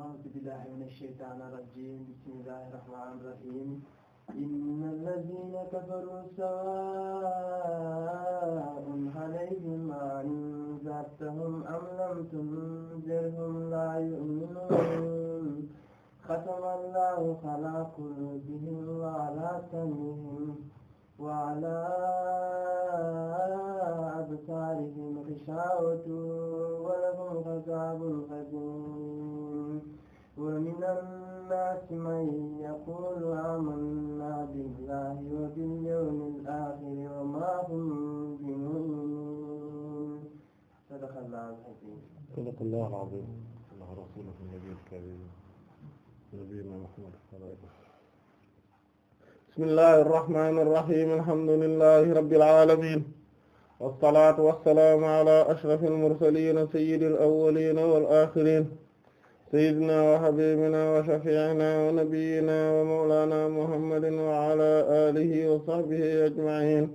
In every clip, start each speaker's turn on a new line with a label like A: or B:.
A: أعوذ بالله من الشيطان الرجيم بسم الله الرحمن الرحيم إن الذين كفروا سواء عليهم أأنذرتهم أم لم تنذرهم لا يؤمنون ختم الله على قلوبهم وعلى سمعهم وعلى أبصارهم غشاوة ولهم عذاب غليظ ومن الناس من يقول آمنا بالله وباليوم الآخر وما هم بمؤمنين صدق الله العظيم صدق الله العظيم الله رسوله النبي الكريم نبينا محمد صلى الله عليه وسلم بسم الله الرحمن الرحيم الحمد لله رب العالمين والصلاة والسلام على أشرف المرسلين سيد الأولين والآخرين sayyidina wa habibina wa shafi'ina wa nabiyyina wa mawlana muhammadin wa ala alihi wa sahbihi ajma'in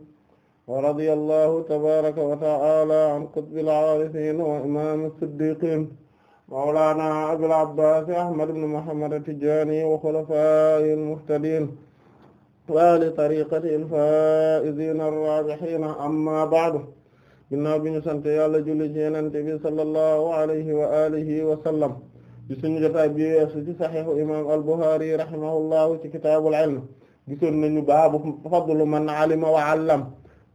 A: wa radiyallahu tabaraka wa ta'ala an qutbil harisin wa imam as-siddiqin mawlana abil abbas ahmad ibn muhammad at-tijani wa khulafa'il muhtadin wa li tariqatil fa'izin ar-rabihin amma ba'du ginnaaw bi ñu sant yàlla julli ci Yonent bi sallallahu alayhi wa alihi wa sallam di suñu jotaay bi weesu ci saxiixu imaam al-Bukhari rahimahullahu ci kitaabul ilm gisoon nañu baabu fadlu man alima wa allam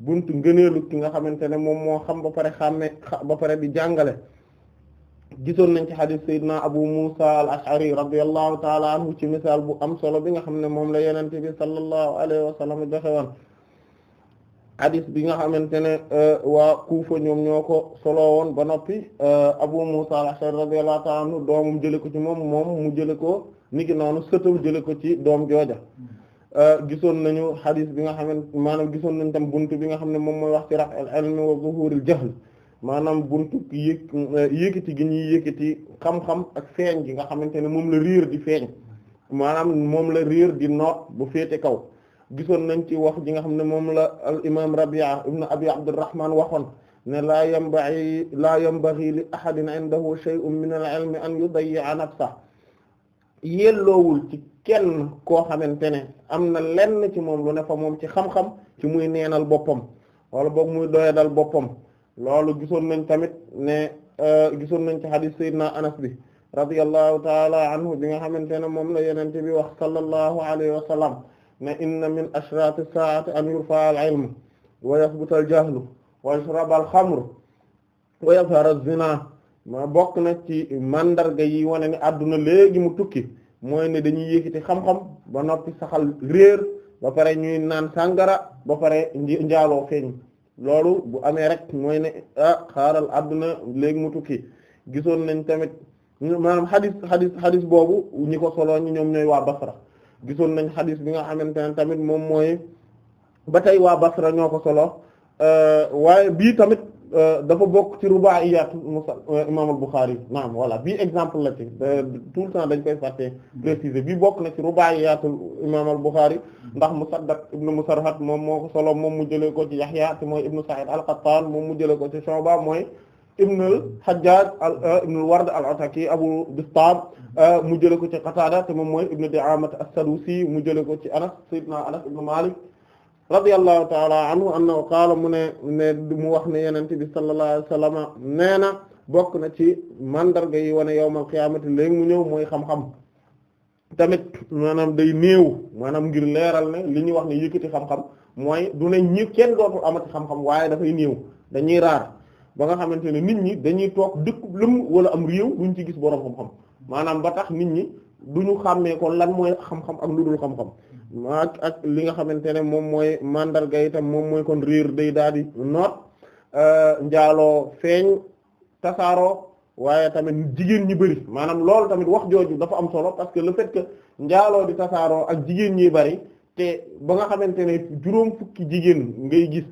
A: buntu ngëneelu ki nga xamante ne moom moo xam ba pare xàmme ba pare di jàngale gisoon nañ ci xadis sayyidina abu musa al ashari radiyallahu taala anhu ci misaal bu am solo bi nga xam ne moom la yenente bi sallallahu alayhi wa sallam woon hadith bi nga xamante ne euh, waa Kufa ñoom ñoo ko solo woon ba noppi euh, Abu Musa al-Ash'ari radiyallahu ta'ala anhu doomam jële ko ci moom moom mu jële ko niki noonu sëtam jële ko ci doom jooja euh, gisoon nañu hadith bi nga xamante maanaam gisoon nañ tam buntu bi nga xam ne moom mooy wax ci raf'il ilmi wa zuhuril jahl maanaam buntu yëg yëkkati gi ñuy yëkkati xam-xam ak feeñ gi nga xamante ne moom la riir di feeñ maanaam moom la riir di noot bu féete kaw gisoon nañ ci wax ji nga xam ne moom la al imam Rabi'a ibn Abi Abdurrahman waxoon ne laa yanbaghi laa yanbaghi li ahadin indahu shay'un min al-ilmi an yudayyi'a nafsahu yelloowul ci kenn koo xamante ne am na lenn ci moom lu ne fa moom ci xam-xam ci muy neenal boppam wala boog muy doyadal boppam loolu gisoon nañ tamit ne euh, gisoon nañ ci hadith sayyidina Anas bi radiyallahu ta'ala anhu bi nga xamante ne moom la yenente bi wax sallallahu alayhi wa sallam ne inna min ashrati saati an yurfa al ilmu wa yasbuta al jahlu wa yashraba al xamru wa yazhara zina ma bokk na ci mandarga yi wane ne àdduna léegi mu tukki mooy ne dañuy yékkati xam-xam ba noppi saxal réer ba pare ñuy naan sàngara ba pare njaaloo feeñ loolu bu amee rek mooy ne ah xaaral àdduna léegi mu tukki gisoon nañ tamit maanaam xadis xadis xadis boobu ñi ko solo ñi ñoom ñooy waa Basra gisoon nañ xadis bi nga xamante ne tamit moom mooy ba tey waa Basra ñoo ko solo euh, waaye bii tamit euh, dafa bokk ci rubaiyat Musa euh, imam al-Bukhari naam voilà bii exemple la ci tout le temps dañ koy fàtte préciser bii bokk na ci rubaiyat imam al-Bukhari ndax Musaddad ibn Musarhad moom moo ko solo moom mu jëlee ko ci Yahya te mooy ibn Sa'id al-Qattan moom mu jëlee ko ci Shu'ba mooy ibn al-Hajjaj euh, ibn al-Ward al-Ataki Abu Bistam euh, mu jële ko ci Qatada te moom mooy ibn Di'amat as-Sadusi mu jële ko ci Anas sayyidina Anas ibn Malik radiyallahu ta'ala anhu annahu mu ne ne mu wax ne yonent bi sallallahu alayhi wa nee na bokk na ci mandarga yi wane yawmal qiyaamati léegi mu ñëw mooy xam-xam tamit maanaam day néew maanaam ngir leeral ne li ñuy wax ne yëkkati xam-xam mooy du ne ñi kenn dootul amati xam-xam waaye dafay néew dañuy raar ba nga xamante ne nit ñi dañuy toog dëkkub lëmm wala am réew duñ ci gis borom xam-xam maanaam ba tax nit ñi ñu xàmmee ko lan mooy xam-xam ak lu dul xam-xam ak li nga xamante ne moom mooy mandarga itam moom mooy kon réer day daal di noot euh, njaaloo feeñ tasaaroo waaye tamit jigéen ñi bëri maanaam lool tamit wax jooju dafa am solo parce que le fait que njaaloo di tasaaroo ak jigéen ñi bëri te ba nga xamante ne juróom fukki jigéen ngay gis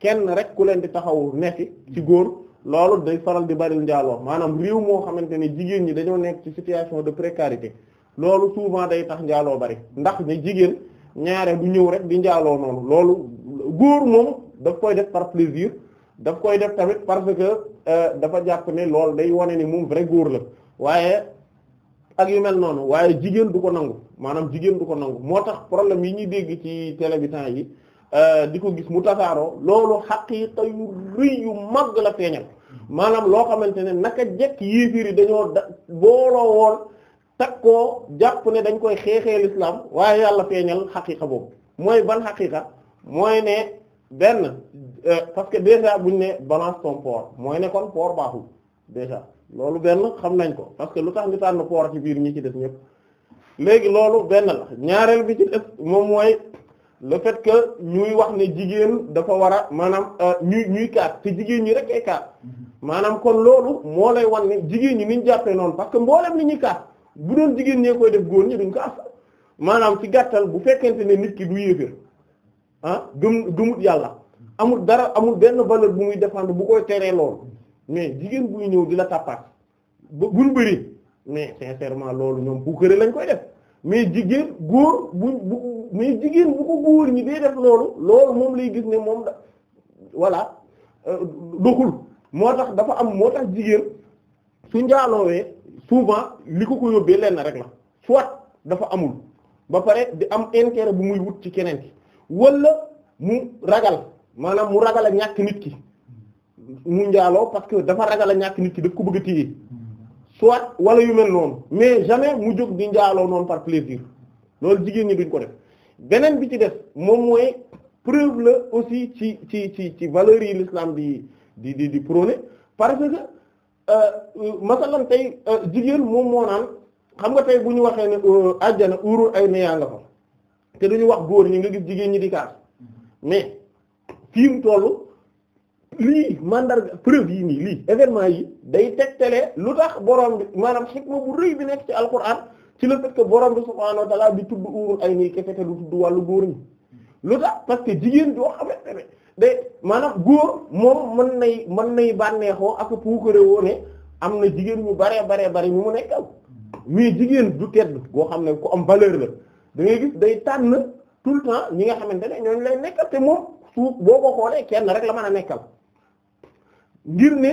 A: kenn rek ku leen di taxaw nekk ci góor loolu day faral di bari njaaloo maanaam réew moo xamante ni jigéen ñi dañoo nekk ci situation de précarité loolu souvent day tax njaaloo bari ndax ne jigéen ñaare du ñëw rek di njaaloo noonu loolu góor moom daf koy def par plaisir daf koy def tamit parce que euh, dafa jàpp ne loolu day wane ni moom vrai góor la waaye ak yu mel noonu waaye jigéen du ko nangu maanaam jigéen du ko nangu moo tax problème yi ñuy dégg ci télé yi Euh, di ko gis mu tasaaroo loolu xaqiiqa yu rëy yu mag la feeñal maanaam loo xamante ne naka jekk biir yi dañoo da booloo woon takkoo jàpp ne dañ koy xeexee l'islam waaye yàlla feeñal xaqiiqa boobu mooy ban xaqiiqa mooy ne benn euh, parce que déjà buñ ne balance ton port mooy ne kon port baaxul déjà loolu benn xam nañ ko parce que lu tax ñu tànn port ci biir ñi ci def ñëpp léegi loolu benn la ñaareel bi ci des moom mooy le fait que ñuy wax ne jigéen dafa war a maanaam euh, ñuy ñuy kaat te jigéen ñi rek ay kaat maanaam kon loolu moo lay wan ne jigéen ñi niñ jàppee noonu parce que mboolem ni ñuy kaat bu doon jigéen ñee koy def góor ñi duñ ko af maanaam ci gàttal bu fekkente ne nit ki du yéefér ah gëm gëmut yàlla amul dara amul benn valeur bu muy défendre bu koy teree loolu mais jigéen buy ñëw di la tàppaat ba buñ bëri mais sincèrement loolu ñoom puukare lañ koy def mais jigéen góor bu bu mais jigéen bu ko góor ñi day def loolu lool moom lay gis ne moom da voilà euh, doxul moo tax dafa am moo tax jigéen su njaaloowee souvent li ko ko yóbbee lenn rek la soit dafa amul ba pare di am intérêt bu muy wut ci keneen ki wala mu ragal maanaam mu ragal a ñàkk nit ki mu njaaloo parce que dafa ragal a ñàkk nit ki daf ko bëgg a téye soit wala yu mel noonu mais jamais mu jóg di njaaloo noonu par plaisir loolu jigéen ñi duñ ko def beneen bi ci def moom mooy preuve la aussi ci ci ci ci valeur yi l'islam di di di di par parce que euh, euh, masalan tey euh, jigéen moom moo naan xam nga tey bu ñu waxee ne àjjana urul ay neyaa nga fa te duñu wax góor ñi nga gis jigéen ñi di kaas mais fii mu tollu lii mandarga preuve yi nii lii événement yi day teg tegtale lu tax borom bi maanaam xikma bu rëy bi nekk ci alquran ci le fait que borom bi subhaanahu wa ta'ala bi tudd uurul ay nii kefete lu tudd wàllu góor ñi lu tax parce que jigéen joo xamante ne day maanaam góor moom mën nay mën nay bànneexoo ak puukare woo am na jigéen mu baree baree bare ñu mu nekkal mais jigéen du tedd goo xam ne ku am valeur la da ngay gis day tànn tout le temps ñi nga xamante ne ñooñu lay nekkal te moom boo ko xoolee kenn rek la mën a nekkal ngir ne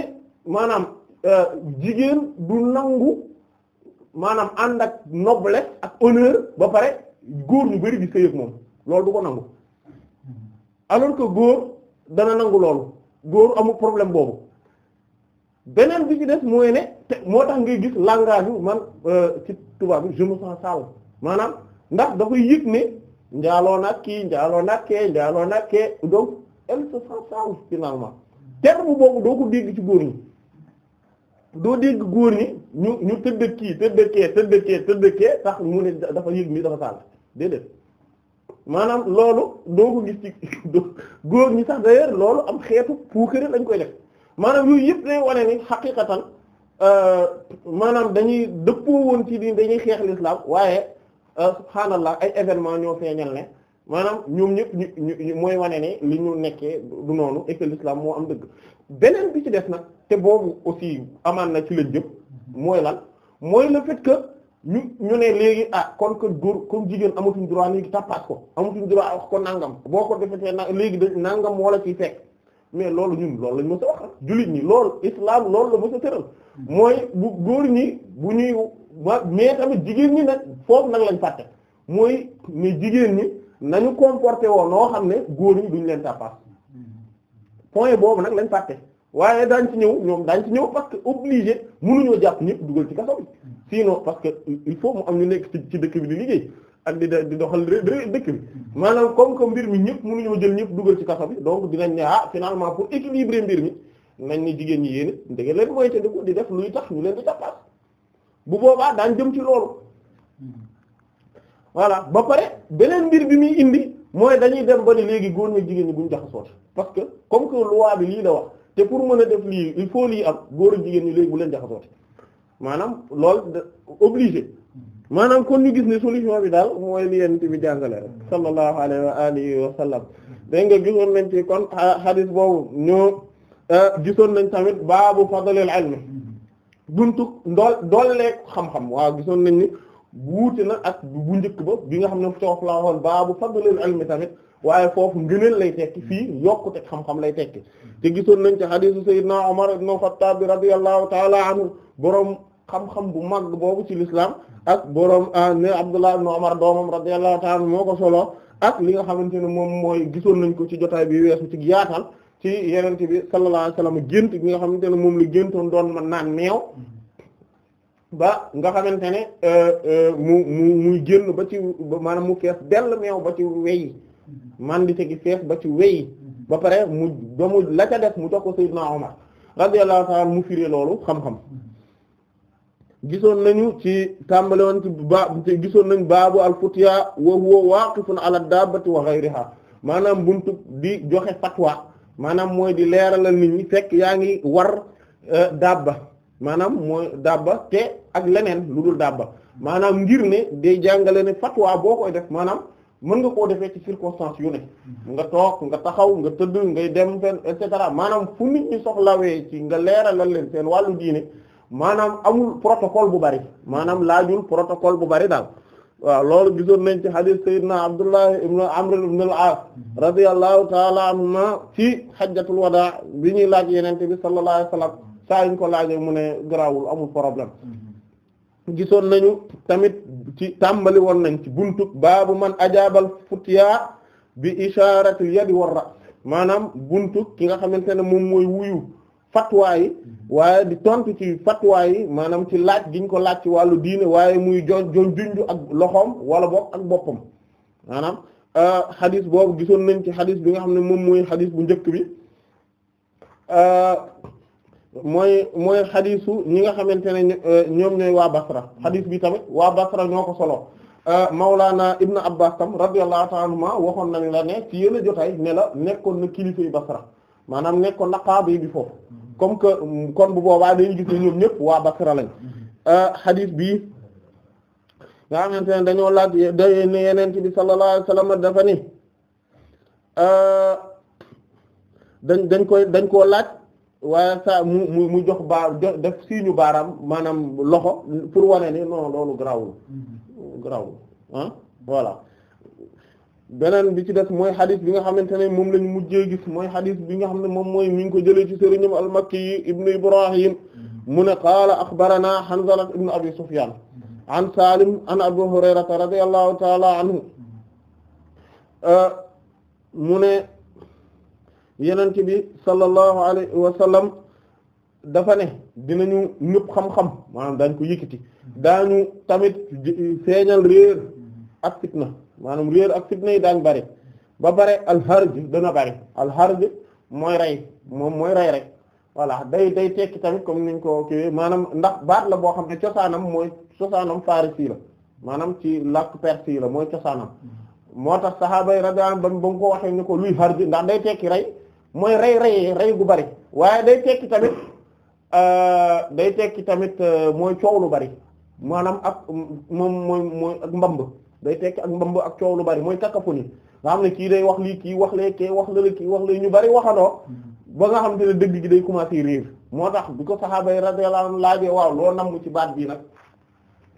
A: maanaam euh, jigéen du nangu maanaam ànd ak noblesse ak honneur ba pare góor ñu bari di sëy ak moom loolu du ko nangu alors que góor dana nangu loolu góor amul problème boobu beneen bi ci des mooy ne moo tax ngay gis langage bi man euh, ci tubaab bi je me maanaam ndax dafay yëg ne njaaloo nag kii njaaloo nag kee njaaloo nag kee donc elle se sent finalement terme boobu doo ko dégg ci góor ñi doo dégg góor ñi ñu ñu tëdd kii tëdd kee tëdd kee tëdd kee sax mu ne dafa yëg ni dafa sàll déedéet maanaam loolu doo ko gis ci góor ñi sax d'ailleurs loolu am xeetu puukare lañ koy def maanaam yooyu yëpp day wane ni xaqiqatan euh, maanaam dañuy dëppoo woon ci di dañuy xeex l'islam waaye euh, subhaanallah ay événement ñoo feeñal ne maanaam ñoom ñëpp ñu ñu mooy wane ne li ñu nekkee du noonu et que moo am dëgg beneen bi ci def nag te boobu aussi amaan na ci lañ jëm mooy lan mooy le fait ñu ñu ne léegi ah kon góor comme jigéen amatuñ droit léegi tappaat ko amatuñ droit wax ko nangam boo ko defetee na léegi da nangam moo la ciy fekk mais loolu ñun loolu lañ mës a wax jullit ñi loolu islam loolu la mës a tëral mooy bu góor ñi bu ñuy mais tamit jigéen ñi nag foofu nag lañ fàtte mooy ne jigéen ñi nañu comporté woon noo xam ne góor ñi duñ leen tàppaas point boobu nag lañ fàtte waaye daañ ci ñëw ñoom daañ ci ñëw parce que obligé mënuñoo jàpp ñëpp dugal ci kaso bi sinon parce que il faut mu am ñu nekk ci dëkk bi di liggéey ak di di doxal dëkk bi maanaam comme mbir mi ñëpp mënuñoo jël ñëpp dugal ci kaso bi donc dinañ ne ah finalement pour équilibrer mbir mi nañ ne jigéen ñi yéen it ndege leen mooy te di def luy tax ñu leen di tàppaas bu boobaa daañ jëm ci loolu voilà ba pare beneen mbir bi muy indi mooy dañuy dem ba ni léegi góor ñi jigéen ñi buñ jaxasoo parce que comme que loi bi lii la wax te pour mën a def lii il faut lii am góor ak jigéen ñi léegi bu leen jaxasoo maanaam lool de obligé maanaam kon ñu gis ne solution bi daal mooy li yent bi jàngale rek sallallahu alayhi wa alihi wa sallam dégg nga gisoon nañ ci kon hadith boobu ñoo euh, gisoon nañ tamit baabu fadlil ilm buntu ndool doolleeg xam-xam waaw gisoon nañ ni wuute na ak bu njëkk ba bi nga xam ne foofu laa waxoon baabu fadlul ilmi tamit waaye foofu ngëneel lay tekki fii yokkute xam-xam lay tekki te gisoon nañ ci xadiisu Seydina Umar ibn Xattaab radiyallahu taala anhu boroom xam-xam bu mag boobu ci lislaam ak boroom ah, ne Abdullah ibn Umar doomam radiyallahu taala anhu moo ko solo ak li nga xamante ne moom mooy gisoon nañ ko ci jotaay bi weesu ci yaatal ci yenente bi sallallahu alayhi wasallam gént bi nga xamante ne moom la géntoon doon man naan meew ba nga xamante ne euh, euh, mu mu muy génn ba ci maanaam mu fees dell meew ba ci weyi man di tegi fees ba ci weyi ba pare mu ba mu la def mu jox ko Seydina Omar radiyallahu ta'ala mu firi loolu xam-xam gisoon nañu ci tàmbale woon ci ba gisoon nañu baabu al-futya wa huwa waqifun ala dabbati wa ghayriha maanaam buntu di joxe fatwa maanaam mooy di leeralal nit ñi fekk yaa ngi war euh, dabba maanaam mooy dabba te ak leneen lu dul dabba maanaam ngir ne day jàngale ne fatwa boo koy def maanaam mën nga koo defee ci circonstance yu ne nga toog nga taxaw nga tëdd ngay dem fenn et cetera maanaam fu nit ñi soxlawee ci nga leeralal leen seen wàllu diine maanaam amul protocole bu bari maanaam laajul protocole bu bari daal waaw loolu gisoon nañ ci hadith sayyidina Abdullah ibn Amr ibn al-As radiyallahu ta'ala anhuma ci hajjatul wadaa bi ñuy laaj yenente bi sallallahu alayhi wasallam saa yuñ ko laajee mu ne garaawul amul problème
B: mm-hmm.
A: gisoon nañu tamit ci tàmbali woon nañ ci buntu baabu man ajaabal futiyaa bi isharatil yadi war maanaam buntu ki nga xamante ne moom mooy wuyu fatwa mm-hmm. waaye di tontu ci fatwa yi maanaam ci laaj giñ ko laaj ci wàllu diine waaye muy jo jo junj ak loxoom wala boog ak boppam maanaam euh, xadis boobu gisoon nañ ci xadis bi nga xam ne moom mooy xadis bu njëkk bi euh, mooy mooy xadisu ñi nga xamante ne euh, ñoom ñooy waa Basra hmm. xadis bi tamit waa Basra ñoo ko solo euh, Mawlana Ibn Abbas tam radiyallahu ta'ala anhuma waxoon nañ la ne ci yëla jotaay ne la nekkoon na kilifa Basra maanaam nekkoon na qaadi bi foofu hmm. comme que hmm, kon bu boobaa dañuy gis ne ñoom ñëpp waa Basra lañ euh, xadis bii nga xamante ne dañoo laaj day ne yeneen bi sallallahu alayhi wasallam dafa ni dañ dañ koy dañ koo laaj waaye saa mu mu jox baar jox def siiñu baaraam maanaam loxo pour wane ni non loolu garaawul
B: mm-hmm.
A: garaawul ah beneen bi ci def mooy xadis bi nga xamante ne moom lañ mujjee gis mooy xadis bi nga xam ne moom mooy mi ngi ko jëlee ci sëriñam al-Makki yi ibnu Ibrahim mm-hmm. mu ne qaala axbarana Hanzala ibnu Abi Sufyaan mm-hmm. an Salim an Abu Hurayrata radiyallahu ta'ala anhu euh, mu ne yenent bi sallallahu alayhi wa sallam dafa ne dinañu ñëpp xam-xam maanaam daañ ko yëkkati daañu tamit feeñal réer ak fitna maanaam réer ak fitna yi daañ bari ba pare bare alxarj dana bari alxarj mooy rey moom mooy rey rek voilà day day tekki tamit comme niñ ko kiiwee maanaam ndax baat la boo xam ne cosaanam mooy cosaanam farisi la maanaam ci làkk perse yi la mooy cosaanam
B: mm-hmm.
A: moo tax saxaaba yi radiyallahu anhum ba mu ko waxee ni ko luy xarj ndax day tekki rey mooy rey rey rey gu bari waaye day tekki tamit euh, day tekki tamit euh, mooy coow lu bari maanaam ak moom mooy mooy ak mbamb day tekki ak mbamb ak coow lu bari mooy cacophonie nga xam ne kii day wax lii kii wax lee kii wax la kii wax la ñu bari waxandoo mm-hmm. ba nga xam te dëgg gi day commencer réer moo tax bi ko saxaaba yi radiyallahu waaw loo namm ci baat bii nag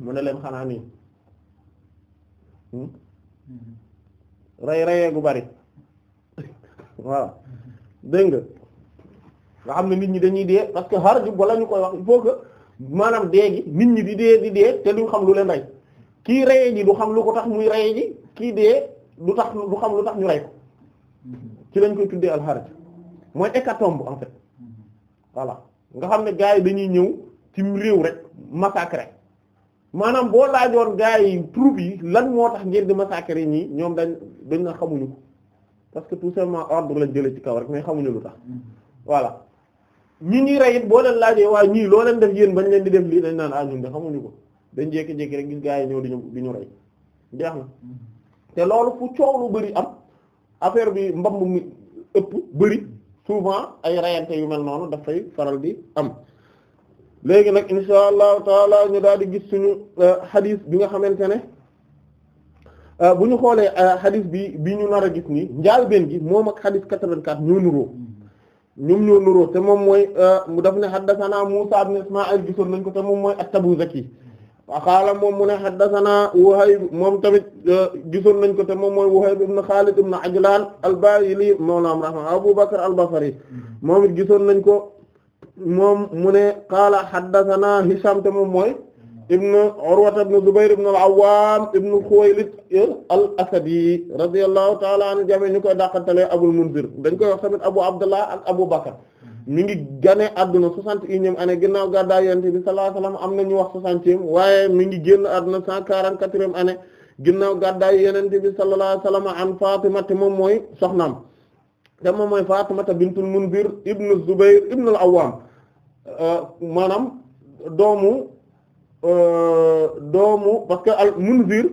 A: mu ne leen xanaa nii hmm? mm-hmm. rey reyee gu bari waaw mm-hmm. dégg nga nga xam ne nit ñi dañuy dee parce que xar ju wala ñu koy wax il faut que maanaam dee gi nit ñi di dee di dee te duñ xam lu leen rey kii reye ji du xam lu ko tax muy reye ji kii dee du tax du xam lu tax ñu rey ko ci lañ koy tuddee alxaraj mooy hécatombe en fait voilà nga xam ne gars yi dañuy ñëw ci réew rek massacre maanaam boo laajoon gars yi troupe yi lan moo tax ngeen di massacre ñii ñoom dañ dañ na xamuñu parce que tout simplement ordre lañ jëlee ci kaw rek mais xamuñu lu tax mm-hmm. voilà ñi ñuy rey boo leen laajee waa ñii loo leen def yéen bañ leen di def lii dañ naan ah ñun de xamuñu ko dañ jékki-jékki rek gis gaa yi ñëw di ñu di ñu rey jeex na mm-hmm. te loolu fu coow lu bari am affaire bi mbamb mi ëpp bari souvent ay reyante yu mel noonu dafay faral di am. léegi nag insha allahu taala ñu daal di gis suñu euh, hadith bi nga xamante ne. Euh, bu ñu xoolee euh, xadis bi bi ñu nar a gis nii njaalbeen gi moom ak xadis 84 ñoo nuróo ñoom ñoo nuróo te moom mooy mu euh, daf ne xaddasanaa Muusaa ibn Ismaayil gisoon nañ ko te moom mooy at-Tabuzaki xaala moom mu ne xaddasanaa Wuhayb moom tamit gisoon nañ ko te moom mooy Wuhayb ibn Xaalid ibn Ajlaan al-Baahili mawlaam rahma Abu Bakr al-Basri moom it gisoon nañ ko moom mu ne xaala xaddasanaa Hishaam te moom mooy ibn Urwata ibn Zubayr ibn al-Awwam ibn Khuwaylid al-Asadi radiyallahu ta'ala anhu jame ñu koy dàqantale Abul Munzir dañ koy wax tamit Abu Abdullah Abu Bakr mi ngi gane adduna soixante et unième année ginnaaw gàddaay yonent bi sallallahu alayhi wasallam am na ñu wax soixantième waaye mi ngi génn adduna cent quarante-quatrième année ginnaaw gàddaay yonent bi sallallahu alayhi wasallam an Fatima te moom mooy soxnaam te moom mooy Fatima bintul Munzir ibn Zubayr ibn al-Awwam maanaam doomu Euh, doomu parce que al Munzir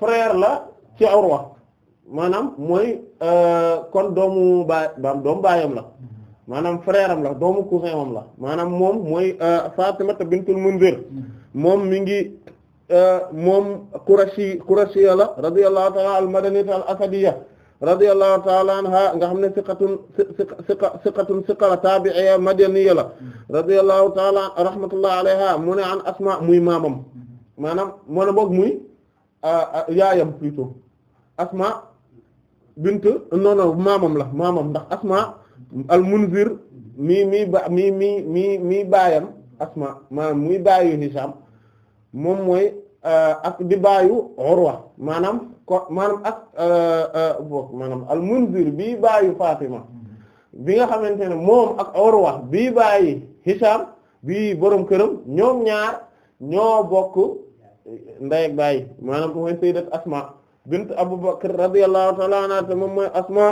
A: frère la ci Urwa maanaam mooy euh, kon doomu baay baam doomu baayam la maanaam frère am la doomu cousin am la maanaam moom mooy euh, Fatima bintul Munzir moom mi ngi moom Qurashi Qurashi la radiyallahu ta'ala al madaniyya al asadiyya radiyallahu taala anha nga xam ne siqatun siqa siqatun siqa la tabi'iyya madaniyya la radiyallahu taala rahmatullahi alayha mu ne an asma muy maamam maanaam mu ne boog muy yaayam plutôt asma bint non non maamam la maamam ndax asma al munzir mi mi ba mi mi mi mi baayam asma maanaam muy baayu Hisham moom mooy ak di baayu Urwa maanaam ko maanaam ak euh, euh, boog maanaam al munzir bii bàyyi Fatima bi nga xamante ne moom ak Urwa bi bàyyi Hisham bii borom këram ñoom ñaar ñoo bokk ndey ak bàyyi maanaam mooy sayyidat Asma bint Abu Bakr radiyallahu ta'ala anha te moom mooy Asma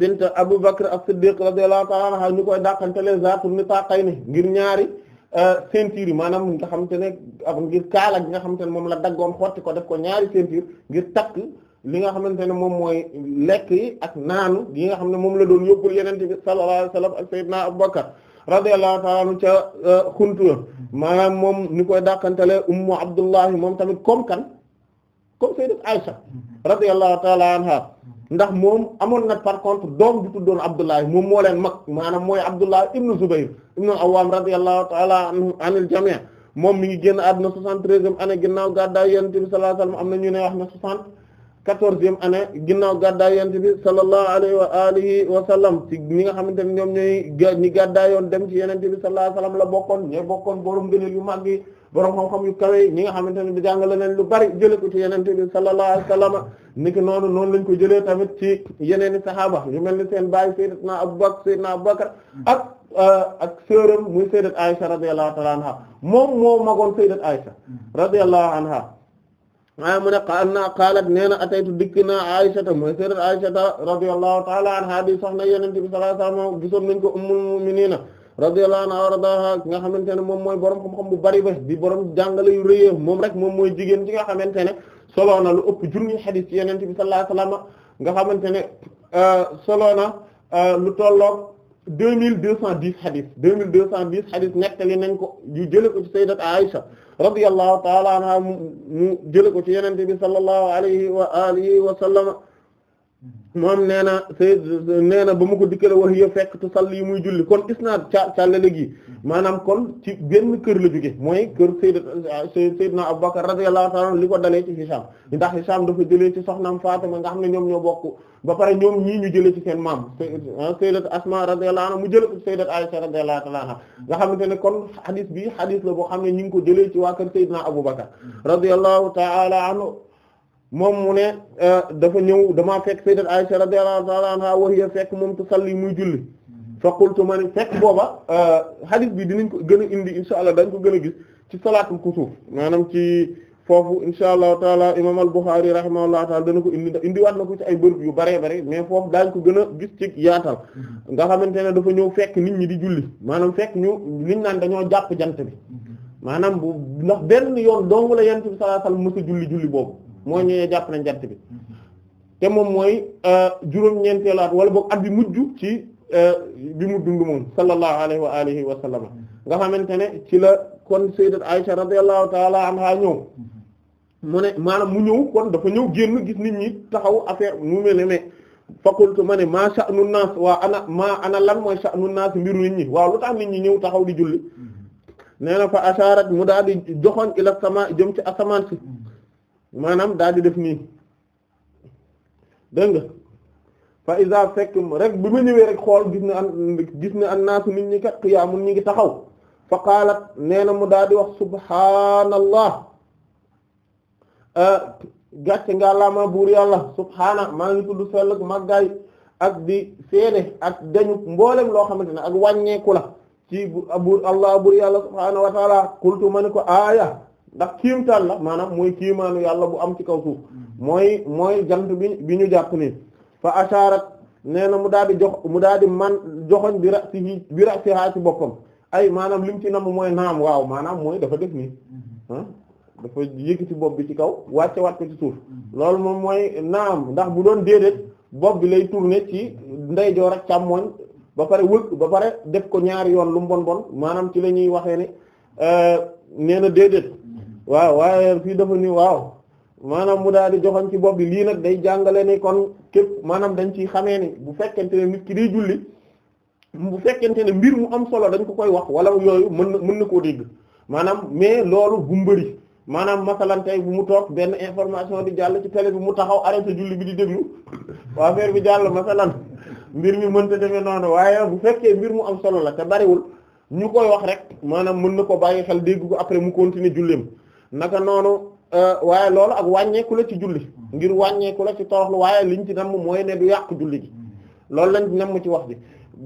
A: bint Abu Bakr as-Siddiq radiyallahu ta'ala anha ñu koy dàqantele zaatu nitaqayni ngir ñaari Euh, ceinture yi maanaam nga xam te ak ngir kaala gi nga xam te ne moom la daggoon xotti ko def ko ñaari ceinture ngir takk li nga xamante ne moom mooy lekk ak naanu yi nga xam ne moom la doon yóbbul yeneen bi sallallahu alayhi wasallam ak sayyidina Abu Bakar radiyallahu ta'ala anhu ca euh, xuntu maanaam moom ni koy dàqantele ummu Abdullahi moom tamit comme kan comme sayyidat Aisha mm-hmm. radiyallahu ta'ala anha ndax moom amoon na par contre doom bu tuddoon Abdullahi moom moo leen mag maanaam mooy Abdullahi ibnu Zubayr ibnu Awwam radiyallahu ta'ala anhu anil moom mi ngi génn àdduna 73e année ginnaaw gàddaay Yonent bi sallallahu na ñu ne wax ginnaaw gàddaay Yonent bi sallallahu alayhi wa alihi wa sallam ci ñi nga xamante ne ñoom ñooy ñi yoon dem ci Yonent bi sallallahu alayhi wa sallam la bokkoon ñooy bokkoon borom gëneel yu mag yi borom xam-xam yu kawe ñi nga xamante ne bi jàngale nañ lu bari jëlee ko ci yenente bi sallallahu alayhi wasallam niki noonu noonu lañ ko jëlee tamit ci yeneeni saxaaba yu mel ni seen baay sayyidina Abu Bakr sayyidina Abu Bakr ak euh, ak sœuram muy sayyidat Aisha radiyallahu ta'ala anha moom moo magoon sayyidat Aisha radiyallahu anha maa mu ne anna qaalat nee na ataytu dikk naa Aysata bi sallallahu alayhi wasallam gisoon nañ ko ummul radiyallahu anha waradaha ki nga xamante ne moom mooy borom xam-xam bu bari ba di borom jàngale yu rëy moom rek moom mooy jigéen ci nga xamante ne solo na lu ëpp junni xadis ci yenente bi sallallahu alayhi wasallam nga xamante ne euh, solo na euh, lu tolloog deux mille deux cent dix xadis deux mille deux cent dix xadis nettali nañ ko yu jële ko ci sayyidat Aisha radiyallahu ta'ala anha mu jële ko ci yenente bi sallallahu alayhi wa alihi wa sallam moom nee na say nee na ba mu ko dikkale wax yo fekk tu sall yi muy julli kon isnaad ca càllale gi maanaam kon ci benn kër la jóge mooy kër sayd sayyidna Abu Bakr radiyallahu ta'ala anhu li ko dalee ci Hisham ndax Hisham dafa jëlee ci soxnaam Fatima nga xam ne ñoom ñoo bokk ba pare ñoom ñii ñu jëlee ci seen maam sayyidat Asma radiyallahu anha mu jëlee ci sayyidat Aisha radiyallahu ta'ala anha nga xamante ne kon hadith bi hadith la boo xam ne ñu ngi ko jëlee ci waa kër sayyidna Abu Bakr moom mu ne euh, dafa ñëw damaa fekk sayyidat Aisha radiyallahu ta'ala anha wa hiya fekk moom tusalli muy julli fa qultu ma ne fekk booba euh, hadith bi dinañ ko gën a indi insha allah dañ ko gën a gis ci salaatul kusuuf maanaam ci foofu insha allahu taala imam al-Bukhari rahimahullahu taala dana ko indi indiwaat na ko ci ay bërëb yu baree bare mais foofu daañ ko gën gis ci yaatal nga xamante ne dafa ñëw fekk nit ñi di julli maanaam fekk ñu liñ naan dañoo jàpp jant bi maanaam bu ndax benn yoon dong la yent bi sallallahu alayhi wasallam mës a julli julli boobu mooy mm-hmm. ñëwee ne jàpp nañ jant bi te moom mooy euh, juróom-ñeenteelaat wala boog at bi mujj ci euh, bi mu dund moom sallallahu alayhi wa alihi wa sallam mm-hmm. nga xamante ne ci la kon sayyidat Aisha radiyallahu ta'ala anha ñëw
B: mm-hmm.
A: mu ne maanaam mu ñëw kon dafa ñëw génn gis nit ñi taxaw affaire mu mel ne ne faqultu ma ne maa sha'nu naas waa ana maa ana lan mooy sha'nu naas mbiru nit ñi waaw lu tax nit ñi ñëw taxaw di julli nee na fa asharat mu daal di joxoon ila sama jëm ci asamaan si maanaam daal di def nii dégg nga fa isa fekk rek bi ma ñëwee rek xool gis na an gis na annaasu nit ñi kat qiyaamun ñi ngi taxaw fa qaalat nee mu daal di wax subhaanallah euh, gàcce nga laamaa buur yàlla subhaana maa ngi tudd sellak màggaay ak di seede ak dañu mboolem loo xamante ne ak wàññeeku la ci buur allah buur yàlla subhaanahu wa taala qultu ma ni ko aaya ndax kéemtaan la maanaam mooy kéemaanu yàlla bu am ci kaw suuf mooy mooy jant bi bi ñu jàpp nii fa asharat nee na mu daal di jox mu daal di man joxoñ bi ra si bi ra ci boppam ay maanaam lim ci nam mooy naam waaw maanaam mooy dafa def nii mm-hmm. ah dafa yëg ci bopp bi ci kaw wàcce wat ko ci suuf loolu moom mooy naam ndax bu doon déedéet bopp bi lay tourner ci ndeyjoor ak càmmooñ ba pare wëg ba pare def ko ñaari yoon lu mu bon bon maanaam ci la ñuy waxee ne euh, nee na déedéet waaw waaye fii dafa ni waaw maanaam mu daal di joxoon ci bopp bi lii nag day jàngale ni kon képp maanaam dañ ciy xamee ni bu fekkente ne nit ki day julli bu fekkente ne mbir mu am solo dañ ko koy wax wala yooyu mën na mën na koo dégg maanaam mais loolu bu mbëri maanaam masalan bu mu toog benn information di jàll ci télé bi mu taxaw arrêté julli bi di déglu waa affaire bi jàll masalan mbir mi mënta demee noonu waaye bu fekkee mbir mu am solo la te bariwul ñu koy wax rek maanaam mën na ko bàyyi xel dégg ko après mu continuer julleem naka noonu euh, waaye loolu ak wàññeeku la ci julli ngir wàññeeku la ci toroxlu waaye li liñ ci namm mooy ne du yàq julli gi loolu lañ namm ci wax bi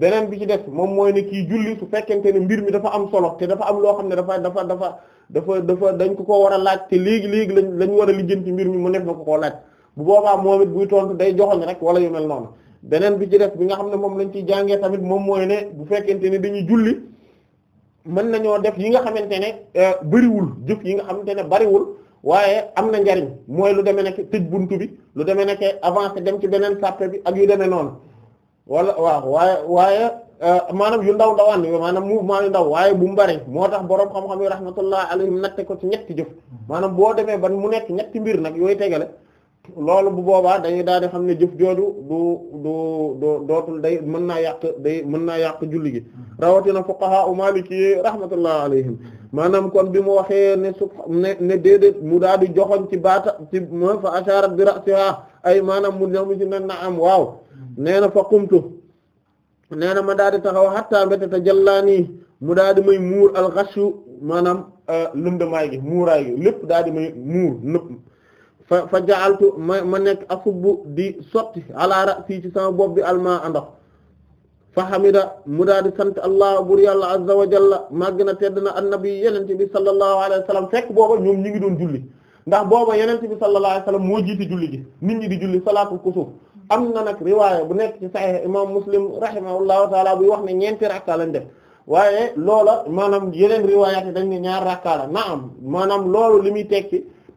A: beneen bi ci def moom mooy ne kii julli su fekkente ne mbir mi dafa am solo te dafa am loo xam ne dafa dafa dafa dafa dafa dañ ko koo war a laaj léegi léegi lañ lañ war a lijjanti mbir mi mu nekk na ko koo laaj bu boobaa moom it buy day joxoñ rek wala yu mel noonu beneen bi bi nga xam ne moom lañ ciy jàngee tamit moom mooy ne bu fekkente ne dañuy julli mën nañoo def yi nga xamante ne euh, bëriwul jëf yi nga xamante ne bariwul waaye am na njariñ mooy lu deme demee nekk tëj bunt bi lu demee nekk avancé dem ci beneen sàppe bi ak yu demee noonu wala waaw waaye waaye euh, maanaam yu ndaw ndawaan bi maanaam mouvement yu ndaw waaye bu mu bari moo tax boroom xam-xam yi rahmatullah alayhim natte ko ci ñetti jëf maanaam boo demee ban mu nekk ñetti mbir nag yooyu tegale loolu bu boobaa dañuy daal di xam ne jëf jooju du du du dootul day mën naa yàq day mën naa yàq julli gi rawatina fuqaha u maliki rahmatullah alayhim maanaam kon bi mu waxee ne su ne ne déedéet mu daal di joxoñ ci baata ci fa asharat bi ra'siha ay maanaam mu ñamu ci nen na am waaw nee na fa qumtu nee ma daal di taxaw hatta mbéte te jallaanii mu daal di may muur al ghashu maanaam euh, lëndamaay gi muuraay gi lépp daal may muur nëpp fa fa ja'altu ma ma nekk asubbu di sotti ala ra'si ci sama bopp bi almaa andox fa hamida mu daa di sant allah bur yàlla azza wa jalla màgg na tedd na annabi yenente bi sallallahu alayhi wa sallam fekk booba ñoom ñi ngi doon julli ndax booba yenente bi sallallahu alayhi wa sallam moo jiiti julli gi nit ñi di julli salaatul am na nag riwaaya bu nekk ci sahih imam muslim rahimahullahu taala buy wax ne ñeenti rakka lañ def waaye loola maanaam yeneen riwaayaat yi dañ ñaar rakka naam maanaam loolu li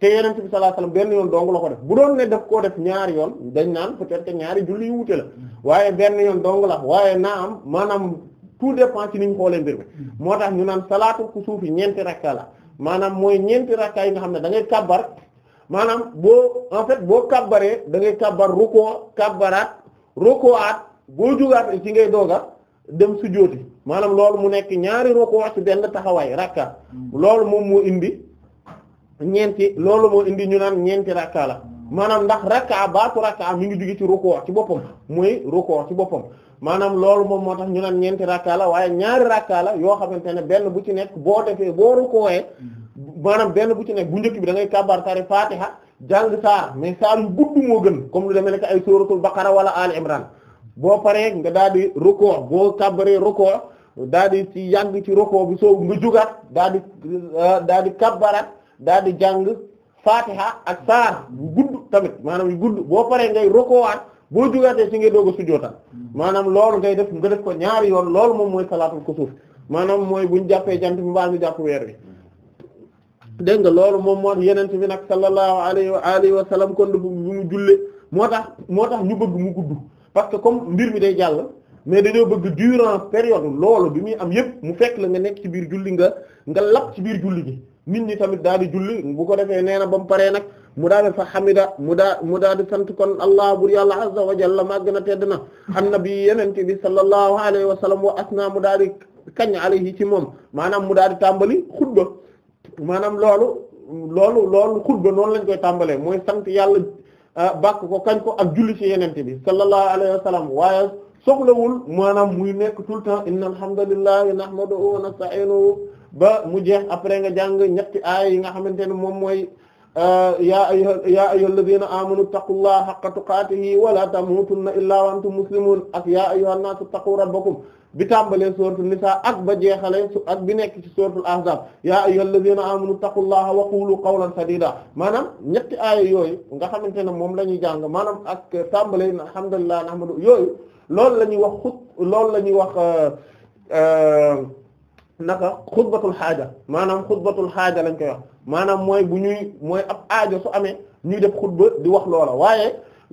A: te Yonent bi sallallahu alayhi wasallam benn yoon dong la ko def bu doon ne daf koo def ñaari yoon dañ naan peut-être que ñaari julli wute la waaye benn yoon dong la waaye naa am maanaam tout dépend ci ni ñu xoolee mi moo tax ñu naan salaatu kusuufi ñeenti rakka la maanaam mooy ñeenti rakka yi nga xam ne dangay ngay maanaam boo en fait boo kàbbaree da ngay kàbbar rukkoo kàbbaraat rukkoo aat boo jugaat ci ngay dooga dem sujjóoti maanaam loolu mu nekk ñaari rukkoo ci benn taxawaay rakka hmm. ñeenti loolu moo indi ñu naan ñeenti rakka la maanaam ndax rakka baatu rakka mi ngi jóge ci rukkoo ci boppam mooy rukkoo ci boppam maanaam loolu moom moo tax ñu naan ñeenti rakka la waaye ñaari rakka la yoo xamante ne benn bu ci nekk boo defee boo rukkooyee maanaam benn bu ci nekk bu njëkk bi da ngay kàbbar tari fatiha jàng saar mais saar yu gudd moo gën comme lu demee nekk ay suratul baqara wala ali imran boo paree nga daal di rukkoo boo kàbbaree rukkoo daal di ci yàgg ci rukkoo bi soo nga jugaat daal di euh, daal di daal di jàng fatiha ak saar yu gudd tamit maanaam yu gudd boo paree ngay rokowaat boo jugaatee ci ngee doog a sujjootal hmm. maanaam loolu ngay def nga def ko ñaari yoon loolu moom mooy salaatul kusuuf maanaam mooy buñ jàppee jant bi mbaa ñu jàpp weer bi hmm. dégg nga loolu moom moo yeneen bi nag sallallahu alayhi wa alihi wa sallam kon bu mu julle moo tax moo tax ñu bëgg mu gudd parce que comme mbir mi day jàll mais dañoo bëgg durant période loolu bi muy am yépp mu fekk la nga nekk ci biir julli nga nga lap ci biir julli bi nit ni tamit daal di julli bu ko defee nee na ba mu nag mu daal di fa xamida mu daa mu daal di sant kon allah bur yàlla azza wa jalla màgg na tedd na annabi yenente bi sallallahu alayhi wa sallam wa asna mu daal di kañ alayhi ci moom maanaam mu daal di tàmbali xutba maanaam loolu loolu loolu xutba noonu lañ koy tàmbalee mooy sant yàlla ah, bakk ko kañ ko ak julli ci yenente bi sallallahu alayhi wa sallam waaye soxlawul maanaam muy nekk tout le temps inna alhamdulillahi nahmaduhu wa nasta'inuhu ba mu jeex après nga jàng ñetti aay yi nga xamante ne moom mooy euh, yaa ayyuha ya ayyuhal ladina amanu taqullaha haqqa tuqatihi wa la tamutunna illa wa antum muslimun ak yaa ayyuhan nasu taqu rabbakum bi tàmbalee suratul nisa ak ba jeexale ak bi nekk ci suratul ahzab yaa ayyuhal ladina amanu taqullaha wa qulu qawlan sadida maanaam ñetti aaya yooyu nga xamante ne moom la ñuy jàng maanaam ak tàmbalee na alhamdulillahi nahmadu yooyu loolu la ñuy wax xut loolu la ñuy wax euh, euh, naka xutbatul xaaja maanaam xutbatul xaaja lañ koy wax maanaam mooy bu ñuy mooy ab aajo su amee ñuy def xutba di wax loola waaye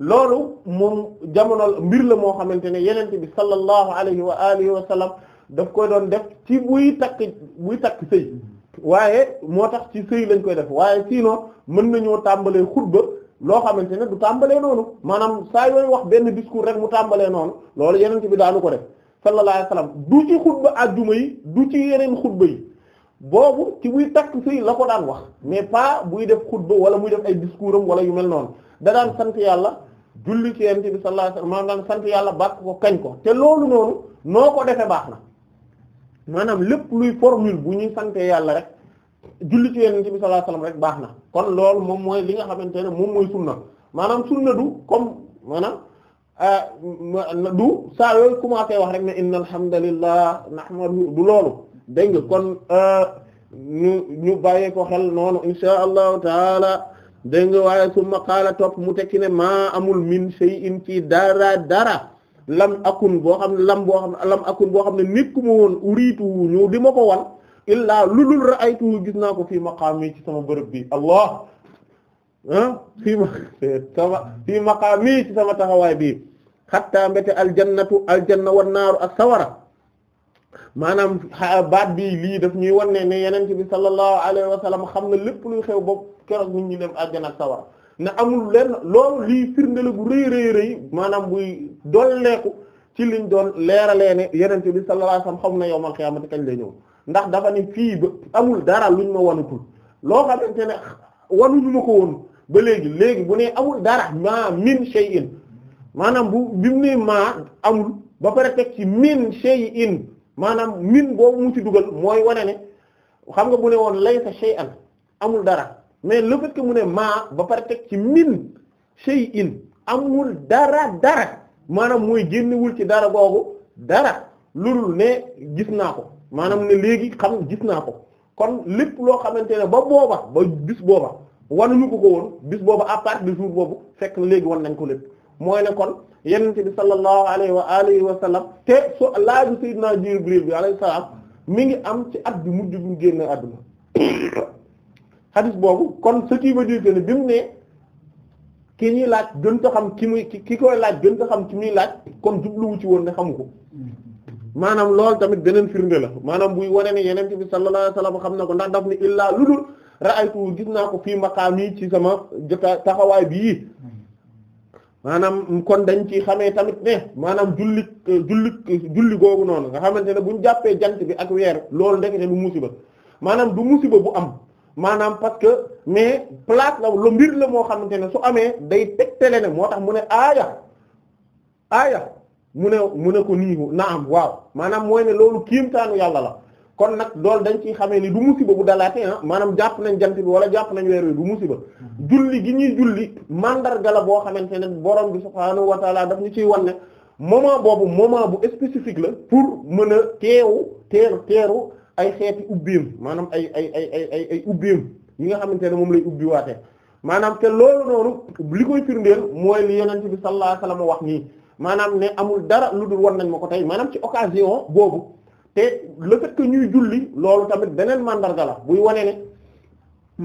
A: loolu moom jamono mbir la moo xamante ne yenente bi sallallahu alayhi wa alihi wa sallam daf koy doon def ci buy takk buy takk sëy waaye moo tax ci sëy lañ koy def waaye sinon mën nañoo tàmbalee xutba loo xamante ne du tàmbalee noonu maanaam saa yooyu wax benn discours rek mu tàmbalee noonu loolu yeneen bi daanu ko def sallallahu alayhi wasallam du ci xutba àjjuma yi du ci yeneen xutba yi boobu ci buy takk sëy la ko daan wax mais pas buy def xutba wala muy def ay discours am wala yu mel noonu da daan sant yàlla julli ci yonent bi sant yàlla bàkk ko kañ ko te loolu noonu noo ko defee baax na maanaam lépp luy formule bu ñuy santee yàlla rek julli ci yonent bi sallallahu alayhi rek baax na kon loolu moom mooy li nga xamante ne moom mooy sunna maanaam sunna du comme maanaam Euh, du saa yooyu commencé wax rek ne inna alhamdulillah nahmaduhu du loolu dégg nga kon euh, ñu ñu bàyyee ko xel noonu insha allahu taala dégg nga waaye summa qaala topp mu tekki ne maa amul min shay'in ci dara dara lam akun boo xam lam boo xam ne lam akun boo xam ne nekkuma woon uriitu ñu di ko wan illaa lu dul ra'aytu gis naa ko fii maqaami ci sama bërëb bi allah fii ma sama fii maqaami ci sama taxawaay bii xatta mbete aljannatu aljanna wan ak sawara maanaam baat bi lii def ñuy wan ne ne yenente bi sallallahu alayhi wa xam na lépp luy xew boobu keroog nit ñi dem aljanna ak sawara ne amul lenn loolu lii firnde gu rëy rëy maanaam buy dolleeku ci liñ doon leeralee ne yenente bi sallallahu alayhi wa xam na yawmal qiyaamati kañ lay ñëw ndax dafa ne fii ba amul dara luñ ma wanutul loo xamante ne wanuñu ma ko ba léegi léegi bu nee amul dara maa min shay'in maanaam bu bi mu ne maa amul ba pare teg ci min shay'in maanaam min boobu mu ci dugal mooy wane ne xam nga bu ne woon laysa shay'an amul dara mais le fait mu ne maa ba pare teg ci min shay'in amul dara dara maanaam mooy génnewul ci dara googu dara loolu ne gis naa ko maanaam ne léegi xam gis naa ko kon lépp loo xamante ne ba booba ba bis booba wanuñu ko ko woon bis boobu à part de jour boobu fekk na léegi wan nañ ko lépp mooy ne kon yenente bi sallallahu alayhi wa alihi wa sallam te su laaju sayyidina Jibril bi alayhi salaam mi ngi am ci at bi mu mujj bu génn àdduna hadith boobu kon ce qui veut dire que ne bi mu ne ki ñuy laaj gën ko xam ki muy ki koy laaj gën ko xam ki muy laaj kon jubluwu ci woon ne xamu ko maanaam loolu tamit beneen firnde la maanaam buy wane ne yenente bi sallallahu alayhi wa sallam xam na ko ndax daf ni illaa ludul ra'aytu gis naa ko fii maqaam yi ci sama jota taxawaay bii maanaam kon dañ ci xamee tamit ne maanaam julli julli julli googu noonu nga xamante ne bu ñu jàppee jant bi ak weer loolu ndekete lu musiba maanaam du musiba bu am maanaam parce que mais place la lu mbir la moo xamante ne su amee day tegtale ne moo tax mu ne aaya aaya mu ne mu ne ko nii na am waaw maanaam mooy ne loolu kiimtaanu yàlla la kon nag loolu dañ ci xamee ni du musiba bu dalaate ah maanaam jàpp nañ jant bi wala jàpp nañ weer wi du musiba mm-hmm. julli gi ñuy julli mandarga la boo xamante ne borom bi subhaanahu wa taala daf ñu ciy wan ne moment boobu moment bu spécifique la pour mën a teewu teeru ay xeeti ubbeem maanaam ay ay ay ay ay ay ubbeem yi nga xamante ne moom lay ubbiwaatee maanaam te loolu noonu li koy firndeel mooy li yonent bi sallallahu alayhi wasallam wax nii maanaam ne amul dara lu dul wan nañ ma ko tey maanaam ci occasion boobu. te le fait ñuy julli loolu tamit beneen màndarga la buy wane ne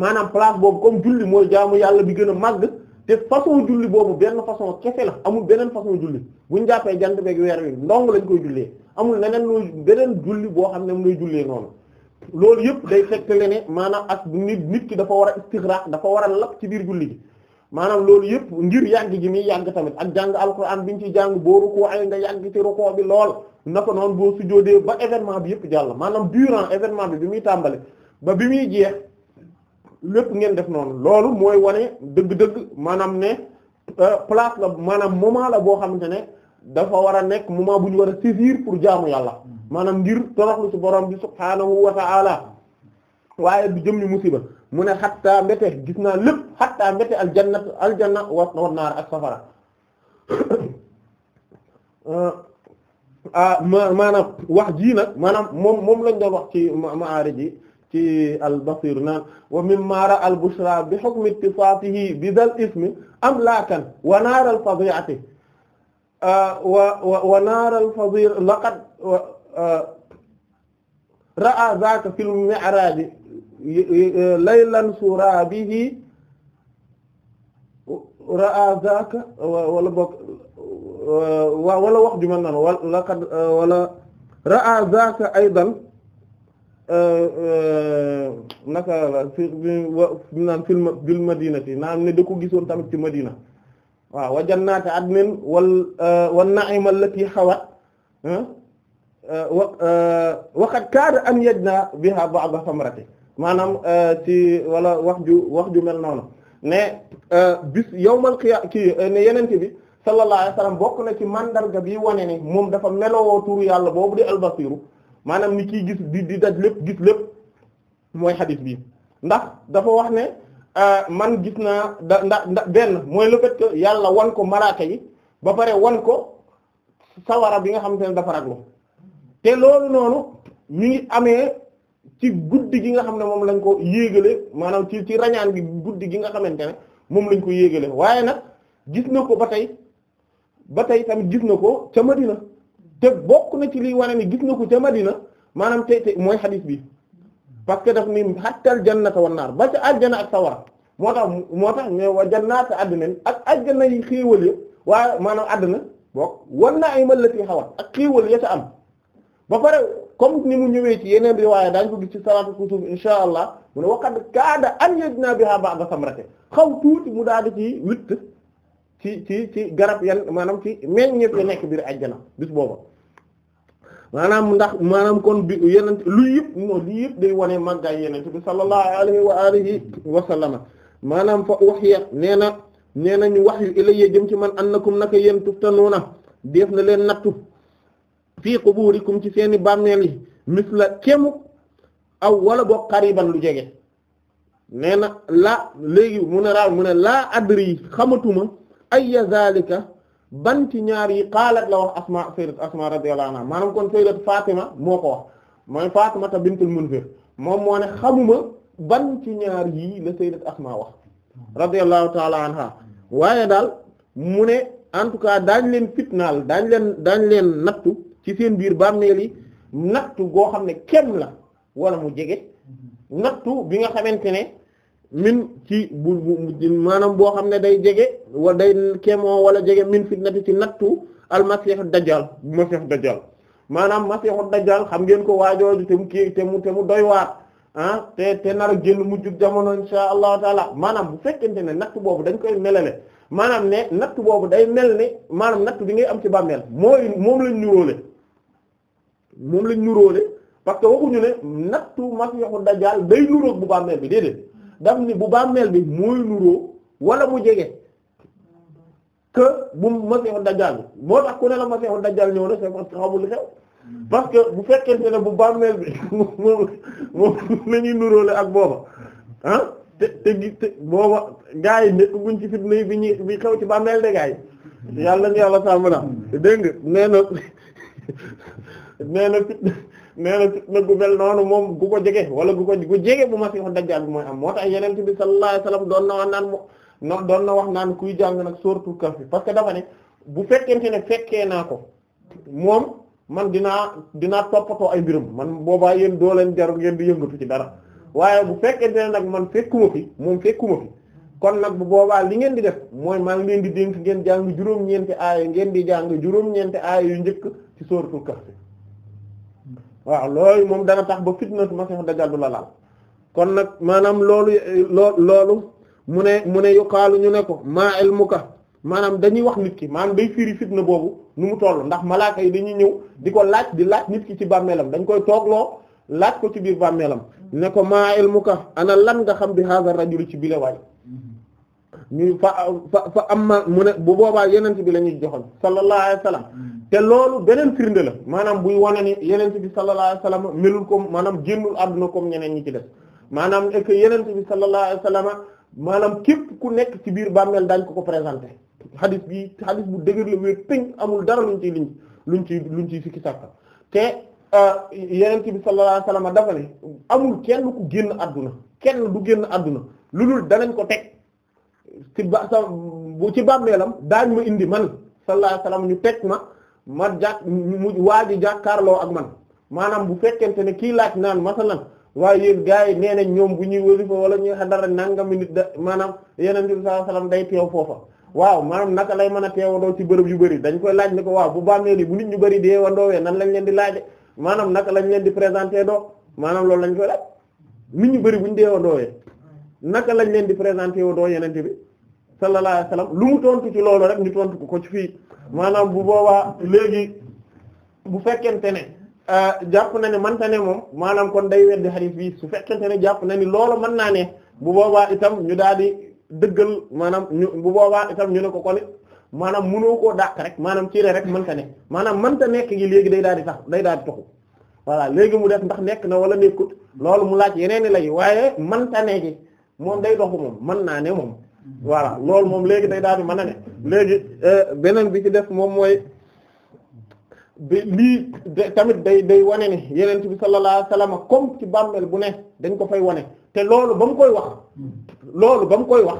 A: maanaam place boobu comme julli mooy jaamu yàlla bi gën a màgg te façon julli boobu benn façon kefe la amul beneen façon julli buñ jàppee jant beeg weer wi ndong lañ koy jullee amul leneen loo beneen julli boo xam ne mu lay jullee noonu loolu yëpp day fekk ne maanaam ak nit nit ki dafa war a istigraq dafa war a lap ci biir julli gi maanaam loolu yëpp ngir yàgg gi muy yàgg tamit ak jàng alquran biñ ci jàng boo rukkoo ay nga yàgg ci rukkoo bi lool naka noonu boo sujjóotee ba événement bi yëpp jàll maanaam durant événement bi bi muy tàmbale ba bi muy jeex lépp ngeen def noonu loolu mooy wane dëgg-dëgg maanaam ne euh, place la maanaam moment la boo xamante ne dafa war a nekk moment bu ñu war a saisir pour jaamu yàlla maanaam ngir toroxlu ci borom bi subhaanahu wa ta'ala waaye du jëm ni musiba mu ne xattaa mbete gis naa lépp xattaa mbete aljannat aljanna wa naar ak safara euh, Ah, maanaam wax jii nag maanaam moom moom lañ doon wax ci Ma'ârij ji ci al-Basir naan wa mimma ra'a al-bushra bi hukmi ittisafihi bi dal ismi amlakan wa naar al-fadi'ati ah, wa wa naar al-fadi'ati laqad ah, ra'a dhaka fil mi'raj laylan sura bihi ra'a dhaka wala bokk Euh, waaw wala wax ju mel noonu wala laqad euh, wala ra'a zaaka aydan euh, naka la fi naan fil bil madinati naan ne da ko gisoon tamit ci madina waaw wa jannaati adnin wal wan na'ima allati hawat wa qad kaada an yajna biha ba'd samrati maanaam ci wala wax ju wax ju mel noonu ne bis yawmal qiyaama kii ne yenente bi sallallahu alayhi wa bokk na ci màndarga bi wane ne moom dafa melowoo turu yàlla boobu di albasiru maanaam ni kiy gis di di daj lépp gis lépp mooy xadis bi ndax dafa wax ne euh, man gis naa da ndax benn mooy le fait yàlla wan ko malaaka yi ba pare wan ko sawara bi nga xam ne dafa raglu te loolu noonu mi ngi amee ci guddi gi nga xam ne moom lañ ko yéegale maanaam ci ci rañaan gi guddi gi nga xamante ne moom lañ ko yéegale waaye nag gis na ko ba tey ba tey tamit gis na ko ca Madina te bokk na ci liy wane ni gis na ko ca Madina maanaam tey tey mooy xadis bi parce que daf ni xattal jannata wan naar ba ca àjjana ak sawara moo tax moo tax mais wa jannaata àddina ak àjjana yi xéewal yëpp waaye maanaam na bokk wan naa ay mallati xawat ak xéewal yi ca am ba pare comme ni mu ñëwee ci yeneen riwaaya daañ ko gis ci salaatu kusuuf insha allah mu ne waqad kaada an yajna biha ba'da samrati xaw tuuti mu daal di ci witt ci ci ci garab yan maanaam ci meññeef ya nekk biir àjjana bis booba maanaam ndax maanaam kon bi yeneen lu yëpp moo lii yëpp day wane màggaay yeneen bi sallallahu alayhi wa alihi wa sallama maanaam fa waxya nee na nee na ñu wax yu ilayya jëm ci man annakum naka yéen tuftanuuna def na leen nattu fii quburikum ci seeni bàmmeel yi misla kemu aw wala boo qariban lu jege nee na la léegi mu ne raaw mu ne laa adri xamatuma ayya zalika ban ci ñaar yi qaalat la wax asma sayyidat asma radiyallahu anha maanaam kon sayyidat fatima moo ko wax mooy fatima ta bintul munzir moom moo ne xamuma ban ci ñaar yi la sayyidat asma wax radiyallahu ta'ala anha waaye daal mu ne en tout cas daañ leen fitnaal daañ leen daañ leen nattu ci seen biir bàmmeel yi nattu goo xam ne kenn la wala mu jege nattu bi nga ne min ci bu bu maanaam boo xam ne day jege wa day kemoo wala jege min fitnati ci nattu al masiixu dajjal masiixu dajjal maanaam masiixu dajjal xam ngeen ko waajooju te mu kii te mu te mu doy waar ah te te nar a génn mujj jamono insha allahu taala maanaam bu fekkente ne natt boobu dañ koy melale maanaam ne natt boobu day mel ne maanaam natt bi ngay am ci bàmmeel mooy moom lañ ñuróole moom lañ ñuróole parce que waxuñu ne nattu masiixu dajjal day ñuróog bu bàmmeel bi déedéet daf ni bu bàmmeel bi mooy nuroo wala mu jege que bu masiixu dajjal bi moo tax ku ne la masiixu dajjal ñëw na c'est parce que xamul li xew parce que bu fekkente ne bu bàmmeel bi moom moom nañuy nuróole ak booba ah te te booba gaa yi nekk buñ ci fitna yi bi ñu bi xew ci bàmmeel de gaa yi yàlla ñu yàlla sàmm na dégg nga nee nee na fitna gu mel noonu moom gu ko jege wala gu ko gu jege bu masiixu dajjaal bi mooy am moo tax yeneen bi sallallahu alayhi wasallam doon na wax naan no doon na wax naan kuy jàng nag sóortu kaf yi parce que dafa bu fekkente ne fekkee naa ko moom man dinaa dinaa toppatoo ay mbirum man boobaa yéen doo leen jaru ngeen di yëngatu ci dara waaye bu fekkente ne nag man fekkuma fi moom fekkuma fi kon nag bu boobaa li ngeen di def mooy maa ngi leen di dénk ngeen jàng juróom-ñeenti aaya ngeen di jàng juróom-ñeenti aaya yu njëkk ci sóortu kaf waaw loolu moom dana tax ba fitnatu masihu da du la laal kon nag maanaam loolu loo loolu mu ne mu ne yuqaalu ñu ne ko maa ilmuka maanaam dañuy wax nit ki maanaam day firi fitna boobu nu mu toll ndax malaaka yi dañuy ñëw di ko laaj di laaj nit ki ci bàmmeelam dañ koy toogloo laaj ko ci biir bàmmeelam ne ko maa ilmuka ana lan nga xam bi hadha rajul ci bile waay ñu mu ne bu boobaa yeneen bi la ñuy joxoon sallallahu alayhi wa te loolu beneen firnde la maanaam buy wane ni yenent bi sallallahu alayhi wasallam melul comme maanaam génnul àdduna comme ñeneen ñi ci def maanaam et yeneen yenent bi sallallahu alayhi wasallam maanaam képp ku nekk ci biir bàmmeel daañ ko ko présenté xadis bi xadis bu dëgër la wéer tëñ amul dara luñ ciy liñ luñ ciy luñ ciy sikki sàkka te euh, yenent bi sallallahu alayhi wasallam dafa ne amul kenn ku génn àdduna kenn du génn àdduna lu dul danañ ko teg ci ba sa ci bàmmeelam daañ ma indi man sallallahu alayhi wasallam ñu teg ma ma jàkk mu waa ji jàkkaarloo ak man maanaam bu fekkente ne kii laaj naan masalan waaye yéen gars yi nee nañ ñoom bu ñuy wasifa wala ñuy xadara nangami nit da maanaam yeneen bi sallallahu alayhi wasallam day teew foofa waaw maanaam naka lay mën a teewandoo ci bërëb yu bëri dañ koy laaj ne ko waaw bu bàmmeel bu nit ñu bëri dee wandoowee nan lañ leen di laaje maanaam naka lañ leen di présenter doo maanaam loolu lañ koy laaj nit ñu bëri bu ñu dee doowee naka lañ leen di présenter wandoo yenente bi sallallahu alayhi lu mu tontu ci loolu rek ñu tontu ko ci fii maanaam bu boobaa léegi bu fekkente ne euh, jàpp na ne manta ne moom maanaam kon day weddi hadith bi su fekkente ne jàpp na ni loolu mën naa ne bu boobaa itam ñu daal di dëggal maanaam ñu bu boobaa itam ñu ne ko kon maanaam mënoo koo dàq rek maanaam ci rek manta ne maanaam manta nekk gi léegi day daal di tax day daal di toxu voilà léegi mu def ndax nekk na wala nekkut loolu mu laaj yeneen lay waaye manta ne gi moom day doxu moom mën naa ne moom. voilà loolu moom léegi day daal di man a ne léegi euh, beneen bi ci def moom mooy bi lii tamit day day wane ni yenent bi sallallahu alayhi wasallam comme ci bàmmeel bu ne dañ ko fay wane te loolu ba mu koy wax loolu ba mu koy wax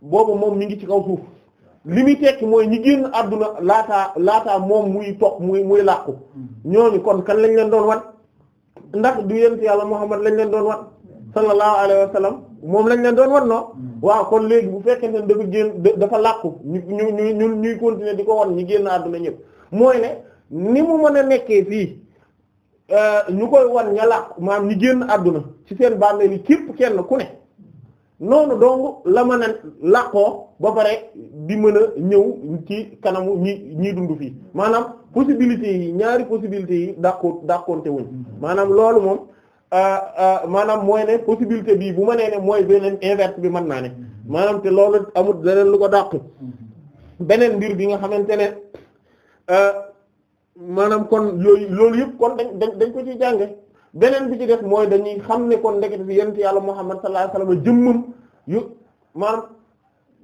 A: boobu moom mi ngi ci kaw suuf li muy tekki mooy ñi génn àdduna laataa laataa moom muy toog muy muy làqu ñooñu kon kan lañ leen doon wan ndax du yent yàlla Muhammad lañ leen doon wan sallallahu alayhi wasallam moom lañ leen doon wan noo hmm. waaw kon léegi bu fekkee ne dafa génn dafa làqu ñu ñu ñu ñu ñuy continuer di ko wan ñu génn àdduna ñëpp mooy ne ni mu mën a nekkee fii euh, ñu koy wan ña làqu maam ñu génn àdduna ci seen bàmmeel yi képp kenn ku ne noonu donc la mën a làqoo ba pare bi mën a ñëw ci kanamu ñi ñi dund fii maanaam possibilités yi ñaari possibilités yi dàqoo dàqoonte wuñ hmm. maanaam loolu moom Euh, euh, maanaam mooy ne possibilité bii bu ma nee ne mooy beneen inverse bi mën naa ne maanaam te loolu amul leneen lu ko dàq beneen mbir bi nga xamante ne euh, maanaam kon yooyu loolu yëpp kon dañ dañ dañ ko ciy jànge beneen bi ci def mooy dañuy xam ne kon ndekete fi yent yàlla Muhammad sallallahu alayhi wasallam jëmmam yu maanaam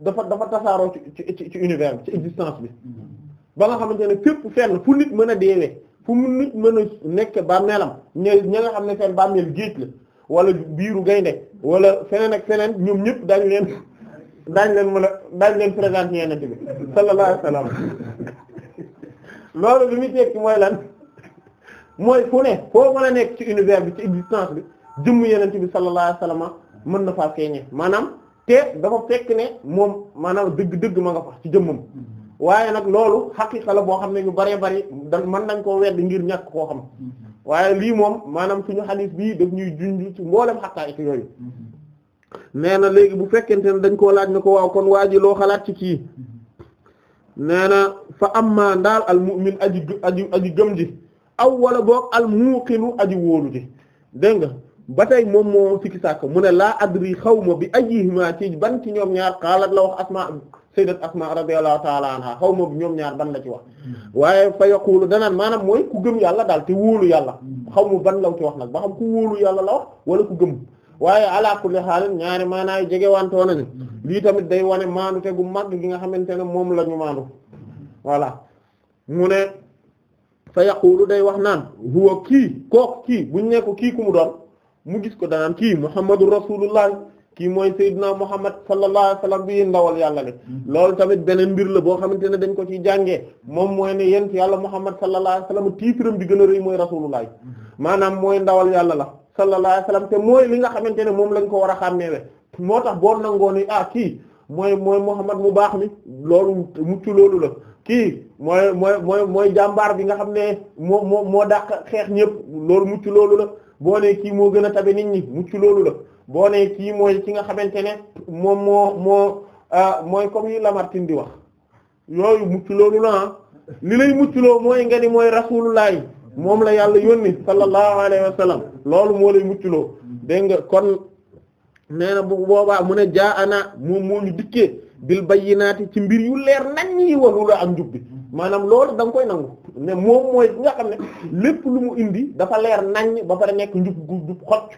A: dafa dafa tasaaroo ci ci ci univers bi ci existence bi ba nga xamante ne fépp fenn fu nit mën a deewee fu mu nit mën a nekk bàmmeelam ña ña nga xam ne seen bàmmeel géej la wala biiru gaynde wala feneen ak feneen ñoom ñëpp dañ leen dañ leen mën a dañ leen présenter yenente bi sallallahu alayhi wasallam loolu li muy tekki mooy lan mooy fu ne foo mën a nekk ci univers bi ci existence bi jum yenente bi sallallahu alayhi wasallam mën na faa feeñee maanaam te dafa fekk ne moom maanaam dëgg-dëgg ma nga fa ci jëmmam waaye nag loolu xaqiqa la boo xam ne ñu baree bari da mën nañ koo wedd ngir ñàkk koo xam mm-hmm. waaye lii moom maanaam suñu xadiis bii daf ñuy junj ci mboolem xaqaa'iq yooyu mm-hmm. nee na léegi bu fekkente ne dañ koo laaj ne ko waaw kon waa loo xalaat ci kii mm-hmm. nee na fa amma ndaal al mu'min aji aji aji gëm ji aw wala boog al muuqinu aji wóolu ji dégg nga ba tey moom moo sikki sàkk mu ne laa adri xawma bi ajihima ci ban ci ñoom ñaar xaalat la wax asma sayyidat Asma radiyallahu ta'ala anha xaw ma ñoom ñaar ban la ci wax hmm. waaye fa yaqulu danaan maanaam mooy ku gëm yàlla daal te wóolu yàlla hmm. xaw ma ban la ci wax nag ba xam ku wóolu yàlla la wax wala ku gëm waaye ala kulli xaalin ñaari maanaay jege wantoo nañu hmm. lii tamit day wane maandu te gu mag gi nga xamante ne moom la ñu maandu voilà mu ne fa yaqulu day wax naan huwa kii kook kii buñ nekk kii ku doon mu gis ko danaan kii Muhammadu Rasulullah kii mooy Seydina Muhammad sallallahu alayhi wa sallam bi ndawal yàlla le mm-hmm. loolu tamit beneen mbir la boo xamante ne dañ ko ci jàngee moom mooy ne yent yàlla Muhammad sallallahu alayhi wa sallam tiitram bi gën a rëy mooy rasulullah mm-hmm. maanaam mooy ndawal yàlla la sallallahu alayhi wa sallam te mooy li nga xamante ne moom lañ ko war a xàmmeewe moo tax boo nangoo ni ah kii mooy mooy Muhammad mu baax mi loolu mucc loolu la kii mooy mooy mooy mooy jàmbaar bi nga xam ne moo moo moo dàq xeex ñëpp loolu mucc loolu la boo kii moo gën a tabe nit ñi la boo ne kii mooy ki nga xamante ne moom moo moo ah, mooy comme yi Lamartine di wax yooyu mucculoo nu la ah. li lay mucculoo mooy nga ni mooy rasulullah moom la yàlla yónni sallallahu alayhi wa sallam loolu moo lay mucculoo dégg nga kon nee na bu boobaa mu ne jaa ana moom moo ñu dikkee bil bayyinaati ci mbir yu leer nañ yi wanu la am njub loolu da nga koy nangu ne moom mooy nga xam ne lépp lu mu indi dafa leer nañ ba pare nekk njub gu xocc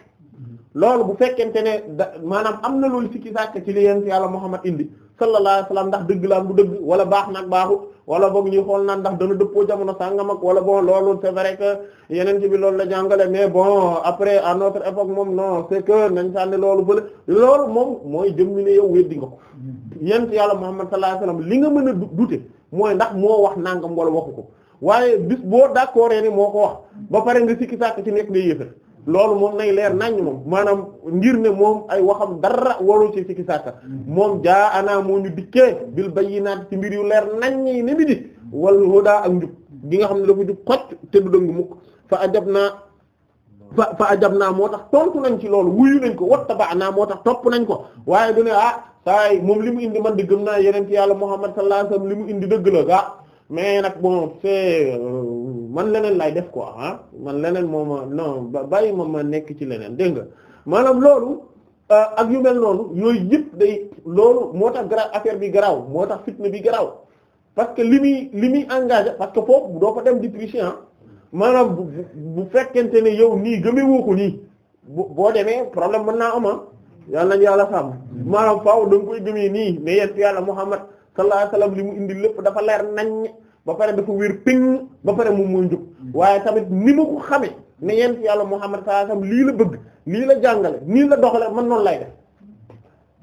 A: loolu bu fekkente ne da maanaam am na loolu sikki sàkk ci li yent yàlla Muhammad indi sallallahu alayhi wa sallam ndax dëgg laa mu dëgg wala baax nag baaxut wala boog ñuy xool naan ndax dana dëppoo jamono sàngam ak wala bon loolu c'est vrai que yeneen ci loolu la jàngale mais bon après à notre époque moom non c'est que nañ sànni loolu bële loolu moom mooy jëmmi ne yow weddi nga ko yent yàlla Muhammad sallallahu alayhi wa sallam li nga mën a dute mooy ndax moo wax nangam wala waxu ko waaye bis boo d'accord ni moo ko wax ba pare nga sikki sàkk ci nekk ngay yéefar loolu moom nay leer naññ moom maanaam ngir ne moom ay waxam dara warul ci sikki sàkka mm-hmm. moom jaa ana moo ñu dikkee bil bayyinaat ci mbir yu leer naññi ni mi di wal huda ak njub gi nga xam ne dafa jub xocc te du dëng mukk fa ajab naa fa fa ajab naa moo tax tontu nañ ci loolu wuyu nañ ko wattaba naa moo tax topp nañ ko waaye du ne ah saa moom li mu indi man di gëm naa yeneen ci yàlla Muhammad sallallahu alayhi wasallam li mu indi dëgg la ah mais nag bon euh, man leneen lay def ko ah man leneen moo ma non bàyyi ma ma nekk ci leneen dégg nga maanaam loolu euh, ak yu mel noonu yooyu yëpp day loolu moo tax gara affaire bi garaaw moo tax fitna bi garaaw parce que li muy li muy engagé parce que foofu doo fa dem di tricher maanaam bu bu fekkente ne yow nii gëmee woo ko nii boo demee problème mën naa am ah nañ nañu yàlla sàmm maanaam faaw da nga koy gëmee nii mais yéen yàlla Muhammad sallallahu alayhi li mu indi lépp dafa leer ba pare dafa wér ping ba pare mu mooy njub waaye tamit ni ma ko xame ne yent yàlla Muhammad sallallahu alayhi lii la bëgg lii la jàngale nii la doxale man noonu lay def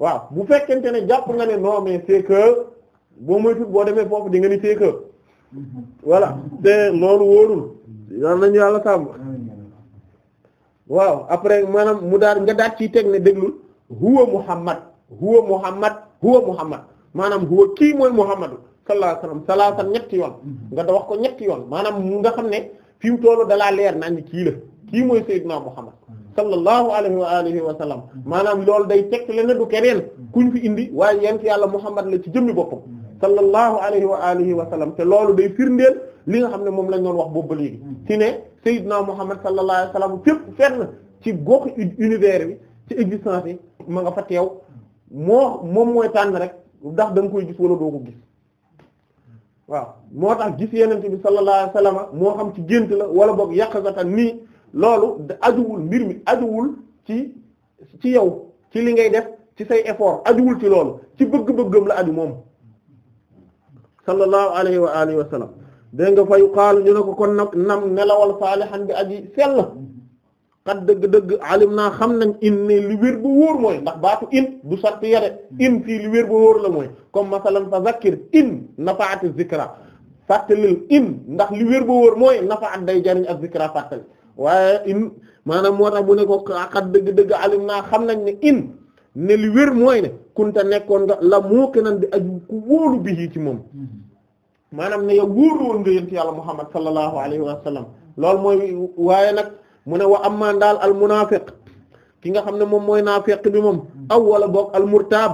A: waaw bu fekkente ne jàpp nga ne non mais c'est que boo moytu boo demee foofu di nga ni c'est que voilà te loolu wóorul yal nañu yàlla après maanaam mu daal nga daat ci teg ne déglul huwa Muhammad huwa Muhammad huwa Muhammad maanaam huwa kii mooy Muhammadu sallallahu alayhi wasallam salaasan ñetti yoon mm-hmm. nga da wax ko ñetti yoon maanaam mu nga xam ne fi mu tollu dalaa leer na ñi kii la kii mooy Seydina Muhammad mm-hmm. sallallahu alayhi wa alihi wa sallam mm-hmm. maanaam loolu day teg leneen du keneen kuñ fi indi waaye yent yàlla Muhammad la ci jëmmi boppam sallallahu alayhi wa alihi wa sallam te loolu day firndeel li nga xam ne moom lañ doon wax boobu ba léegi ci ne Seydina Muhammad sallallahu alayhi wa sallam fépp fenn ci gox univers bi ci existence yi ma nga fa teew moo moom mooy tànn rek ndax da koy gis wala doo ko gis waaw moo tax gis yenente bi sallallahu alayhi wasallam moo xam ci gént la wala boog yàqsatan nii loolu ajuwul mbir mi ajuwul ci ci yow ci li ngay def ci say effort ajuwul ci loolu ci bëgg-bëggam la aju moom sallallahu alayhi wa alihi wa sallam dégg nga fa yuqaalu ñu ne ko kon nag nam nelawal saalihan bi aji sell xat dëgg-dëgg alim naa xam nañ in ne li wér ba wóor mooy ndax baatu in du sart yare in fii li wér ba la mooy comme masalan fa zakir in nafaati zikra fàttalil in ndax li wér ba wóor mooy nafaat day jariñ ak zikra fàttali waaye in maanaam moo tax ne ko xat dëgg-dëgg alim xam nañ ne in ne li wér mooy ne kunta nekkoon nga la moo kenan di aju ku wóolu bi ci moom maanaam ne yow wur woon nga yent yàlla Muhammad sallallahu alayhi wa sallam loolu mooy waaye mu ne wa amman daal al munafiq ki nga xam ne moom mooy naafiq bi moom aw wala boog al murtaab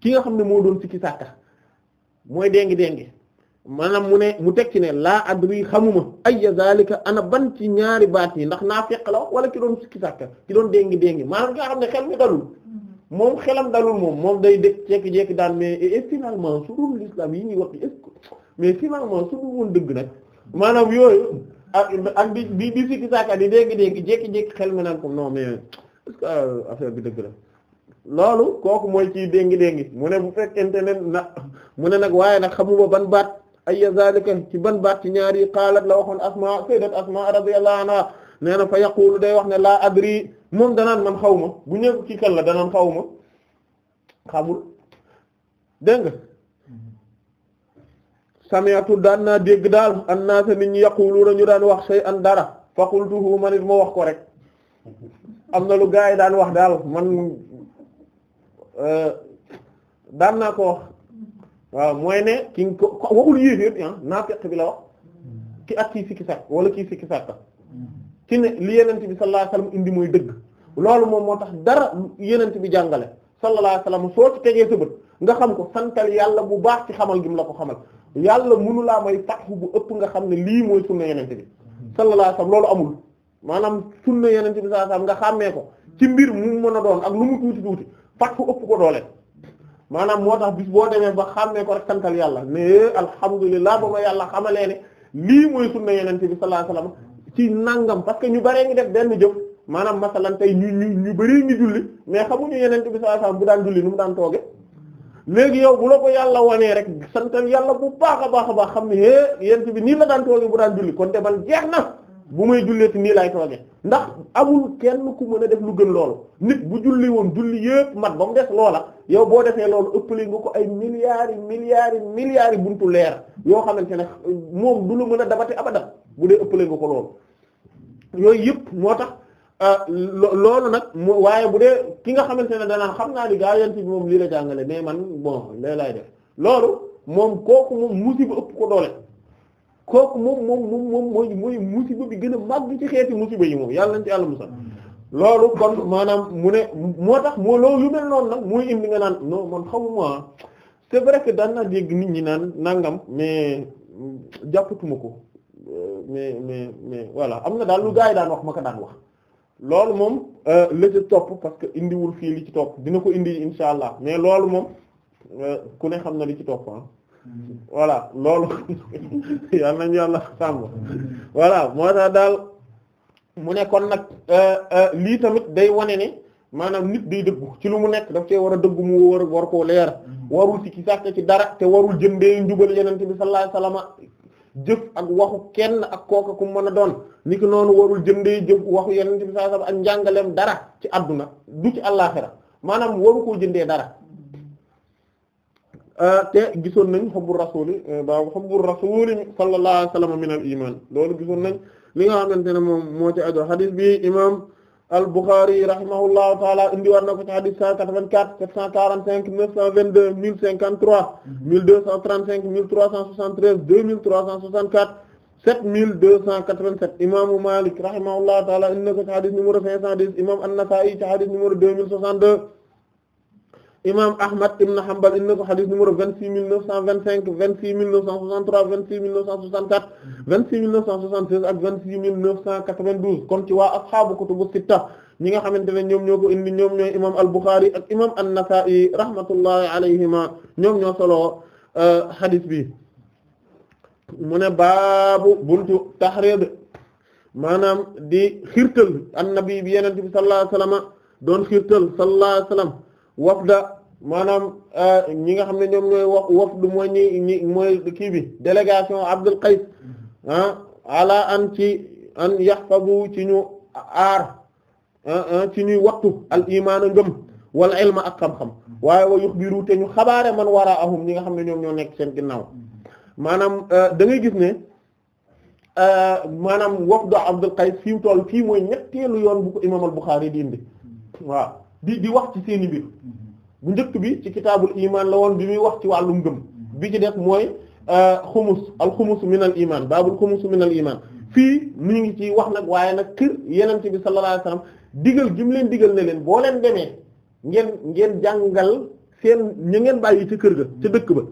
A: ki nga xam ne moo doon sikki sàkka mooy déngi déngi maanaam mu ne mu teg ci ne laa adri xamuma ayya zalika ana ban ci ñaari baat yi ndax naa naafiq la wala ki doon sikki sàkka ki doon déngi déngi maanaam ki nga xam ne xel mi dalul moom xelam dalul moom moom day dëkk jékki-jékki daan mais et finalement su dul ñuy wax mais finalement su dul woon dëgg nag maanaam yooyu Ah, ak di di di sikki saaka di dégg-dégg jékki-jékki xel mi naan ko non mais est euh, bi dëgg la loolu kooku mooy ci déngi-déngi mu ne bu fekkente ne mu ne nag waaye nag xamuma ban baat ayya zalika ci ban baat ci ñaari yi xaalat la waxoon asma sayyidat asma radiyallahu anha nee na fa yaqulu day wax ne laa adri moom danaan man xaw ma bu ñëw ci kan la danaan xaw ma xamul sami'tu daan naa dégg daal annaasa nit ñi yaquluuna ñu daan wax say an dara fa qultuhu man it ma wax ko rek am na lu gaa yi daan wax daal man euh, daan naa ko wax waaw mooy ne ki nga ko waxul yéeféer ah naafiq bi la wax ki ak kii sikki sàkk wala kii sikki sàkk ci ne li yenent bi sallallahu alayhi wasallam indi mooy dëgg loolu moom moo tax dara yenent bi jàngale sallallahu alayhi wasallam soo ci tegee sa nga xam ko santal yàlla bu baax ci xamal gi mu la ko xamal yàlla mënulaa may fatxu bu ëpp nga xam ne lii mooy sunna yenente bi sallallahu alayhi wasallam loolu amul maanaam sunna yenente bi sallallahu alayhi wasallam nga xàmmee ko ci mbir mu mën a doon ak lu mu tuuti tuuti fatxu ëpp ko doole maanaam moo tax bis boo demee ba xàmmee ko rek santal yàlla ne alhamdulilah ba ma yàlla xamalee ne lii mooy sunna yenente bi sallallahu alayhi wasallam ci nangam parce que ñu baree ngi def benn jëf maanaam masalan ñu ñu ñu bëree ngi julli mais xamuñu yenente bi sallallahu alayhi mu daan tooge léegi yow bu la ko yàlla wanee rek santal yàlla bu baax a baax a baax xam ne é eh, yent bi nii la daan tooge bu daan julli kon demal man jeex na bu may jullee ti nii lay tooge ndax amul kenn ku mën a def lu gën loolu nit bu julli woon julli yépp mat ba mu des loola yow boo defee loolu ëppale nga ko ay milliards yi milliards yi buntu leer yoo xamante ne moom du la mën a aba abadan bu dee ëppale nga ko loolu yooyu yëpp moo tax Euh, loolu nag mu waaye bu dee ki nga xamante ne danaan xam naa ni gaa yant bi moom lii la jàngale mais man bon lee laay def loolu moom kooku moom musiba ëpp ko doole kooku moom moom moom moom mooy mooy musiba bi gën a màgg ci xeeti musiba yi moom yàlla nañ ci yàlla musal loolu kon maanaam mu ne moo tax moo loolu lu mel noonu nag muy indi nga naan non man xamuma c'est vrai que daan naa dégg nit ñi naan nangam mais jàppatuma ko euh, mais mais mais voilà am na daal lu gaa yi daan wax ma daan wax loolu moom euh, la ci topp parce que indiwul fii li ci topp dina ko indi insha allah mais loolu moom euh, ku ne xam na li ci topp ah voilà loolu yal nañu yàlla sàmm voilà moo tax daal mu nekkoon kon nag euh, lii tamit day wane ne maanaam nit day dëggu ci lu mu nekk daf cee war a dëggu mu war war koo leer mm-hmm. warul ci ki sàkk ci dara te warul jëndee njubal yenente bi sallallahu alayhi wasallam jëf ak waxu kenn ak kooka ku mën a doon ni noonu warul jëndee jëf waxu yeneen ci bi saa ak njàngaleem dara ci àdduna du ci àllaaxira maanaam waru ko jëndee dara ah, te gisoon nañ xubbu rasuli eh, baabu xubbu rasuli sallallahu alayhi wa sallam min al iman loolu gisoon nañ li nga xamante ne moom moo ci ajo bi imam al-Bukhari rahimahullahu taala indi war na ko ci hadith 184 745 922 1053 1235 1373 2364 7287 imaamu Malik rahimahullahu taala indi na ko ci hadith numéro 510 imam An-Nasa'i ci hadith numéro 2062 imam Ahmad ibn Hanbal indi na ko xadis numéro vingt-six mille neuf cent vingt-cinq vingt-six mille neuf cent soixante-trois vingt-six mille neuf cent soixante-quatre vingt-six mille neuf cent soixante-seize ak vingt-six mille neuf cent quatre-vingt-douze kon ci waa ashaabu kutubu sitta ñi nga xamante ne ñoom ñoo ko indi ñoom ñooy imam al-Bukhari ak imam an-Nasa'i rahmatullahi alayhima ñoom ñoo solo euh, xadis bi mu ne baabu buntu tahrid maanaam di xirtal annabi bi doon xirtal sallallahu alayhi wasallam wafda maanaam euh, ñi nga xam ne ñoom ñooy wax wafd mooy mooy kii bi délégation Abdul Qays mm-hmm. ah an ci an yahfazu ci ñu aar ah, ah, ci ñuy wattu al imaan a ngëm wala ilma ak xam-xam mm-hmm. waaye wa yuxbiru te ñu xabaare man waraahum ñi nga xam ne ñoom ñoo nekk seen ginnaaw mm-hmm. maanaam euh, da ngay gis ne euh, maanaam wafdu Abdul Qays fi mu toll fii mooy ñetteelu yoon bu ko imaam al Buxaari di indi waaw di di wax ci seeni mbir bu njëkk bi ci kitaabul iman la woon bi muy wax ci wàllum gëm bi ci def mooy euh, xumus al xumus min al iman baabul xumus min al iman fii ñu ngi ci wax nag waaye nag kër yenent bi sallallahu alayhi wasallam digal gi mu leen digal ne leen boo leen demee ngeen ngeen jàngal seen ñu ngeen bàyyi ca kër ga ca dëkk ba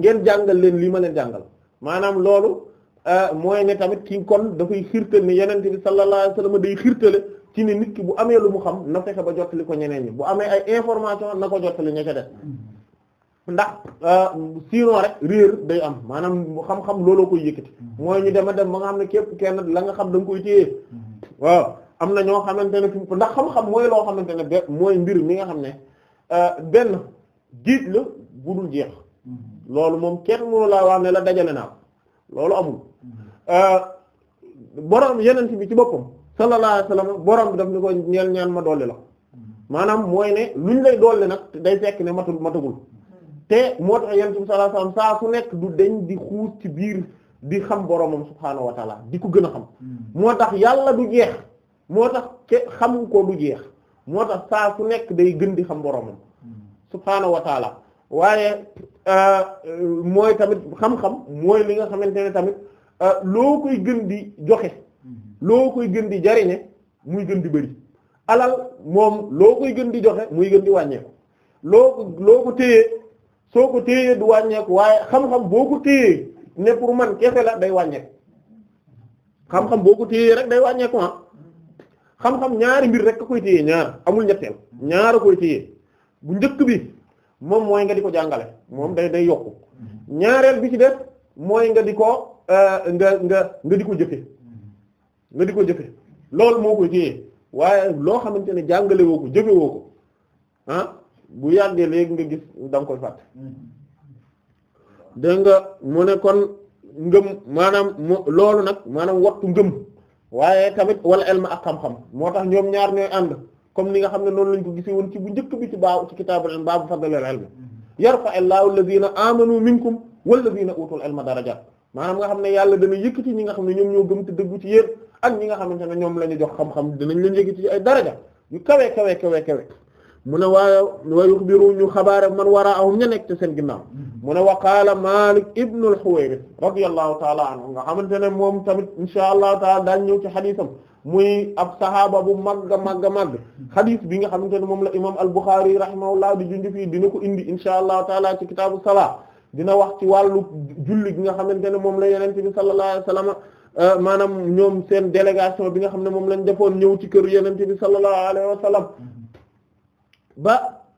A: ngeen jàngal leen lii ma leen jàngal maanaam loolu euh, mooy ne tamit ki kon dafay xirtal ne yenent bi sallallahu alayhi wasallam day xirtale ci ne nit ki bu amee lu mu xam na fexe ba jottali ko ñeneen ñi bu amee ay information na ko jottali ña ca def ndax euh, sinon rek réer day am maanaam xam-xam looloo koy yëkkati mooy ñu dema dem ba nga xam ne képp kenn la nga xam da nga koy waaw am na ñoo xamante ne fi ndax xam-xam mooy loo xamante ne mooy mbir mi nga xam ne euh, benn géej la bu dul jeex loolu moom kenn mënu laa wax ne la dajale naa loolu amul euh, borom yeneen bi ci boppam sallallahu alayhi wa sallam borom bi daf ni ñaan ma dolli la maanaam mooy ne luñ lay dolli nag day fekk ne matul matagul te moo tax saa su nekk du deñ di xuus ci biir di xam boromam subhaanahu di ko gën a xam hmm. moo tax yàlla du jeex moo tax ke xam ko du jeex moo tax saa nekk day gën di xam boromam hmm. subhaanahu wa waaye euh, mooy tamit xam-xam mooy li nga xamante ne tamit euh, loo koy gën di joxe loo koy gën di jariñe muy gën di bëri alal moom loo koy gën di joxe muy gën di wàññeeku loo ko loo ko téyee soo ko téyee du wàññeeku waaye xam-xam boo ko téyee ne pour man kese la day wàññeeku xam boo ko téyee rek day wàññeeku ah ñaari mbir rek koy téyee ñaar amul ñetteel ñaar a koy téyee bu njëkk bi moom mooy nga di ko jàngale moom day day yokku ñaareel bi ci def mooy nga di ko euh, nga nga nga di ko jëfe nga di ko jëfe loolu moo koy téye waaye loo xamante ne jàngale woo ko jëfe woo ko ah bu yàggee léegi nga gis da nga koy fàtte dégg nga mu ne kon ngëm maanaam mu loolu nag maanaam waxtu ngëm waaye tamit wala elma ak xam-xam moo tax ñoom ñaar ñooy ànd comme ni nga xam ne noonu lañ ko gisee woon ci bu njëkk bi ci baaw ci kitaabul ilm baabu fadlil ilm yarfa illaahu alladhina amanu minkum walladhina utul ilma darajaat maanaam nga xam ne yàlla dana yëkkati ñi nga xam ne ñoom ñoo gëm te dëggu ci ak ñi nga xamante ne ñoom la ñu jox xam-xam dinañ leen yëg ci ay daraja yu kawe kawe kawe kawe mu ne waaye wa yuxbiru ñu xabaare man waraahum ña nekk ci seen ginnaaw mu ne wa qaala Malik ibnu al-Huwayrith radiyallahu taala anhu nga xamante ne moom tamit insha allahu taala daañ ñëw ci xadiisam muy ab sahaaba bu magga magga magg xadiis bi nga xamante ne moom la imam al-Bukhari rahimahullah di junj fii dina ko indi insha allahu taala ci kitaabu salaa dina wax ci wàllu julli gi nga xamante ne moom la yenente bi sallallahu alayhi wasallam Euh, maanaam ñoom seen délégation bi nga xam ne moom lañ defoon ñëw ci kër yenente bi sallallahu alayhi wa ba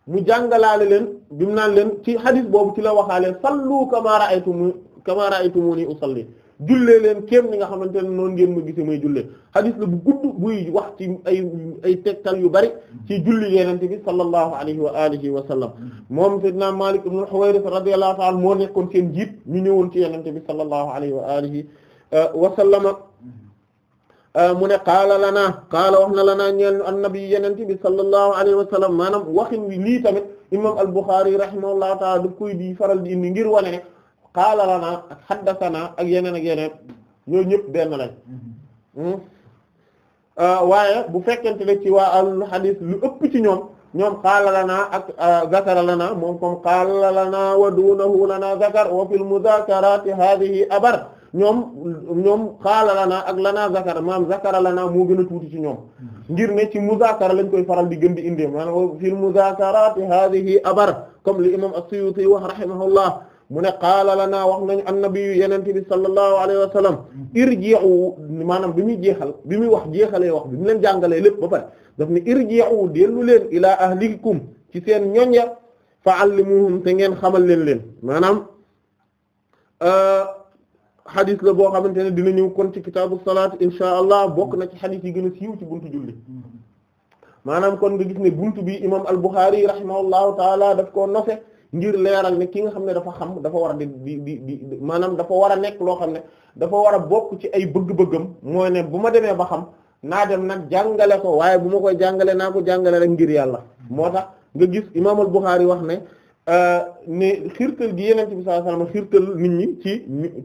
A: mu jàngalaale leen bi mu naan leen ci hadis boobu ci la waxaaleen sallu kama ra'aytumu kama ra'aytumuni usalli jullee leen kéem ni nga xamante ne noonu ngeen mu gisee may jullee hadis la bu gudd buy wax ci ay ay tegtal yu bari ci julli yenente bi sallallahu alayhi wa alihi wa sallam moom sayyidina Malik ibn Huwayrith radiyallahu ta'ala moo nekkoon seen jiit ñu ñëwoon ci yenente bi sallallahu alayhi wa alihi wa sallama ah, mu ne qaala lanaa qaala wax na lanaa ñeel annabi yenente bi sallallahu alayhi wa sallam maanaam waxin wi lii tamit imam al-Bukhari rahimahullahu taala daf koy di faral di indi ngir wane ne qaala lanaa ak haddasanaa ak yeneen ak yeneen ñooyu ñëpp benn lañ hmm? ah, waaye bu fekkente ne ci waa al hadith lu ëpp ci ñoom ñoom qaala lanaa ak ah, zakara lanaa moom comme qaala lanaa wa duunahu lanaa zakar wa fil muzaakaraati haadihi abar ñoom ñoom xaala lanaa ak lanaa zakara maanaam zakara lanaa moo gën a tuuti ci ñoom ngir ne ci muzaakara lañ koy faral di gën di indi maanaam fil muzaakaraati haadihi abar comme li imam as-Suyuti wax rahimahullah mu ne qaala lanaa wax nañu annabiyu yenente bi sallallahu alayhi wa sallam irji'u maanaam bi muy jeexal bi muy wax jeexalee wax bi mu leen jàngalee lépp ba pare daf ne irji'u dellu leen ilaa ahlikum ci seen ñoñña fa allimuhum te ngeen xamal leen leen maanaam euh, xadis la boo xamante ne dina ñëw kon ci kitaabu salaat insha allah bokk na ci xadis yi gën a siiw ci buntu julli maanaam kon nga gis ne buntu bi imam al-Bukhari rahimahullahu taala daf koo nose ngir leeral ne ki nga xam ne dafa xam dafa war a di di di maanaam dafa war a nekk loo xam ne dafa war a bokk ci ay bëgg-bëggam mooy ne bu ma demee ba xam naa dem nag jàngale ko waaye bu ma koy jàngale naa ko jàngale rek ngir yàlla moo tax nga gis imam al-Bukhari wax ne Euh, ne xirtal gi yeneen ci bi sallallahu alayhi wasallam xirtal nit ñi ci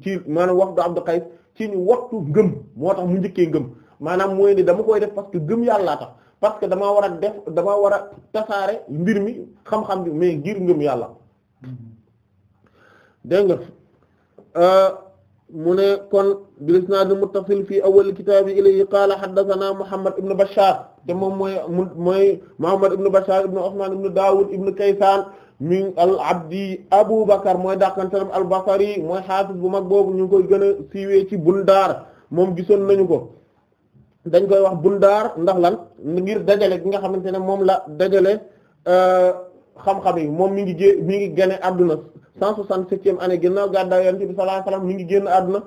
A: ci maanaam wax du Abdu Qays ci ñu waxtu ngëm moo tax mu njëkkee ngëm maanaam mooy ni dama koy def parce que gëm yàllaa tax parce que damaa war a def damaa war a tasaare mbir mi xam-xam bi mais ngir ngëm yàlla mm-hmm. dégg nga euh, mu ne kon bil isnaadil muttasil fii awwal kitaabi ilayhi qaala haddasanaa Muhammad ibn Bashaar te moom mooy mooy Muhammad ibn Bashaar ibn Usmaan ibn Daawud ibn Kaysaan min al abdi Abu Bakar mooy dàqanteelam al Basri mooy xaafis bu mag boobu ñu koy gën a siiwee ci Bundaar moom gisoon nañu ko dañ koy wax Bundaar ndax lan ngir dajale gi nga xamante ne moom la dajale euh, xam-xam yi moom mi ngi gé ngi gën a adduna 167e année ginnaaw gàddaay Yonent bi sallallahu alayhi wasallam mi ngi génn àdduna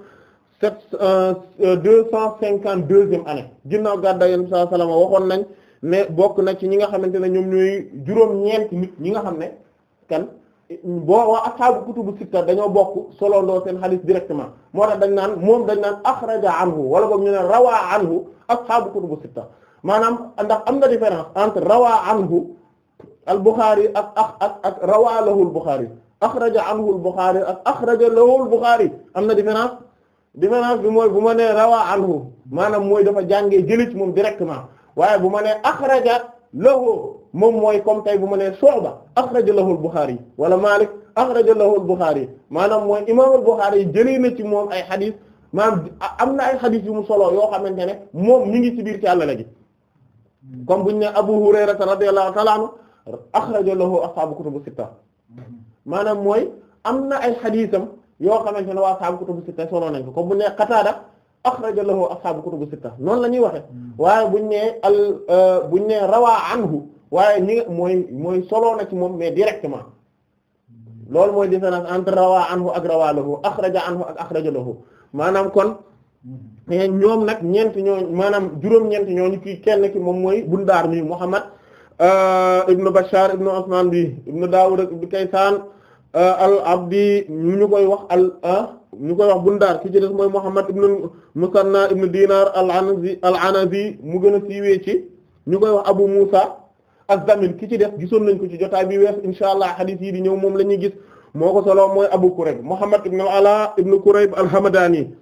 A: sept euh, euh, deux cent cinquante-deuxième année ginnaaw gàddaay Yonent bi sallallahu alayhi wasallam waxoon nañ ne bokk na ci ñi nga xamante ne ñoom ñooy juróom-ñeenti nit ñi nga xam ne kan boo waa ashaabu kutubu sitta dañoo bokk solondoo seen xadiis directement moo tax dañ naan moom dañ naan axraja anhu wala boog ñu ne rawaa anhu ashaabu kutubu sitta maanaam ndax am na différence entre rawaa anhu al Bukhari ak ak ak ak rawaa lahul axraja anhu al-Bukhari ak axraja lahu al-Bukhari am na différence différence bi mooy bu ma nee rawaa anhu maanaam mooy dafa jàngee jëli ci moom directement waaye bu ma nee axraja lahu moom mooy comme tey bu ma nee Shu'ba axraja lahu al-Bukhari wala Malik axraja lahu al-Bukhari maanaam mooy imaam al-Bukhari jëlee na ci moom ay xadis maanaam am na ay xadis yu mu solo yoo xamante ne moom mi ngi ci biir càllale gi comme bu ñu nee Abu Hurayra radiyallahu ta'ala anhu axraja lahu ashaabu kutubu sitta maanaam mooy am na ay xadiisam yoo xamante ne waa ashaabu kutubu sitta solo nañ ko comme bu ne Qataada axraja lahu ashaabu kutubu sitta noonu la ñuy waxe hmm. waaye buñ ne al euh, buñ ne rawaa anhu waaye ñi mooy mooy solo na moom mais directement hmm. loolu mooy différence entre rawaa anhu ak rawaa lahu axraja anhu ak axraja lahu maanaam kon hmm. ñoom nag ñeenti ñoo maanaam juróom-ñeenti ñooñu kii kenn ki moom mooy Bundaar mi Muhammad Euh, ibnu Bashar ibnu Usman bi ibnu Dawud ak ibnu Kaysan euh, al abdi ñu koy wax al ah, ñu koy wax Bundaar ki des mooy Muhammad ibnu Musanna ibnu Dinar al Anazi mu gën a siiwee ci ñu koy wax Abu Musa az-Zamin ki ci des gisoon nañ ko ci jotaay bi wees insha allah hadith yi di ñëw moom la ñuy gis moo ko solo mooy Abu Kurayb Muhammad ibnu Ala ibnu Kurayb al-Hamadani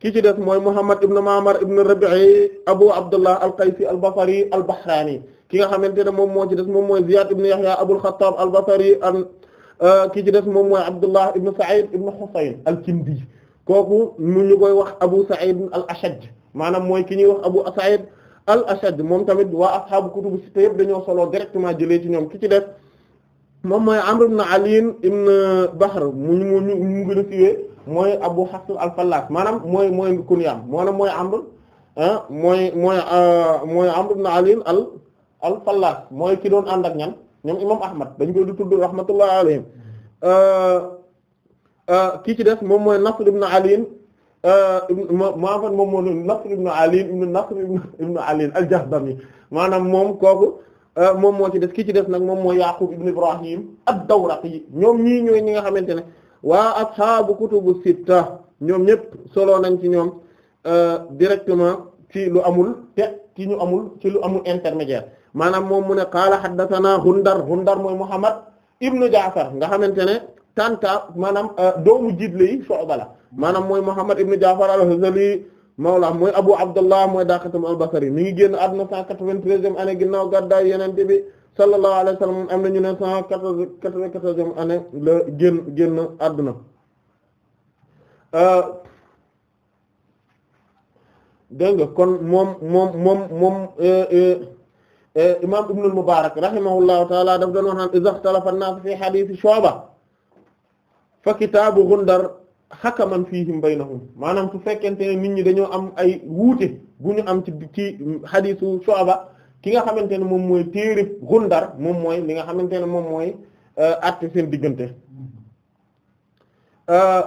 A: ki ci des mooy Muhammad ibnu Ma'mar ibnu Rabi'i Abu Abdullah al-Qaysi al-Basri al-Bahrani ki nga xamante ne moom moo ci des moom mooy Ziyad ibn Yahya Abul Khattab al-Basri an euh, ki ci des moom mooy Abdullah ibn Sa'id ibn Husayn al-Kindi kooku mu ñu koy wax Abu Sa'id al-Ashaj maanaam mooy ki ñuy wax Abu Sa'id al-Ashaj moom tamit waa ashaabu kutubu sitta yëpp dañoo solo directement jëlee ci ñoom ki ci des moom mooy Amr ibn Ali ibn Bahr mu ñu mu gën a fiwee mooy Abu Hafs al-Fallas maanaam mooy mooy kunyaam maanaam mooy Amr ah mooy mooy euh, mooy ibn Ali al-Fallaas mooy ki doon ànd ak ñan ñoom imam Ahmad dañ koy du tudd rahmatullah alayhim euh, euh, kii ci des moom mooy Nasr ibn Ali euh, maanaam moom moo Nasr ibn Ali ibn Nasr ibn maanaam moom kooku moom moo ci des kii ci des nag moom mooy Yaqub ibn Ibrahim ad-Dawraqi ñoom ñii ñooy ñi nga xamante ne waa ashaabu kutubu sitta ñoom ñëpp solo nañ ci ñoom directement ci lu amul te ci ñu amul ci lu amul intermédiaire maanaam moom mu ne qaala haddathana Hundar Hundar mooy Muhammad ibnu Jaafar nga xamante ne tanta maanaam euh, doomu jiit yi Shu'ba la maanaam mooy Muhammad ibnu Jaafar al mawla mooy Abu Abdullah mooy daqatam al-Basri mi ngi génn àdduna 193e année ginnaaw gàddaay Yonent bi sallallahu alayhi wa sallam am nañu ne 194e année la génn génn àdduna euh, dégg nga kon moom moom moom moom euh, Eh, imam ibn al-Mubarak rahimahullahu taala daf doon wax naan iza ikhtalafa an-nas fi hadith Shu'ba fa kitaabu Ghundar hakaman fihim baynahum maanaam su fekkente ne nit ñi dañoo am ay wuute gu ñu am ci ci hadithu Shu'ba ki nga xamante ne moom mooy téere Ghundar moom mooy li nga xamante ne moom mooy eh, àtte seen diggante eh,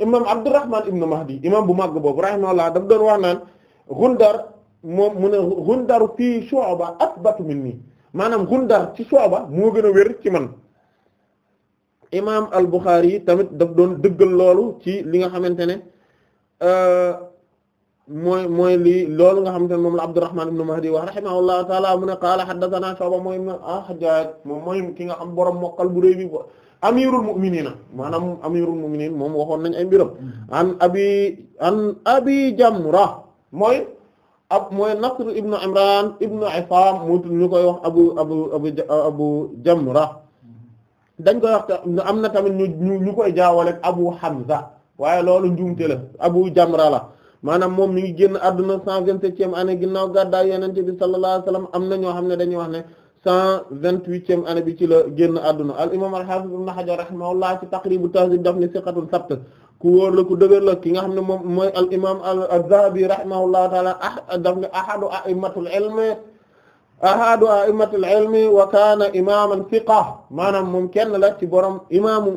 A: imam Abdurrahman ibn Mahdi imam bu màgg boobu rahimahullah daf doon wax naan Ghundar moom mu ne Ghundar fii Shu'ba athbatu minni maanaam Ghundar ci Shu'ba moo gën ci man imaam al-Bukhari yi tamit daf doon dëggal loolu ci li nga xamante ne euh, mooy mooy lii loolu nga xam ne moom la Abdurrahman ibn Mahdi wax rahimahullahu ta'ala mu ne qaala haddathana Shu'ba mooy al-Hajjaj moom mooy ki nga xam borom mokkal bu rëy bi amirul mu'minina maanaam amirul mu'minin moom waxoon nañ ay mbiram mm-hmm. an abi Jamra mooy ab mooy Nasr ibn Imran ibn Isaam mu ñu koy wax abu abu abu abu Jamra dañ koy wax ta am na tamit ñu ñu koy jaawale abu Hamza waaye loolu njuumte la abu Jamra la maanaam moom mi ngi génn àdduna cent vingt-septième année ginnaaw gàddaay Yonent bi sallallahu alayhi wasallam am na ñoo xam ne dañuy wax ne cent vingt-huitième année bi ci la génn àdduna al imaam al-Hafiz ibn Hajar rahimahullah ci Taqrib at-Tahdhib daf ne siqatun sabt ku ku dëgër ki nga xam ne moom mooy al imam az-Zahabi rahimahullahu taala ah daf ne wa kaana imaman thiqa maanaam moom kenn la ci borom imaamu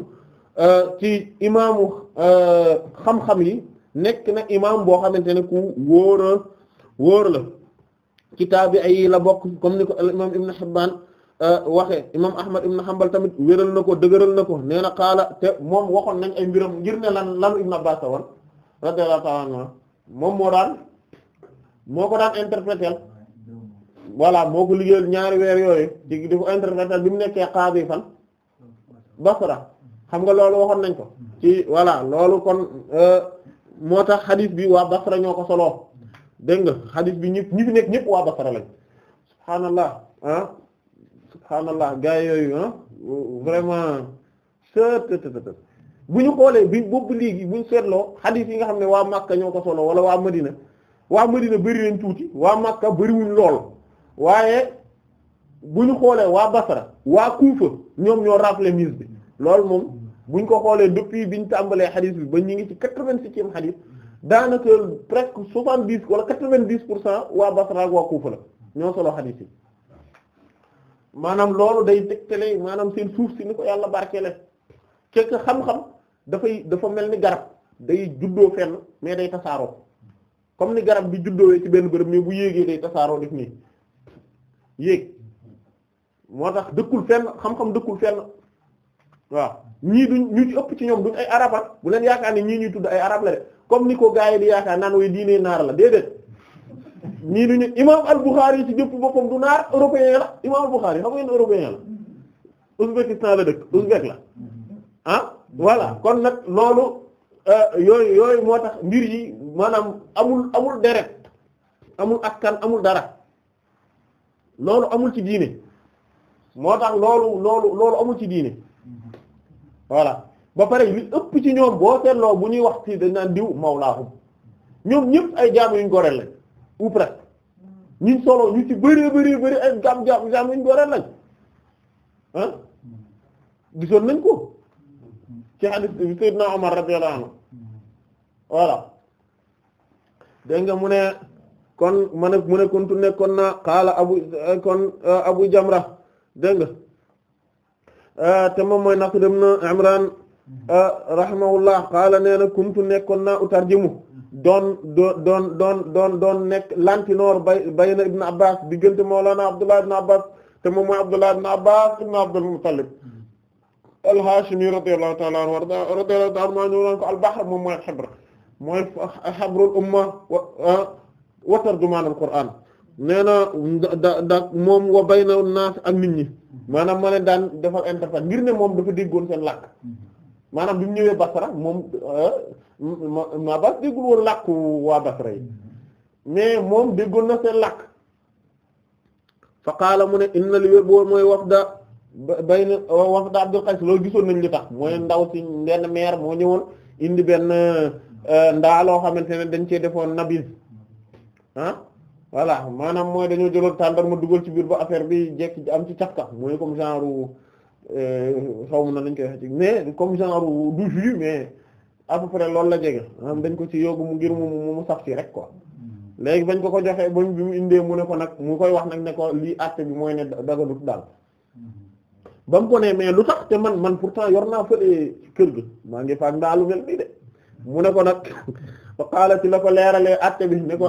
A: euh, ci imaamu euh, xam yi nekk na imaam boo xamante ne ku wóor a wóor la la bokk comme ni ko al Euh, waxee imam ahmad ibn hanbal tamit wéral na ko dëgëral na ko nee na xaala te moom waxoon nañ ay mbiram ngir ne lan lanu ibn abbas woon radiyallahu ta'ala anhu moom moo daan moo ko daan interpréter voilà moo ko liggéeyal ñaari weer yooyu di di ko interpréter bi mu nekkee xaadi fan basra xam nga loolu waxoon nañ ko ci voilà loolu kon euh, moo tax xadis bi waa basra ñoo ko soloo dégg nga xadis bi ñëpp ñi fi nekk ñëpp waa basra lañ subhaanallah ah. subhaanallah gaa yooyu ah, vraiment seet bu ñu xoolee bi bopp léegi bu ñu seetloo xadiis yi nga xam ne waa Makka ñoo ko solo wala waa Madina waa Madina bari nañ tuuti waa Makka bëriwuñ lool waaye bu ñu xoolee waa Basra waa Kuufa ñoom ñoo rappelé mise bi loolu moom bu ñu ko xoolee depuis bi ñu tàmbalee xadiis bi ba ñu ngi ci quatre-vingt-septième xadiis daanaka presque soixante-dix wala quatre-vingt-dix pour cent waa Basra ak waa Kuufa la ñoo solo maanaam loolu day tegtale maanaam seen suuf si ni ko yàlla barkeele fekk xam-xam dafay dafa mel ni garab day juddoo fenn mais day tasaaroo comme ni garab bi juddoowee ci benn bërëb mais bu yéegee day tasaaroo def nii yéeg moo tax dëkkul fenn xam-xam dëkkul fenn waaw ñii duñ ñu ci ëpp ci ñoom duñ ay arab bu leen yaakaar ne ñii ñuy tudd ay arab la de comme ni ko gaa yi di yaakaar naan way diine naar la déedéet nii du ñu imaam al-Bukhari ci jëpp boppam du naar européen la imaam al-Bukhari xam ngeen européen la la dëkk la ah voilà kon nag loolu euh, yooyu yooyu moo tax mbir yi maanaam amul amul deret amul askan amul dara loolu amul ci diine moo tax loolu loolu amul ci diine voilà ba pare li ëpp ci ñoom boo seetloo bu ñuy wax ci dañ naan diw mawlaahum ñoom ñëpp ay jaam yuñ goreel lañ ou presque ñi solo ñu ci bëree bëri bëri ay gam ñu goreel lañ ah nañ ko ci hadith bi Seydina Omar radiyallahu anhu voilà dégg nga mu ne kon ma ne mu ne kuntu nekkoon na xaala abu kon euh, abu jamra dégg euh, te moom mooy naq dem na Imran euh, rahimahullah xaala nee na kuntu nekkoon na utarjimu doon doon doon doon doon nekk lantinoor bay na ibn abbas diggante mawlana abdullah ibn abbas te moom mooy abdullah ibn abbas ibn abdul muttalib hmm. al-hashimi radiyallahu ta'ala anhu radiyallahu ta'ala anhu naan ko al-bahr moom mooy xibr mooy xabrul umma wa tarjumaan al-qur'an nee na da da moom wa bayna naas ak nit ñi hmm. maanaam ma ne daan defal interprète ngir ne moom dafa déggoon seen làkk hmm. maanaam bi mu ñëwee Basra moom euh, Maabas déggul woon làkku waa Basra yi mais moom déggoon na seen làkk fa qaala mu ne inna li wér boo mooy wafda bayna wafda Abdul Qays loo gisoon nañ li tax mooy ndaw si benn maire moo ñëwoon indi benn euh, ndaa loo xamante ne dañ cee defoon nabiz ah voilà maanaam mooy dañoo jëloon tàndar ma dugal ci biir ba affaire bi jekk am ci cafka mooy comme genre Euh, xaw ma na lañ koy wax ci mais comme genre du jus mais à peu près loolu la jege maanaam dañ ko ci yóbbu mu ngir mu mu sax ci rek quoi
B: hmm.
A: léegi bañ ko ko joxee bañ bi mu indee mu ne ko nag mu koy wax nag ne ko lii acte bi mooy ne daganut daal hmm. ba ko ne mais lu tax te man man pourtant yor naa fële kër ga maa ngi faak ndaalu mel nii de mu ne ko nag xaala ci la ko leeralee acte bi ne ko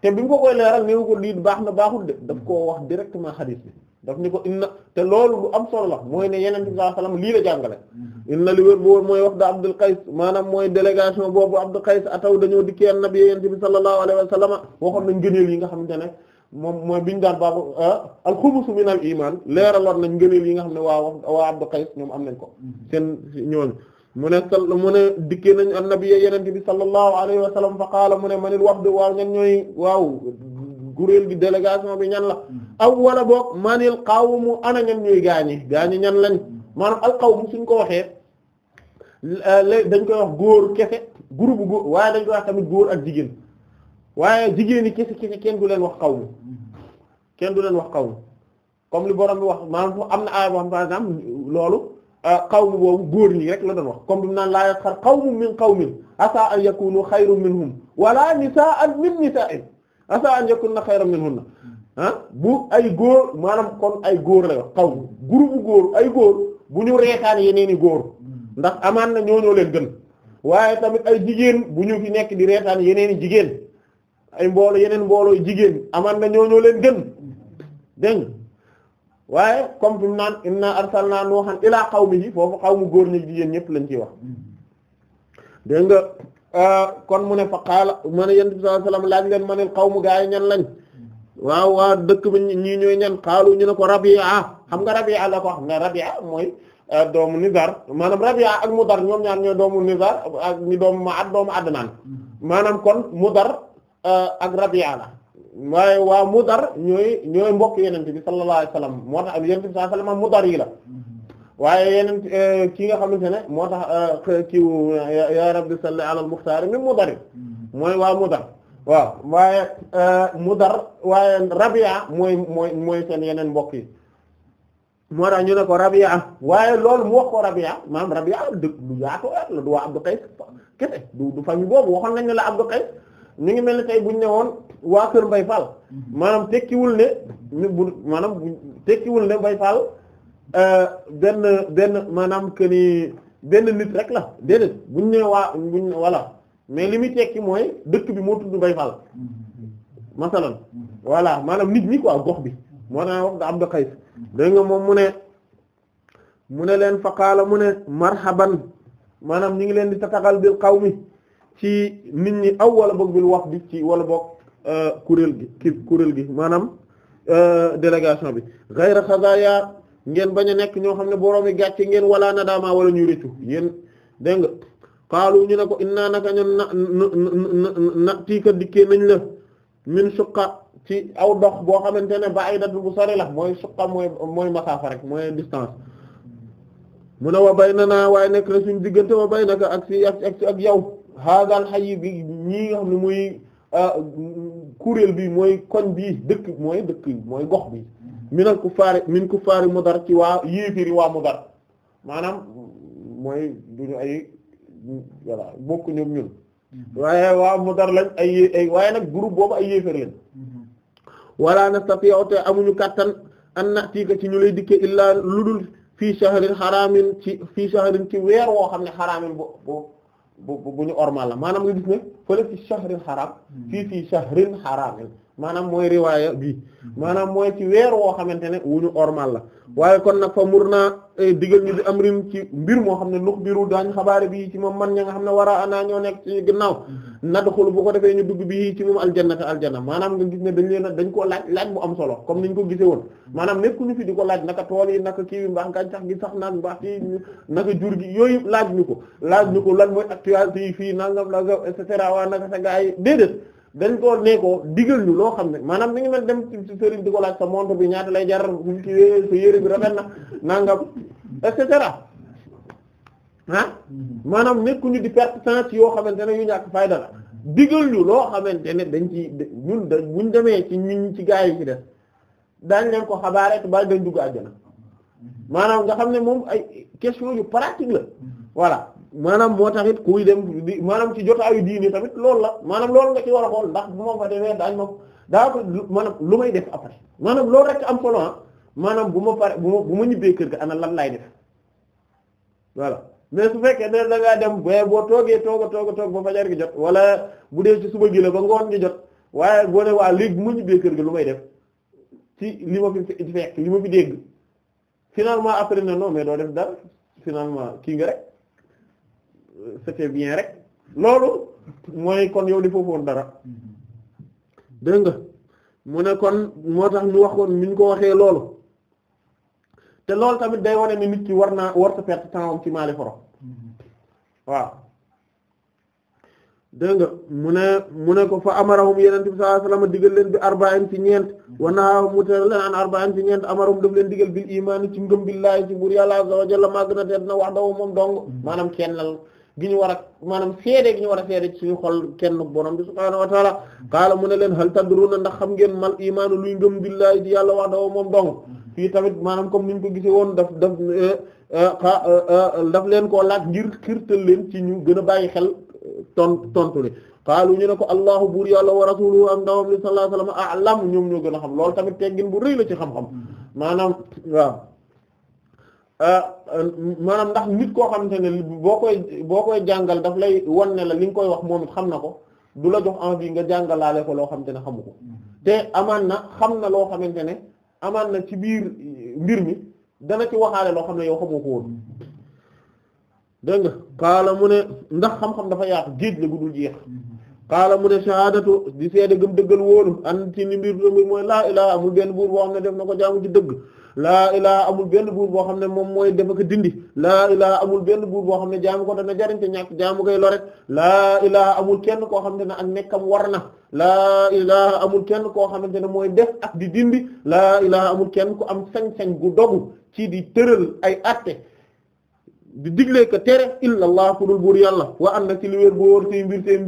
A: te bi mu ko koy leeral new ko lii baax na baaxul de daf koo wax directement xadiis bi daf ni ko inna te loolu lu am solo la mooy ne yeneen bi sallallahu alayhi wasallam lii la jàngale mhm. inna li wér bu wóor mooy wafda Abdul Qays maanaam mooy délégation boobu Abdul Qays ataw dañoo dikkee nabi yeneen bi sallallahu alayhi wasallam waxoon nañ gëneel yi nga xamante ne moom mooy biñu daan baabu ah, alxumusu min al iman leeraloon nañ gëneel yi nga xam ne waa wax waa Abdul Qays ñoom am nañ ko mhm. seen ñooñ mu ne sal mu ne dikkee nañ an nabi yeneen bi sallallahu alayhi wasallam fa qaala mu ne manil wafd waaw ñan ñooy waaw guréel gi délégation bi ñan la mm-hmm. aw wala boog manil qawmu ana ñan ñuy gaañi gaañi ñan lañ maanaam al qawmu suñ ko waxee dañ koy wax góor kese groupe góor waaye dañ koy wax tamit góor ak jigéen waaye jigéen yi kese kese ken du leen wax qawmu mm-hmm. kenn du leen wax qawmu comme li borom bi wax maanaam am na ay wax par exemple loolu euh, qawmu boobu góor ñi rek la doon wax comme bi mu la laa yasxar qawmun min qawmin asaa an yakunu xayrun minhum wala nisaa'an min nisaa'in asa an na khayran minhunna ah bu ay góor maanaam kon ay góor la wax xaw groupe góor ay góor bu ñu reetaan yeneen i góor ndax amaan na ñoo ñoo leen gën waaye tamit ay jigéen bu ñu fi nekk di reetaan yeneen i jigéen ay mboolo yeneen mbooloo jigéen amaan na ñoo leen gën dégg waaye comme fi mu naan inna arsalna nuuhan ilaa qawmihi foofu xaw mu góor ñi jigéen ñëpp lañ ciy wax dégg nga Euh, kon mu ne fa qaala mu ne yonent bi sallallahu laaj leen manil qawmu gaa yi ñan lañ waaw waa dëkk bi ñii ñooy ñan xaalu ñu ne ko Rabi'a xam nga Rabi'a la ko wax mais Rabi'a mooy euh, doomu Nizar maanaam Rabi'a ak Mudar ñoom ñaan ñooy doomu Nizar ak ñi maanaam kon Mudar euh, ak Rabi'a la waaye waa Mudar ñooy ñooy mbokk yonent bi sallallahu alayhi wasallam moo tax yonent la waaye yeneen eh, kii nga xamante ne moo tax eh, ki eh, ya rabbi salli ala al muxtaar min mudar mooy waa mudar waaw waaye mudar waaye rabia mooy mooy seen yeneen mbokk yi moo tax ñu ne ko rabia waaye loolu mu wax ko rabia maam rabia dëkk du yaatoo yaat la du waa Abdou Qays kese du du famille boobu waxoon nañ ne la Abdou Qays ñu ngi mel ni tey buñ ne woon waa kër Mbay Fall mhm. maanaam tekkiwul ne bu maanaam tekkiwul ne Mbay Fall Euh, benn benn maanaam que ni benn nit rek la déedéet buñ ne waa buñ voilà mais li muy tekki mooy dëkk bi moo tudd Baye Fall masalan voilà maanaam nit ñi quoi gox bi moo naa wax nga Abdou Qays dégg nga moom mu ne mu ne leen faqaala mu ne marhaban maanaam ñu ngi leen di tatagal bil mi ci nit ñi aw wala boog bil wax bi ci wala boog euh, kuréel gi ki kuréel gi maanaam euh, délégation bi ghayra khazaya ngeen bañ a nekk ñoo xam ne boroomi gàcce ngeen wala nadama wala ñu rëccu yéen dégg nga xaalu ñu ne ko naa naka a na na tiika dikkee nañ la min suqa ci aw dox boo xamante ne ba ay dat bu sori la mooy suqa mooy masaafa rek mooy distance mu ne wa bay na naa waaye nekk na suñ diggante wa bay naka ak si ak yow xaagal xayi bi ñii nga xam ne mooy ah, kuréel bi mooy koñ bii dëkk mooy dëkk mooy gox bi minal kuffaari min kuffaari Mudar ci waa yéefiri waa Mudar maanaam mooy duñu ay voilà bokk ñun
B: mm-hmm.
A: waaye waa Mudar lañ ay ay waaye nag group boobu ay yéefér lañ mm-hmm. wala nastati'u te amuñu kattan an na'tika ci ñu lay dikke illaa lu dul fii shahrin xaraamin ci fii shahrin ci weer woo xam ne xaraamin bu bu bu ñu ormal la maanaam nga gis ne fële fi shahrin xaraam fii mm-hmm. fii shahrin xaraamin maanaam mooy riwaaya bii mm-hmm. maanaam mooy ci weer woo xamante ne wu ñu ormal la waaye kon nag fa mur naa eh, digal ñu bi am rin ci mbir moo xam ne nux biru daañ xabaare bii ci moom man ña nga xam ne war a anaa ñoo nekk ci ginnaaw mm-hmm. nadxul bu ko defee ñu dugg bi ci moom aljannata aljanna maanaam nga gis ne dañ leen dañ ko laaj laaj bu am solo comme niñ ko gisee woon mm-hmm. maanaam nekkuñu fi di ko laaj naka tool yi naka kii bi mbaax gàncax gi sax naan mbaax ci naka jur gi yooyu laaj ñu ko laaj ñu ko lan mooy actual yi fii nangam la et cetera waa naka sa gaa yi déedéet dañ koo ne ko digal ñu loo xam ne maanaam mi ngi mel dem ci sëriñ di ko laa sa montre bi ñaata lay jar bu ci sa yére bi rafet na nangam et cetera ah mm-hmm. maanaam nekkuñu di perte temps yoo xamante ne yu ñàkk fayda la digal ñu loo xamante ne dañ ci ñun da buñ demee ci ñun ci gaa yi ci def daañ leen ko xabaare te bàyyi dañ dugg àjjana mm-hmm. maanaam nga xam ne moom ay question yu pratique la mm-hmm. voilà maanaam moo taxit kuy dem maanaam ci jotaayu diini tamit loolu la maanaam loolu nga ci war a xool ndax bu ma fa defee daañ ma lu may def après maanaam loolu rek am solo ah maanaam bu ma pare bu ma bu ma ñibbee kër ga ana lan lay def voilà mais bu fekkee ne da ngaa dem ba boo toogee toog toog a toog ba fajar gi jot wala bu dee ci suba gi la ba ngoon gi jot waaye boo waa léegi bu ma ñibbee kër ga lu may def ci li ma fi fekk li ma fi dégg finalement après na non mais doo def dara finalement kii nga rek c'était bien rek loolu mooy kon yow di foofu dara dégg nga mu ne kon moo tax ñu wax kon ni ko waxee loolu te loolu tamit day wane ni nit ki war naa war sa perte temps ci maali foro waaw dégg nga mu ne mu ne ko fa amarahum yeneen bi sallallahu alayhi wasallam digal leen bi arba'in ci ñeent wa nahahum mu tere leen an arba'in ci ñeent amarahum daf leen digal bil imaan ci ngëm billahi ci buur yàlla azza wa jalla màgg na te na wax daw moom dong mm-hmm. maanaam kenn la gi ñu war a maanaam seede gi ñu war a seede ci suñu xol kenn borom bi subhaanahu wa taala qaala mu ne leen hal tadruuna ndax xam ngeen mal imaanu luy ngëm billaahi di yàlla wax dawa moom dong fii tamit maanaam comme niñ ko gisee woon daf daf eh, eh, eh, daf leen koo laaj ngir xirtal leen ci ñu gën a bàyyi xel ton tontu li qaalu ñu ne ko allahu buur yàlla wa rasuluhu ak ndawam li sallallahu alayhi wa sallam a'lam ñoom ñoo gën a xam loolu tamit teggin bu rëy la ci xam-xam maanaam waaw Euh, euh, maanaam ndax nit koo xamante ne boo koy boo koy jàngal daf lay wan ne la li nga koy wax moom it xam na ko du la jox envie nga jàngalaale ko loo xamante ne xamu ko te amaan na xam na loo xamante ne amaan na ci biir mbir mi dana ci waxaale loo xam ne yow xamoo ko woon nga kaala mu ne ndax xam-xam dafa yaatu géej la gu dul jeex qaala mu ne shahadatu di seede gëm dëggal wóolu an ci ni mbir bi mbir mooy laa ilaha amul benn buur boo xam ne def na ko jaamu ci dëgg laa ilaha amul benn buur boo xam ne moom mooy def ak dindi laa ilaha amul benn buur boo xam ne jaamu ko dana jariñ te ñàkk jaamu koy lore laa ilaha amul kenn koo xam ne na ak nekkam war na laa ilaha amul kenn koo xamante ne mooy def ak di dindi laa ilaha amul kenn ku am sañ-sañ gu dogu ci di tëral ay atte di digle ko tere illallah ku dul buur yàlla wa anna ci li wér bu wóor tey mbir tey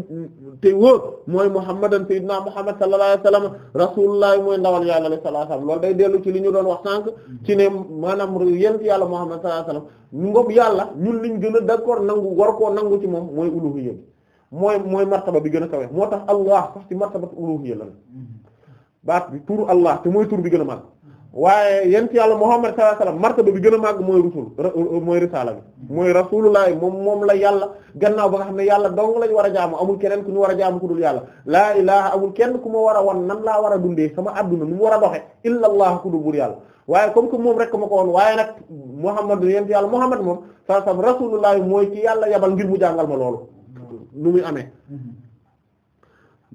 A: tey wóor mooy muhammadan sayyidina muhammad sallallahu alayhi wasallam rasulullah mooy ndawal yàlla sallallahu alayhi wasallam loolu day dellu ci li ñu doon wax sànq ci ne maanaam yent yàlla muhammad sallallahu alayhi wasallam ngob yàlla ñun liñ gën a d'accord nangu war koo nangu ci moom mooy uluhiyya mooy mooy martaba bi gën a kawe moo tax allah sax ci martabatu uluhiyya la baat bi turu allah te mooy tur waaye yent yàlla Muhammad sallallahu alayhi wasallam martaba bi a màgg mooy rusul mooy risaala bi mooy rasulullah moom moom la yàlla gannaaw ba nga xam ne yàlla dong lañ war a jaamu amul keneen war a jaamu ku dul yàlla laa kenn ku ma war a nan laa war a dundee sama adduna nu mu war a doxe illa allah ku dul waaye comme que moom rek ma ko woon waaye nag Muhammad yent yàlla Muhammad moom sallallahu alayhi wasallam rasulullah mooy ki yàlla yabal ngir mu jàngal ma loolu nu muy amee mm-hmm.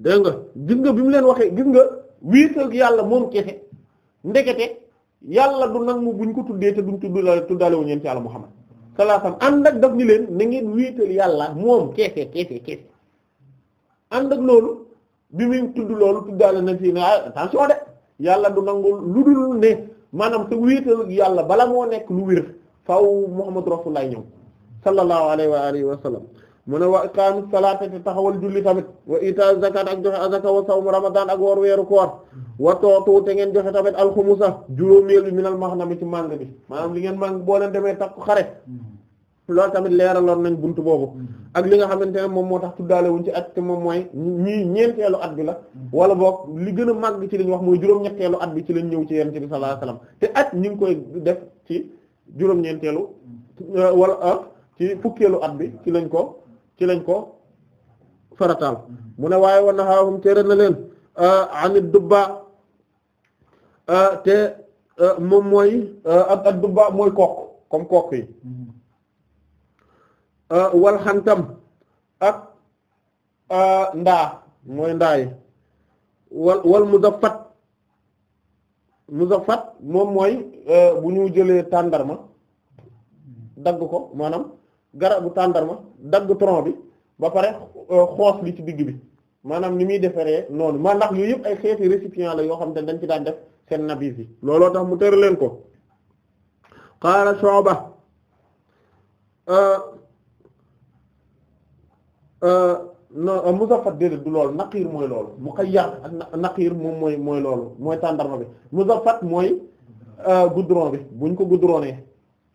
A: dégg nga gis nga bi mu leen waxee gis nga wiital yàlla moom kese ndekete yàlla du nangu buñ ko tuddee te duñ tudd tuddalewu ñeen ci àlla Muhammad sallallahu alayhi wasallam ànd ak daf ni leen na ngeen wéetal yàlla moom keese keese keese ànd ak loolu bi muy tudd loolu tuddaale na ci ne ah, attention de yàlla du nangu lu dul ne maanaam sa wéetal yàlla bala moo nekk lu wér faaw Muhammad rasulullah ñëw sallallahu alayhi wa alihi wa sallam mu ne wa iqaami salaati te taxawal julli tamit wa ita zakat ak joxe azaka wa sawmu ramadan ak woor weeru koor wa tootu te ngeen joxe tamit alxumusa juróomeel bi na mi ci màng bi maanaam li ngeen màng boo leen demee takku xare loolu tamit leeraloon nañ bunt boobu ak li nga xamante ne moom moo tax tuddaale wuñ ci at te moom mooy ñii ñeenteelu at bi la wala boog li gën a màgg ci li ñu wax mooy juróom-ñetteelu at bi ci lañ ñëw ci yonent bi sallallahu te at ñu ngi koy def ci juróom-ñeenteelu wala ah, ci fukkeelu at bi ci lañ ko ci lañ ko farataal mu ne waaye wan na xaawam tere na leen ah, anit dubba ah, te ah, moom mooy ak ak dubba mooy kook kom kook yi wal xantam ak ndaa mooy ndaa yi wal wal muzaffat muzaffat moom mooy bu ñu jëlee tàndarma dagg ko maanaam garabu tàndarma dagg tronc bi ba pare euh, xoos li ci digg bi maanaam ni muy defaree noonu mandax ndax yooyu yëpp ay xeeti récipient la yoo xam te dañ ci daan def seen nabi yi looloo tax mu tëra leen ko qaala Shu'ba euh, euh, no muzaffar déedéet du loolu naqiir mooy loolu muqayyar ak naqiir moom mooy mooy loolu mooy tàndarma bi muzaffar mooy goudron bi buñ ko goudronné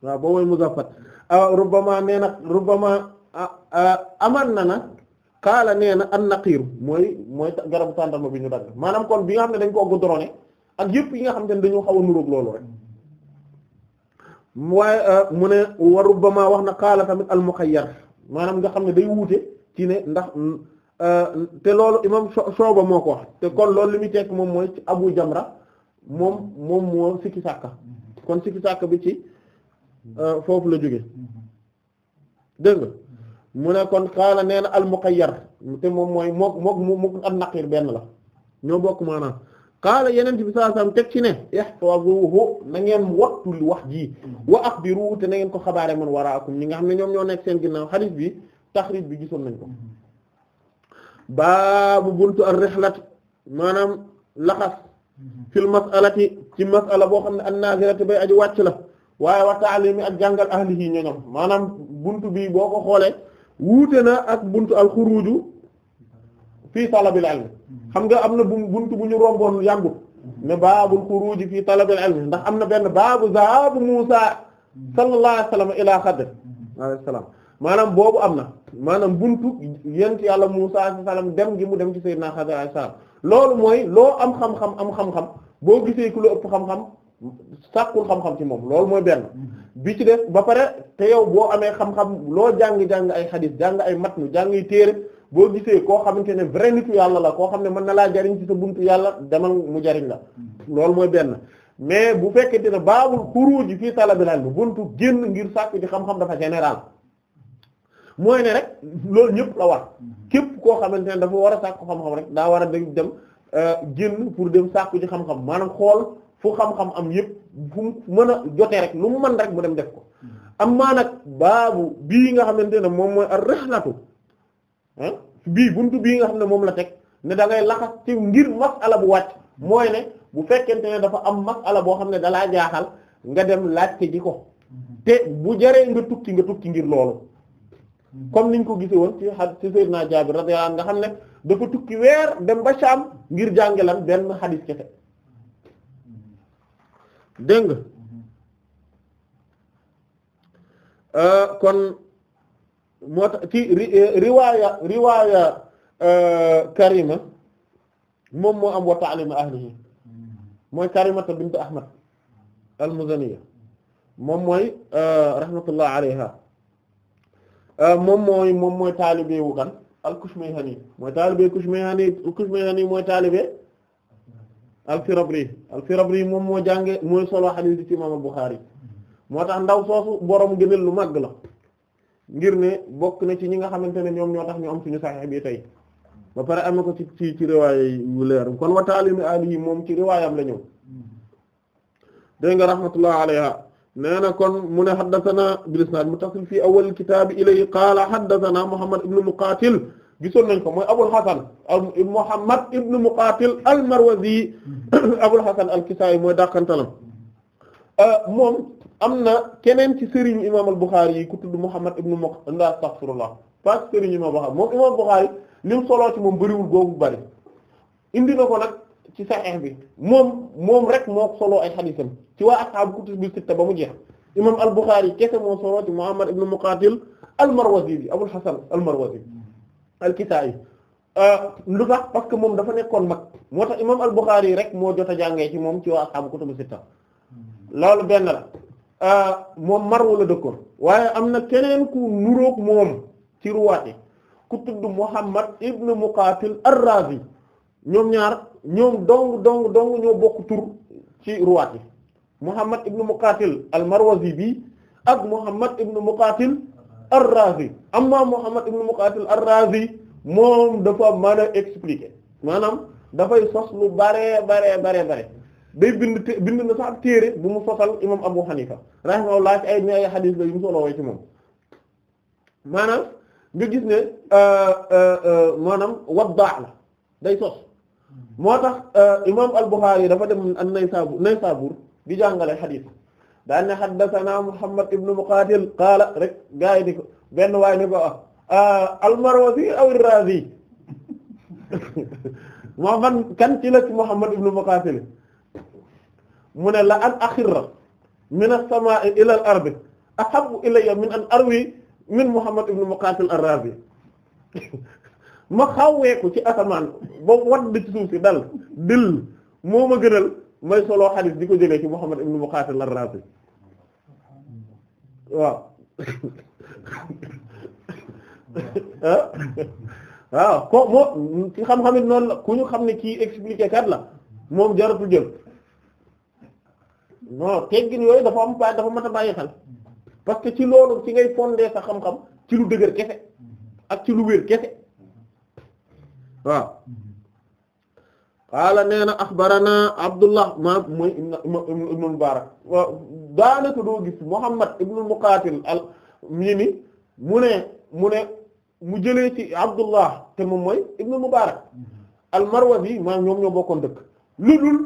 A: waaw boo mooy rubbama nee na rubbama aman na na kaala nee na an naqiiru mooy mooy garabu tàndarma bi ñu dagg maanaam kon bi nga xam ne dañ ko godrone ak yëpp yi nga xam ne dañu xaw a nuróog loolu rek mu ne wa rubbama wax na kaala tamit al muxayyar maanaam nga xam ne day wuute ci ne ndax te loolu imam Shu'ba moo ko wax te kon loolu li muy tekk moom mooy ci Abu Jamra moom moom moo sikki sàkka kon sikki sàkka bi ci Euh, foofu la jóge dégg nga mu ne kon xaala nee na almuqayyar te moom mooy mook mook mook ak naqiir benn la ñoo bokk maanaam xaala yeneen bi sallallahu alayhi wasallam teg ci ne ihfazuhu na ngeen wattu li wax ji wa akhbiruhu te na ngeen ko xabaare man waraakum ñi nga xam ne ñoom ñoo nekk seen ginnaaw xadiis bi taxriij bi gisoon nañ ko baabu buntu ar-rihlat maanaam laxas fil mas'alati ci mas'ala boo xam ne an-nazilati bay aji wàcc la waaye wa taalimi ak jàngal ahlihi ñoñom maanaam buntu bi boo ko xoolee wuute na ak buntu alxuruju fii talabil ilmi xam nga am na bu buntu bu ñu romboon yàggut ne baabul xuruji fii talabil ilmi ndax am na benn baabu zaabu Muusa sallallahu alayhi wa sallam
B: ilaa
A: maanaam boobu am na maanaam bunt yent yàlla Muusa alayhi salaam dem gi mu dem ci sayyidina xadr alayhi salaam loolu mooy loo am xam-xam am xam boo gisee ku la ëpp xam-xam sàkkul xam-xam ci moom loolu mooy benn mm-hmm. bi ci def ba pare te yow boo amee xam-xam loo jàng-jàng ay xadis jàng ay matnu jàng ay téere boo gisee koo xamante ne vrai nitu yàlla la koo xam ne mën na laa jariñ ci buntu yàlla demal mu jariñ la
B: mm-hmm.
A: loolu mooy benn mais bu fekkente ne baabul xuruuji fii talabil ilmi buntu génn ngir sàkku ci xam-xam dafa général mooy ne rek loolu ñëpp la wax mm-hmm. képp koo xamante ne dafa war a sàkku xam-xam rek daa war a dem euh, génn pour dem sàkku ci xam-xam maanaam xool fu xam-xam am yëpp fu mën a jote rek lu mu mën rek mu dem def ko hmm. am maa nag baabu bii nga xamante ne moom mooy ar-rihlatu ah bii buntu bii nga xam ne moom la teg ne dangay ngay laxas ci ngir masala bu wàcc mooy ne bu fekkente ne dafa am masala boo xam ne dalaa jaaxal nga dem laajte ji ko hmm. te bu jaree nga tukki nga tukki ngir loolu hmm. comme niñ ko gisee woon ci a ci Sayyidina Jaabir radiyallahu nga xam ne dafa tukki weer dem ba Sham ngir jàngelan benn xadiis kese dégg nga mhm. euh, kon moo tax ci euh, riwaaya riwaaya euh, karima moom moo am wa ta'lima ahlihi mhm. mooy karimata bint ahmad al-muzaniya moom mooy rahmatullah alayha moom mooy moom mooy taalibe wu kan al-kushmayhani mooy taalibe kushmayhani kushmayhani mooy taalibe al-Firabri al-Firabri moom moo jànge mooy solo xadiis bi ci imaam al moo tax ndaw soosu borom gënal lu màgg la ngir ne bokk na ci ñi nga xamante ne ñoom ñoo tax ñu am suñu saxiix bi tey ba pare amee ko ci ci ci riwaaya yu leer kon wa taalimi ali moom ci riwaayam la ñëw dégg nga rahmatullah alayha nee na kon mu ne xaddasanaa bil isnaad muttasil fii awwal kitaabi ilayhi qaala xaddasanaa Muhammad ibn Muqaatil gisoon nañ ko mooy Abul Hasan Muhammad ibn Muqatil al-Marwazi mm-hmm. Abul Hasan al-Kisa'i mooy dàqantalam euh, moom am na keneen ci sëriñu imam al-Bukhari yi ku tudd Muhammad ibn Muqatil astaghfirullah pas sëriñu imam Bukhari moom imam li mu soloo ci moom bëriwul googu bëri indi na ko nag ci Sahih bi moom moom rek moo soloo ay xadiisam ci waa ashaabu kutubu ba mu jeex imam al-Bukhari kese moo soloo ci Muhammad ibn Muqatil al-Marwazi bi Abul Hasan al-Marwazi alkita yi euh, lu tax parce que moom dafa nekkoon mag moo tax imaam al rek moo jot a jàngee ci moom ci waa ashaabu kutubu sitta loolu benn la euh, moom Marw la dëkkoon waaye am na keneen ku nuroog moom ci ruwaate ku tudd Muhammad ibn Muqatil ar-Razi ñoom ñaar ñoom dong dong dong ñoo bokk tur ci ruwaate Muhammad ibn Muqatil al-Marwazi bi ak Muhammad ibn Muqatil ar-Razi amma Muhammad ibn Muqatil ar-Razi moom dafa mën a maanaam dafay sos lu bare bare bare bare day bind te bind na sax téere bu mu sosal imam Abu Hanifa rahimahullah ci ay ñaari xadiis la yu mu solo way ci moom maanaam nga gis ne euh, euh, euh, maanaam waddaa la day sos moo tax imam al-Bukhari dafa dem an Naysabur Naysabur di jàngale xadiis daan ne haddathana Muhammad ibn Muqatil qaala rek gaa yi ni ko benn waay ni ko ah al-Marwazi aw ar-Razi moo man kan ci la ci Muhammad ibn Muqatil mu ne la an axirra min as-samaa'i ila al-ardi ahabbu ilayya min an arwi min Muhammad ibn Muqatil ar-Razi ma xawweeku ci asamaan ba wadd ci suuf si dal dil moo ma gënal may solo xadis di ko jëlee ci Muhammad ibn Muqatil ar-Razi waaw waaw ko moom ci xam-xamit noonu la ku ñu xam ne kii expliqué kat la moom jaratu jël non teggin yooyu dafa am dafa mat a bàyyi xel parce que ci loolu ci ngay fondé sa xam-xam ci lu dëgër kese ak ci lu wér kese waaw qaala nee na axbarana abdullah maam mooy ibnu Mubaarak daanaka doo gis Muhammad ibnu Muqaatil al mii mu ne mu ne mu jëlee ci abdullah te moom mooy ibnu Mubaarak mm-hmm. al Marwazi maam ñoom ñoo bokkoon dëkk lu dul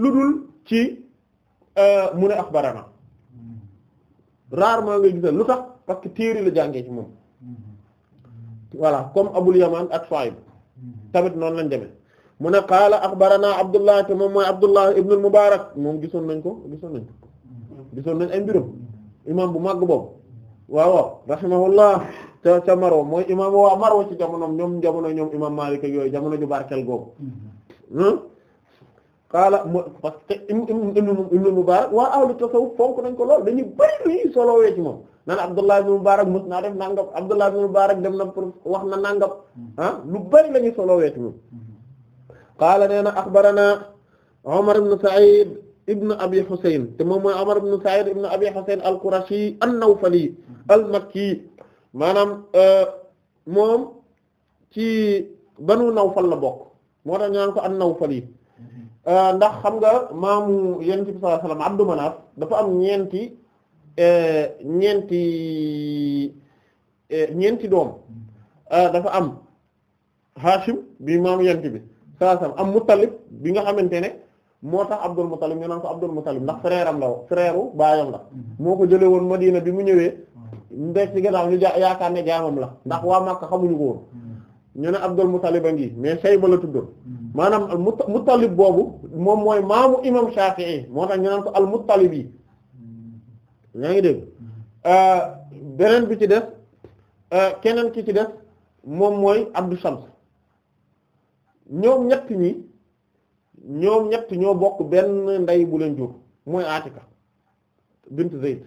A: lu dul ci euh, mu ne axbarana mm-hmm. rarement ngay gisal lu tax parce que téere la jàngee ci moom mm-hmm. voilà comme Abul Yamaan ak Shuayb tamit noonu lañ demee mu ne qaala axbaranaa Abdullah te moom mooy Abdullah ibn al-Mubarak moom gisoon nañ ko gisoon nañ ko gisoon nañ ay mbirum imam bu mag boobu waaw waaw rahimahullah ca ca Marwa mooy imam waa maro ci jamono ñoom jamono ñoom imam Maalik yooyu jamono ju barkeel googu hmm? qaala parce que ibn Mubarak waa ahlu tasawuf fonk nañ ko lool dañuy bari luy solowee ci moom naan Abdullah ibn Mubarak mos naa def nangam Abdullah ibn Mubarak dem na pour wax na nangam hmm. ah lu bari la ñuy solowee ci moom hmm. qaala nee na axbaranaa Omar ibn Saïd ibn Abi Husayn te moom mooy Omar ibn Saïd ibn Abi Husayn al-Qurashi an-Nawfali al-Makki maanaam euh, moom ci banu Nawfal la bokk moo tax ñu naan ko an-Nawfali euh, ndax xam nga maamu Yonent bi sallallahu Abdu Manaaf dafa am ñeenti euh, ñeenti ñeenti doom dafa am Hashim bi maamu Yonent bi. salaasam am Muttalib bi nga xamante ne moo tax Abdul Muttalib ñu naan ko Abdul Muttalib ndax frère am la woon frère u baayam la mm-hmm. moo ko jëlee woon Madina bi mu ñëwee mm-hmm. ndek ci gannaaw ñu ja yaakaar ne jaamam la ndax waa Makka xamuñu ko woon
B: mm-hmm.
A: ñu ne Abdul Muttalib a ngi mais Shayba la tuddoon maanaam al Muttalib boobu moom mooy maamu imam Shafi'i moo tax ñu naan ko al Muttalib yi yaa ngi dégg euh, beneen bi ci def euh, keneen ki ci def moom mooy Abdu Shams ñoom ñett ñi ñoom ñett ñoo bokk benn ndey bu leen jur mooy Atika bint Zayd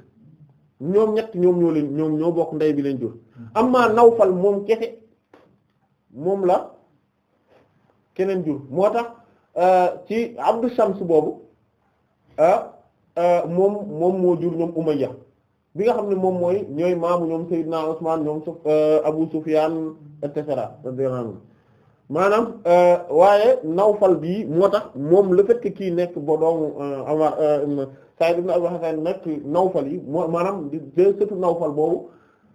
A: ñoom ñett ñoom ñoo leen ñoom ñoo bokk ndey bi leen jur amma Nawfal moom kese moom la keneen jur moo tax euh, ci Abdu Shams boobu euh, euh, moom moom moo jur ñoom Umayya bi nga xam ne moom mooy ñooy maamu ñoom Seydina Usmaan ñoom Abu Sufyaan et cetera radiyallahu anhu maanaam euh, waaye Nawfal bii moo tax moom le fait kii nekk ba doomu Umar euh, euh, Saïd ibn Abi Hasan nekk Nawfal yi moo maanaam di surtout Nawfal boobu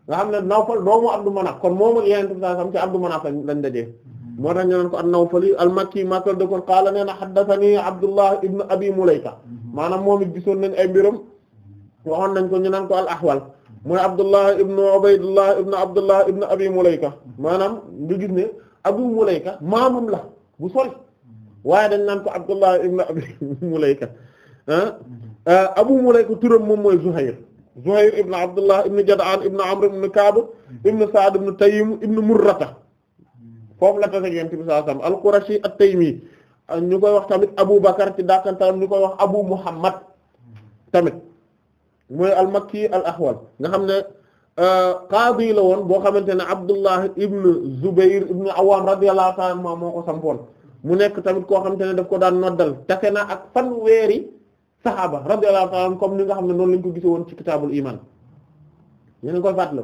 A: nga xam ne Nawfal doomu Abdou Manaf kon moom ak Yonent bi sallallahu alayhi wasallam ci Abdou Manaf lañ dajee
B: mm-hmm. moo tax
A: ñu naan ko an-Nawfali al-Makki maakal dëkkoon qaala nee na haddathanii Abdullah ibn Abi Mulayka mm-hmm. maanaam moom it gisoon nañ ay mbiram waxoon nañ ko ñu naan ko al-Ahwal mooy Abdullah ibn Ubaydullah ibn Abdullah Abi Mulayka mm-hmm. maanaam nga gis ne Abu Mulayka maamam la bu sori waaye da naan ko Abdullah ibn Abi Mulayka ah, ah, Abu Mulayka turam moom mooy Zuhayr Zuhayr ibn Abdullah ibn Jad'an ibn Amr ibn Ka'b ibn Sa'd ibn Taym ibn Murrata foofu la tase yonent bi sallallahu ñu koy wax tamit Abu Bakar ci ñu koy wax Abu Muhammad tamit mooy al-Makki al qaadi la woon boo xamante ne Abdullah ibn Zubair ibn Awwam radiyallahu ta'ala anhu moo ko sampoon mu nekk tamit koo xamante ne daf ko daan noddal tase na ak fan fanweeri saxaaba radiyallahu ta'ala comme ni nga xam ne noonu lañ ko gise woon ci kitaabul iman yéen a koy fàttali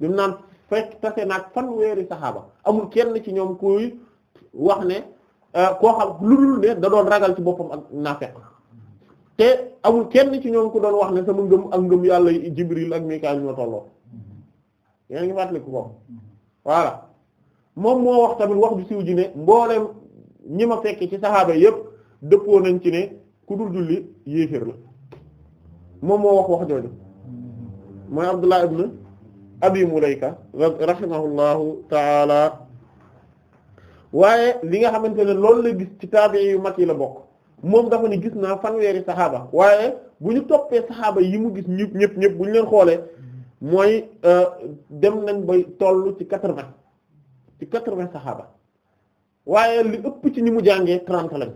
A: bi mu naan fekk tase na ak fanweeri saxaaba amul kenn ci ñoom kuy wax ne euh, koo xam lu dul ne da doon ragal ci boppam ak naafeq te amul kenn ci ñoom ku doon wax ne sama ngëm ak ngëm yàlla Jibril ak Mikaayil ñoo tolloo. yaa ngi fàttaliku ko voilà moom moo wax tamit wax bi siiw ji ne mbooleem ñi ma fekkee ci saxaaba yépp dëppoo nañ ci ne ku dul julli yéeféer la moom moo wax wax jooju mooy Abdullah ibn Abi Mulayka rahimahullahu taala waaye li nga xamante ne loolu la gis ci taabi yu mat yi la bokk moom dafa ne gis naa fanweeri saxaaba waaye bu ñu toppee saxaaba yi mu gis ñëpp ñëpp ñëpp bu ñu leen xoolee mooy euh, dem nañ bay toll ci quatre-vingt ci quatre-vingt saxaaba waaye li ëpp ci nimu jànge jàngee trente lañ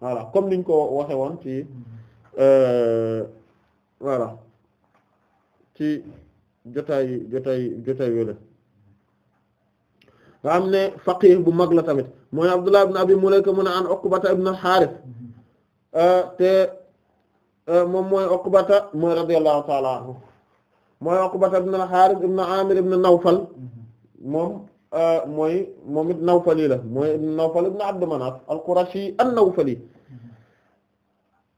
A: voilà comme niñ ko waxe woon ci euh, voilà ci jotaay jotaay jotaay yoola nga am ne faqih bu mag la tamit mooy Abdullah ibn Abi Mulayka mun a an Uqbata ibn al-Harith euh, te Euh, moom mooy Uqbata mooy radiyallahu ta'ala anhu mooy Uqbata ibn al-Harith ibn Amir ibn Nawfal moom euh, mooy moom it Nawfali la mooy ibn Nawfal ibn Abd Manaf al-Qurashi an-Nawfali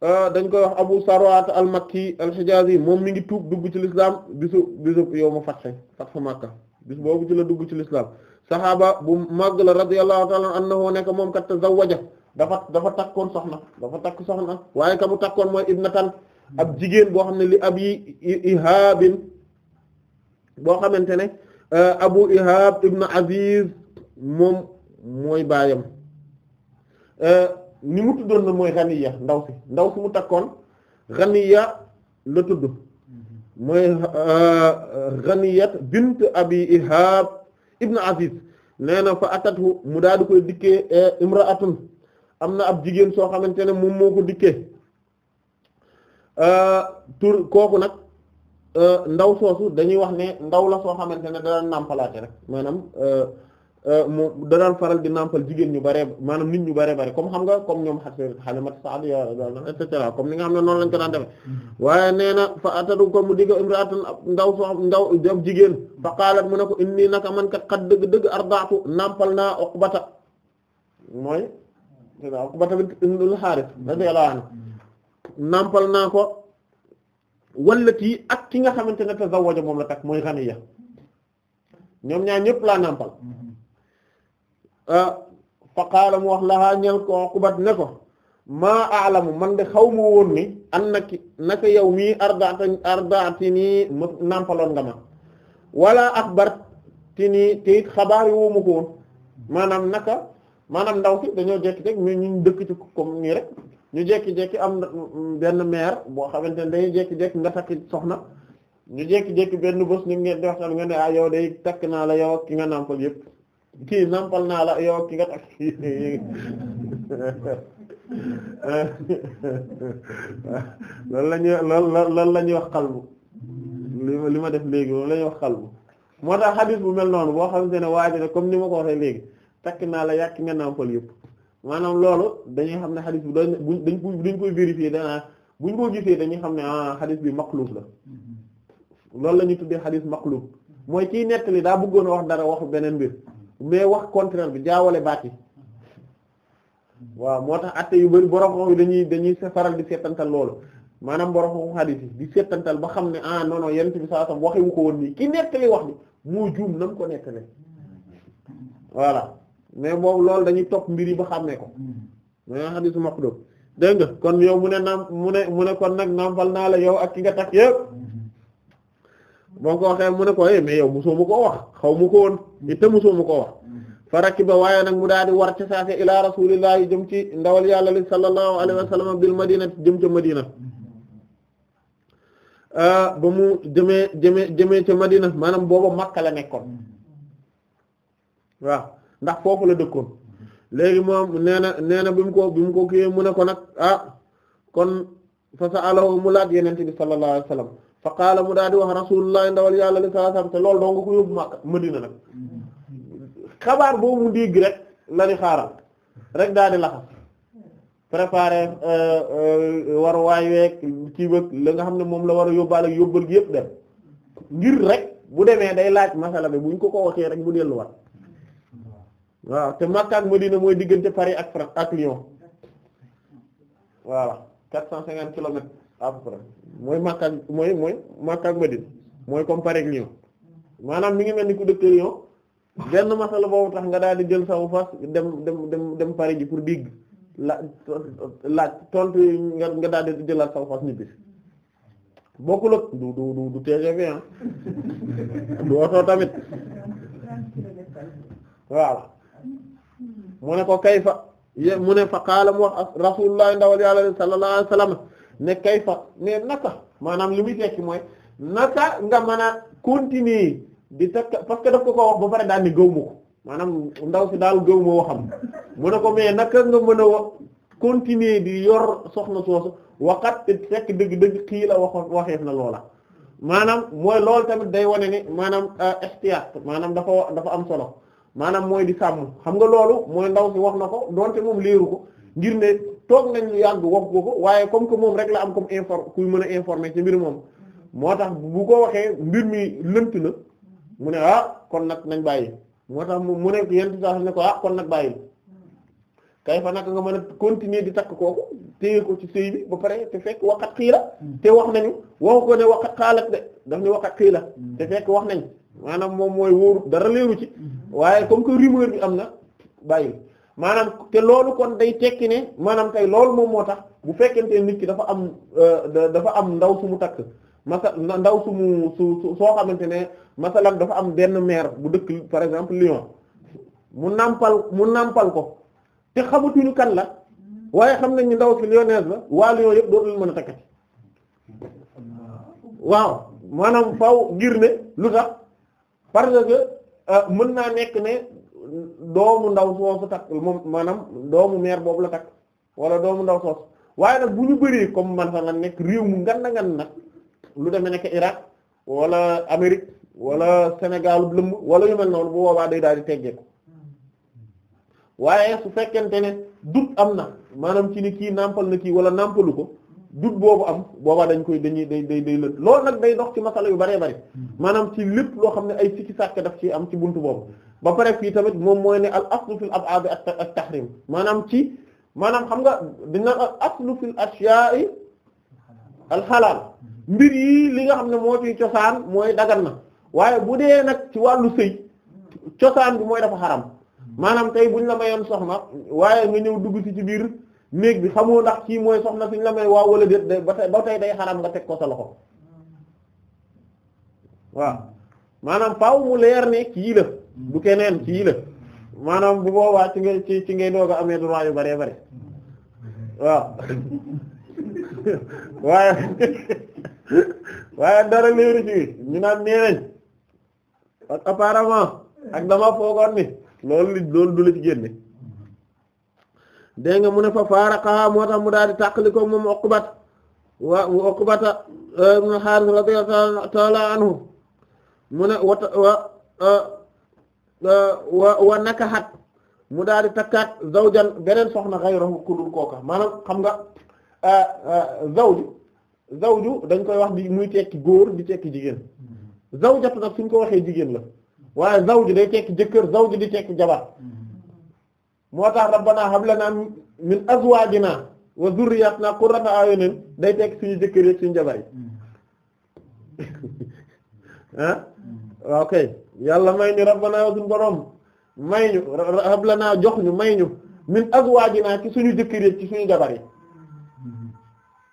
A: euh, dañ koy wax Abu Sarwat al-Makki al moom mi ngi tuub dugg ci l'islam bisu bisu yawmu fath fath Makka bis boobu ci la dugg ci l'islam saxaaba bu màgg la radiyallahu ta'ala anhu nekk moom kat tazawwaja dafa dafa takkoon soxna dafa takk soxna waaye ka mu takkoon mooy ibnatan ab jigéen boo xam ne li abi ihaabin boo xamante ne euh, abu ihab ibn aziz moom mooy baayam euh, ni mu tuddoon na mooy ganiya ndaw si ndaw si mu takkoon ganiya la tudd mooy euh, ganiyat bint abi ihab ibn aziz nee na fa atathu mu daal di koy dikkee imraatun am na ab jigéen soo xamante ne moom moo ko dikkee euh, tur kooku nag euh, ndaw soosu dañuy wax ne ndaw la soo xamante ne dadaan nàmpalaate rek maanaam euh, mu dadaan faral di nàmpal jigéen ñu bare maanaam nit ñu bare bare comme xam nga kom ñoom xase xalimat saadi et cetera xam ne noonu lañ ko daan defe mm-hmm. waaye nee na ata atadu ko mu digg imraatan ndaw soo ndaw jigéen fa qaalat mu ne ko inni naka man ka xat dëgg dëgg ardaatu nàmpal naa uqbata mooy Uqba tamit ibnul Haaris radiyallahu anhu nampal naa ko wallati ak ki nga xamante ne tazawwaja moom la takk mooy Ghaniya ñoom ñaar ñëpp laa nampal ah, fa qaala mu wax lahaa ñel ko Uqba ne ko maa a'lamu man de xaw woon ni annaki naka yow mii ardaata ardaati nii nampaloon nga ma wala axbarti nii te xabaar yu ma ko woon maanaam naka. maanaam ndaw ki dañoo jekki-jekki mais ñu dëkk ci comme nii rek ñu jekki-jekki am benn maire boo xamante ne dañuy jekki nga takki soxna ñu jekki-jekki benn bés ñu ngeen di waxtaan nga ne ah yow day takk naa la yow ki nga nàmpal yëpp kii nàmpal naa la yow ki nga takk loolu la ñuy loolu loolu la ñuy wax xalbu li ma ma def léegi loolu la wax xalbu moo tax xadis bu mel noonu boo xamante ne waaji ne comme ni ma ko waxee léegi takk naa la yàq nga nàmpal yëpp maanaam loolu dañuy xam ne xadis bi dañ ko dañ koy vérifier danaa ñu ko gisee dañuy xam ne ah xadis bi maqlub la loolu lañuy tuddee xadis maqlub mooy kiy nettali daa bëggoon a wax dara wax beneen mbir mais wax contraire bi jaawale baat waaw moo tax atte yu bari borom xam dañuy dañuy faral di setantal loolu maanaam borom xam xadis yi di seetantal ba xam ne ah non non yent bi saa sam waxewu ko woon nii ki nettali wax bi moo juum na mu ko nettalee voilà mais boobu loolu dañuy topp mbir yi ba xàmmee ko mais mm-hmm. hadith kon yow mu ne naam mu ne mu ne kon nag nampal naa la yow ak ki nga takk yëpp
B: mm-hmm.
A: boo ko waxee mu ne ko eh mais yow mosoo ma koo wax xaw ma ko woon mm-hmm. it te mosoo ma koo wax faraki ba waaye nag mu daal di war ca saase ila rasulillahi jëm ci ndawal yàlla li sallallahu alayhi wa bil madina jëm ca madina ah, ba mu jëmee jëmee jëmee ca madina maanaam booba makka la nekkoon waaw. ndax foofu la dëkkoon léegi moom nee na nee na bi mu ko bi mu ko kiiyee mu ne ko nag ah kon fa sa'alahu mu laaj yenente bi sallallahu alayhi wasallam fa qaala mu daal di wax rasulullah ndawal yàlla li sallallahu alayhi wasallam te loolu doo nga ko yóbbu ma Madina nag xabaar boobu mu dégg rek la di xaaral rek daal di laxas préparer euh, euh, war waay weeg ci la nga xam ne moom la war a yóbbaale yóbbal gi yëpp dem ngir rek bu demee day laaj masala bi buñ ko ko waxee rek mu delluwaat waaw te Makka ak Madina mooy diggante Paris ak France ak Lyon voilà quatre cent cinquante kilomètres mooy Makka ak mooy mooy Makka ak Madina mooy comme Paris ak maanaam mi ngi mel ni ku dëkk Lyon benn masala boobu tax nga daal di jël sawu fas dem dem dem dem Paris ji pour digg la laaj tontu nga nga daal di jëlaat sawu fas ñibbi bokkul ak du du du du TGV ah du oto tamit waaw. mu ne ko kayfa mu ne fa kaala mu wax rasulullah ndawal yàlla sallallahu alayhi wasallam ne kayfa ne naka maanaam li muy tekki mooy naka nga mën a continuer di takk parce que daf ko ko wax ba pare daal ni gëw ma ko maanaam ndaw si daal gëw ma waxam mu ne ko mais naka nga mën a continuer di yor soxna soosu waxat te fekk dëgg-dëgg kii la wax waxeef na loola maanaam mooy loolu tamit day wane ni maanaam euh, ihtiyat maanaam dafa dafa am solo maanaam mooy di sàmm xam nga loolu mooy ndaw si wax na ko donte moom leeru ko ngir ne toog nañ lu yàgg wax ko ko waaye comme que moom rek la am comme inform kuy mën a informer ci mbir moom moo tax bu ko waxee mbir mi lënt na mu ne ah kon nag nañ bàyyi moo tax mu ne yent saa ne ko ah kon nag bàyyi kay fa naka nga mën a continuer di takk kooku téye ko ci sëy bi ba pare te fekk waxat xii la te wax nañu waxu ko ne waxat xaalat de daf ne waxat la te fekk wax nañ maanaam moom mooy wóoru dara leeru ci mm-hmm. waaye comme que rumeur bi am na bàyyi maanaam te loolu kon day tekki ne maanaam tey loolu moom moo tax bu fekkente nit ki dafa am euh, dafa am ndaw su mu takk masa ndaw su mu su xamante ne masalan dafa am benn maire bu dëkk par exemple lion mu nàmpal mu nàmpal ko te xamatuñu kan la waaye xam nañ ni ndaw si lyonnaise la waa Lyon yëpp dootuñu mën a takkati waaw maanaam faw ngir ne lu tax parce que euh, mën naa nekk ne doomu ndaw soosu takk moom maanaam doomu meer boobu la takk wala doomu ndaw soosu waaye nag bu ñu bëree comme man fa la nekk réew mu ngan na ngan nag lu demee nekk Irak wala Amérique wala Sénégal lëmm wala yu mel noonu bu boobaa day daal di teggeeku waaye su fekkente ne dut am na maanaam ci ni kii nàmpal na kii wala nàmpalu ko dut boobu am booba dañ koy dañuy day day day lënt loolu nag day dox ci masala yu bëree bëri maanaam ci lépp loo xam ne ay sikki sàkk daf ci am ci buntu boobu ba pare fii tamit moom mooy ne al aslu fil ab'ad at maanaam ci maanaam xam nga dina al aslu fil ashya'i mbir yi li nga xam ne moo ciy cosaan mooy dagan na waaye bu dee nag ci wàllu sëy cosaan bi mooy dafa xaram maanaam tey buñ la mayoon soxna waaye nga ñëw dugg ci ci biir néeg bi xamoo ndax kii mooy soxna suñ la may waaw wala déet day ba tey day xaraam nga teg ko sa loxo waaw maanaam faaw mu leer ne kii la du keneen kii la maanaam bu boobaa ci ngay ci ci ngay doog amee droit yu bare bare waaw waaye waaye dara léeru ci ñu naan nee nañ ak apparemment ak dama foogoon ni loolu loolu du la ci génne dégg nga mu ne fa faaraqaha moo tax mu daal di tàqaliko moom Uqbat wa Uqbata e, ibn al-Harith radiyallahu ta'ala ne wa e, e, wa wa nakahat mu daal di takkaat zawjan beneen soxna ghayrahu kudul kooka maanaam xam nga zawju zawju dañ koy wax di muy tekki góor di tekki jigéen mm-hmm. zawjatu na suñ ko waxee jigéen la waaye zawju day tekki jëkkër zawju di tekki jabar mm-hmm. moo tax rabbana hablana min azwajina wa zurriyyatina qurrata a'yunin day teg suñu jëkkër yi suñu jabar yi ah waaw hmm. kay yàlla may ñu rabbana suñu borom suñu jëkkër yi ci suñu jabar yi hmm.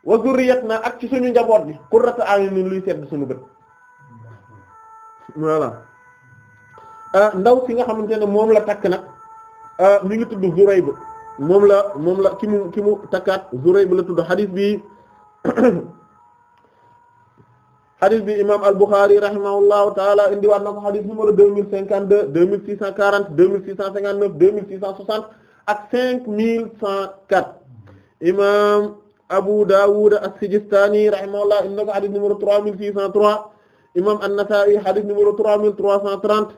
A: wa zurriyyatina ak ci suñu njaboot bi qurrata luy sedd suñu bët hmm. voilà ah, ndaw si nga xamante ne moom la takk na Ah, mi ngi tudd Zurayb moom la moom la ki mu ki mu takkaat Zurayb la tudd xadis bi xadis bi imam al-Bukhari rahimahullahu taala indiwaat na ko xadis numéro deux mille cinquante deux deux mille six cent quarante deux mille six cent cinquante neuf deux mille six cent soixante ak cinq mille cent quatre imam Abu Dawud as-Sijistani rahimahullah indi na ko xadis numéro trois mille six cent trois imam an-Nasa'i xadis numéro trois mille trois cent trente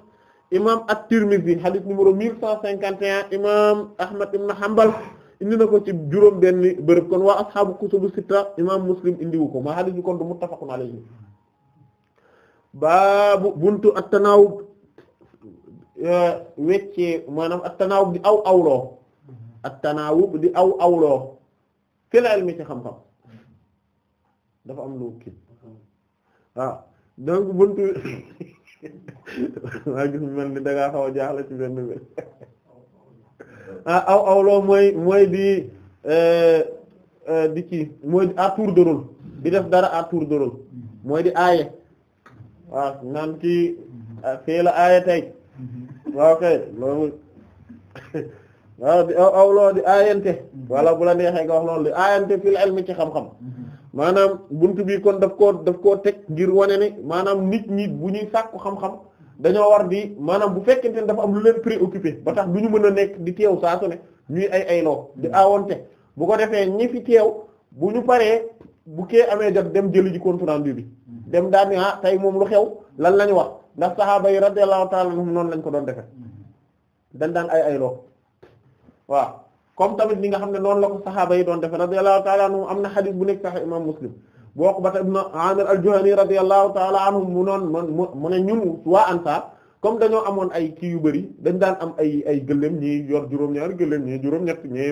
A: imam at-Tirmidhi hadith numéro 1151 imam Ahmad ibn Hanbal indi na ko ci juróom benn bërëb kon waa ashabu kutubu sitta imam Muslim indiwu ko maa hadith bi kon du muttafaqun alayhi baabu buntu at-tanawub euh, weccee maanaam at-tanawub di aw awloo at di aw awloo fil ilmi ci xam-xam dafa am lu kii waaw ah, donc buntu maa gis mel ni dangaa xaw a jaaxle ci benn bi ah aw awloo mooy mooy di eh, eh, di ci mooy à tour de di def dara à tour de mooy di aaye waaw naan kii ah, fii aaye tey waaw kay loolu di aw awloo di aayante mm-hmm. wala bu la neexee nga wax loolu ci xam-xam mm-hmm. maanaam bunt bi kon daf ko daf koo teg ngir wane ne maanaam nit ñi bu ñuy sàkku xam-xam dañoo war di maanaam bu fekkente ne dafa am lu leen préoccupé ba tax du ñu mën a nekk di teew saa su ne ñuy ay ayloo di awonte bu ko defee ñi fi teew bu ñu paree bu kee amee jot dem jëli ji compte rendu bi dem daal ni ah tey moom lu xew lan lañ wax ndax saxaaba yi radiyallahu ta'ala anhum noonu lañ ko doon defe dañ daan ay ayloo waaw comme tamit li nga xam ne noonu la ko saxaaba yi doon defe radiyallahu taala anhum am na xadis bu nekk sax imam muslim boo ko ba ta ibn amir noon man mu ne ñun waa ansaar comme dañoo amoon ay kii yu bëri dañ daan am ay ay gëléem ñii yor juróom-ñaari gëléem ñii juróom-ñett ñii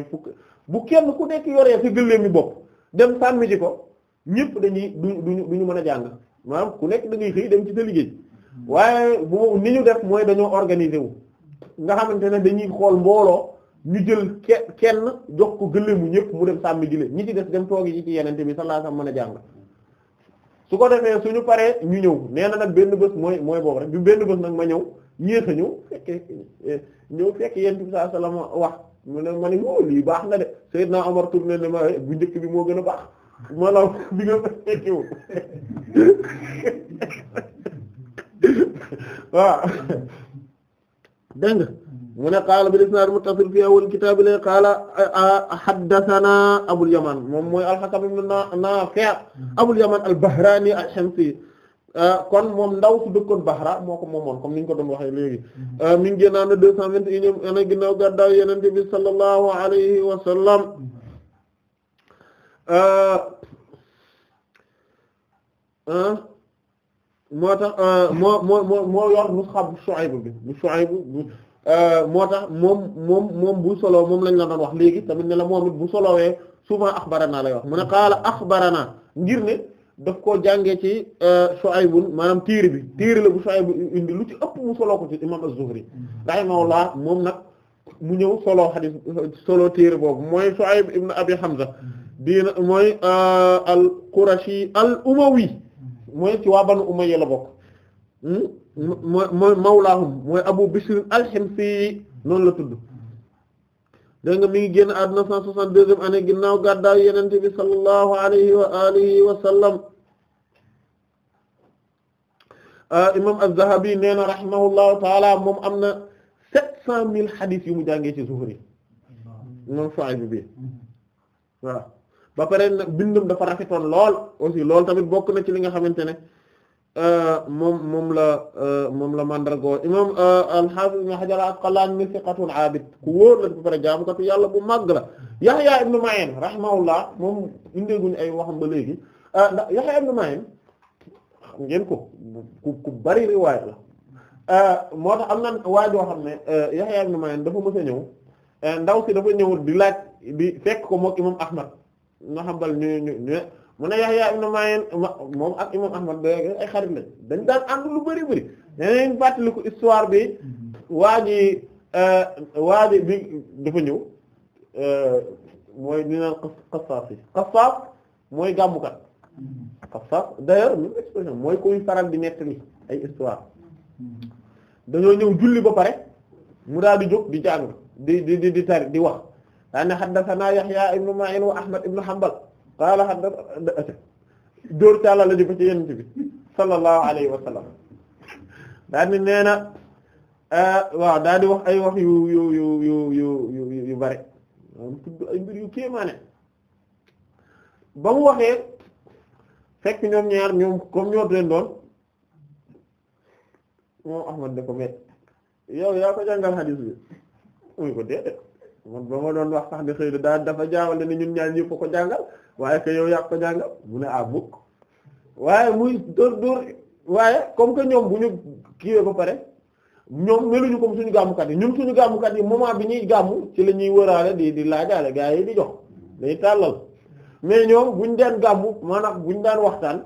A: bu kenn ku nekk yoree sa gëléem yi bopp dem sàmmi ji ko ñëpp dañuy duñ duñu du ñu mën a jàng maanaam ku nekk da ngay xëy dem ci sa liggéey waaye bu ni ñu def mooy dañoo organiser wu nga xamante ne dañuy xool mbooloo ñu jël kenn jox ko gëléemu ñëpp mu dem sàmmi gëléem ñi ci des dem toogi ci ci yenente bi sallallahu alayhi mën a jàng su ko defee suñu paree ñu ñëw nee na nag benn bés mooy mooy boobu rek bi benn bés nag ma ñëw yéex a ñëw fekkee eh, ñëw fekk yenente bi sallallahu alayhi wax mu ne ma ne oh, lii baax na de Seydina Omar tourné ne ma bu njëkk bi moo gën a baax maanaam bi nga fekkiwu waaw dégg nga mu ne qaala bil isnaad muttasil fi awwal kitaab la qaala haddasanaa Abul moom mooy al-Hakam ibn Naafi' Abul Yaman kon moom ndaw su dëkkoon Bahra moo ko moomoon comme ni ñu ko doon waxee léegi mi ngi génnaa na deux cent vingt et unième année ginnaaw gàddaaw Yonent bi sallallahu alayhi Euh, moo tax moom moom moom bu solo moom lañ la doon wax léegi tamit ne la moom it bu solowee souvent axbarana lay wax mu ne qaala axbarana ngir ne def koo jàngee ci euh, Shuayb maanaam téere bi téere la bu Shuayb indi lu ci ëpp mu soloo ko ci imam az-Zuhri rahimahullah moom nag mu ñëw soloo xadis solo téere boobu mooy Shuayb ibn Abi Hamza diina mooy euh, al-Qurashi al-Umawi mooy ci waa Banu Umayya la bokk mooy mawlaahum mooy Abu Bishr al-Himsi noonu la tudd dégg nga mi ngi génn àdduna 162e année ginnaaw gàddaay Yonent bi sallallahu alayhi wa alihi wa sallam ah, imam az-Zahabi nee na rahimahullahu taala moom am na 700000 hadith yu mu jàngee ci Zuhri moom Shu'ayb bi waaw ba pare bindam dafa rafetoon lool aussi loolu tamit bokk na ci li nga xamante ne. moom moom la moom la mandargo imam al-Hafiz ibn Hajar al-Asqalani ni siqatun abid ku wóor la ba pare jaamukatu yàlla bu màgg la Yahya ibn Ma'in rahimahullah moom indeeguñu ay waxam ba léegi ndax Yahya ibn xam ngeen ko ku ku bari riwaay la moo tax am na waajoo xam ne Yahya ibn Ma'in dafa mës a ñëw ndaw si dafa ñëw di laaj di fekk ko mook imam Ahmad nga xam bal ñu ñu mu a Yahya ibn Ma'in moom ak imam Ahmad ba ay xarit lañ dañ daan ànd lu bari bëri dañuy fàttali ko histoire bi mhm. waa ji euh, waa ñëw euh, mooy ñu naan xasaaf yi xasaaf mooy gàmmukat xasaaf mhm. d'ailleurs mooy koy faral di nettali ay histoire mhm. dañoo ñëw julli ba pare mu daal di jóg di jàng di di di di tari di wax daane haddathana Yahya ibn wa Ahmad ibn Hanbal qaala hadda dóor càlla la ji ba ci yenente alayhi wa sallam daal di nee eh, wax ay wax yu yu yu yu yu yu yu bari tudd ay mbir yu kéemaane ba mu waxee fekk ñoom ñaar ñoom comme ñoo leen doon moom Ahmad da ko met yow yaa ko jàngal hadith bi man ba ma doon wax sax ne xëy na daal dafa jaawale ne ñun ñaar ñëpp ko jàngal waaye que yow yàq ko jàngal mu ne ah bukk waaye muy dóor dóor waaye comme que ñoom bu ñu kiiwee ba pare ñoom meluñu comme suñu gàmmukat yi ñun suñu gàmmukat yi moment bi ñuy gàmmu ci la ñuy wëraale di di laajaale gaa yi di jox day tàllal mais ñoom buñ daan gàmmu maanaam buñ daan waxtaan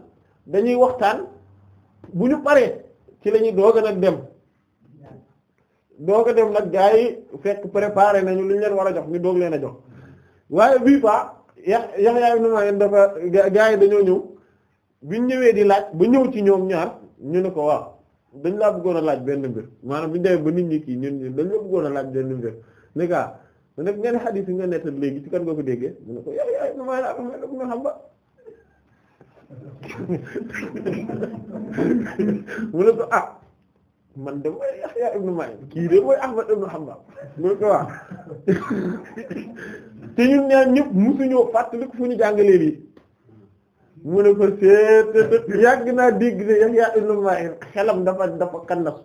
A: dañuy waxtaan bu ñu paree ci la ñuy doog a dem. doo ko dem nag gaa yi fekk préparé nañu lu ñu leen war a jox ñu doog leen a jox waaye bii fa yax Yahya ibn Ma'in dafa gars yi dañoo ñëw biñ ñëwee di laaj ba ñëw ci ñoom ñaar ñu ne ko waa dañ laa buggoon a laaj benn mbir maanaam biñu demee ba nit ñi kii ñun ñun dañ la bëggoon a laaj benn mbir ne ka mu nekk ngeen xadiis yi nga nettal léegi ci kan nga ko déggee mu ne ko Yahya ibn Ma'in am na nga xam ba mu ne ko ah man de mooy Yahya ibn Ma'in kii de mooy Ahmad ibn Hanbal mooy ko waaw te ñun ñaan ñëpp musuñoo fàttaliku fu ñu jàngalee lii mu ne ko seet yàgg naa dégg ne Yahya ibn Ma'in xelam dafa dafa kannas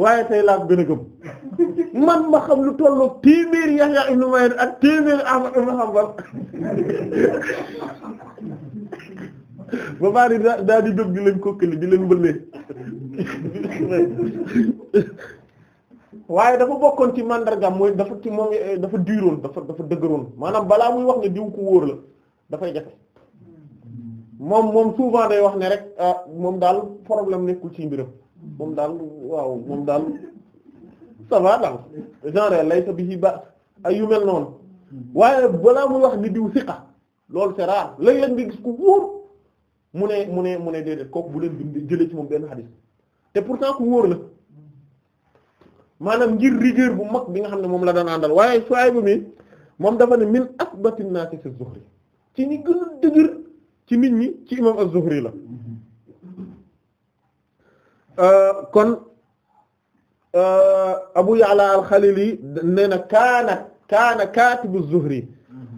A: waaye tey laa gën a man ma xam lu tollook téeméeri Yahya ibn Ma'in ak téeméeri Ahmad ibn Hanbal ba bari daa di jóg di leen kokkali di leen bëllee waaye dafa bokkoon ci mandargam mooy dafa ci moom eh, dafa duroon dafa dafa dëgëroon maanaam balaa muy wax ni diw ku wóor la dafay jafe moom moom souvent day wax ne rek ah, moom daal problème nekkul ci mbiram moom daal waaw moom daal ça va daal genre lay sa bi ba ay yu mel noonu waaye balaa muy wax ni diw siqa loolu c'est rare léeg-léeg nga gis ku wóor mu ne mu ne mu ne déedéet kooku bu leen bind jëlee ci moom benn xadis te pourtant ku wóor la maanaam ngir rigueur bu mag bi nga xam ne moom la daan àndal waaye Shuayb mi moom dafa ne min asbatin naasi fi Zuhri ci ñi gën a ci nit ñi ci imam az-Zuhri la euh, kon euh, Abu Ya'la al-Khalili nee na kaana kaana kaatibu az-Zuhri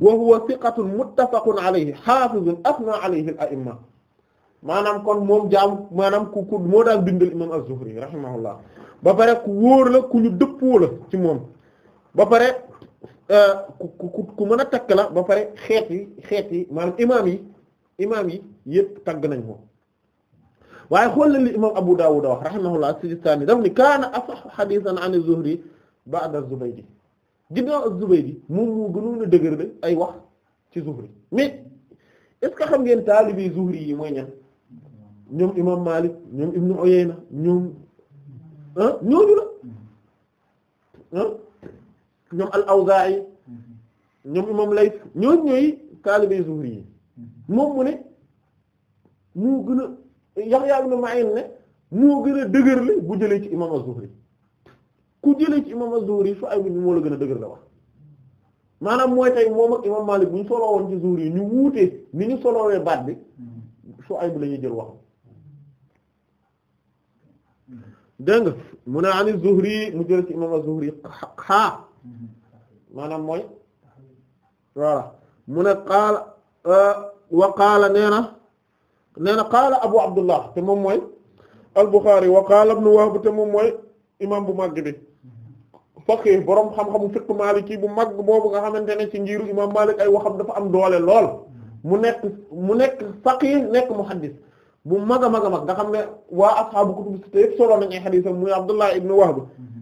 A: wa huwa thiqatun muttafaqun alayhi haafizun afna alayhi al-a'imma maanaam kon moom jaam maanaam ku ku moo daan bindal imam az-Zuhri rahimahullah ba pare ku wóor la ku ñu dëppoo la ci moom ba pare euh, ku ku mën a takk la ba pare xeet yi xeet yi maanaam imaam yi imaam yi yëpp tagg nañ ko waaye xoolal li imam Abu Dawud wax rahimahullah Sijistaani daf ni kaana asahhu hadiisan an az-Zuhri ba'da az-Zubaydi ginnaaw az-Zubaydi moom moo gënoon a dëgër ay wax ci Zuhri mais est ce que xam ngeen taalibi Zuhri yi mooy ñan ñoom imam Malik ñoom Ibnu Uyayna ñoom ah ñooñu la ah ñoom al-Awzaa'i ñoom imam Layth ñooñu ñooy taalibe Zuhri yi moom mu ne moo gën a Yahya ibn Ma'in ne moo gën a dëgër la bu jëlee ci imam az-Zuhri ku jëlee ci imam az-Zuhri fa ay moo la gën a dëgër la wax maanaam mooy tey moom ak imam Malik bu ñu soloo woon ci Zuhri yi ñu wutee ni ñu solowee baat bi su ay bu la jël wax dégg nga mu ne ani Zuhri mu jël ci imam az-Zuhri maanaam mooy voilà mu ne euh, qaala nee na nee na qaala Abu Abdullah te moom mooy al-Bukhari wa qaala ibn Wahb te moom mooy imam bu màgg bi faqih borom xam-xamu fiqh maliki bu magg boobu nga xamante ne ci njiiru imam Malik ay waxam dafa am doole lool mu nekk mu nekk faqih nekk mu muhaddis bu mag a mag a mag nga xam ne waa ashaabu kutubu sitta yëpp solo nañu ay xadiisam muy Abdullah ibn Wahb mhm.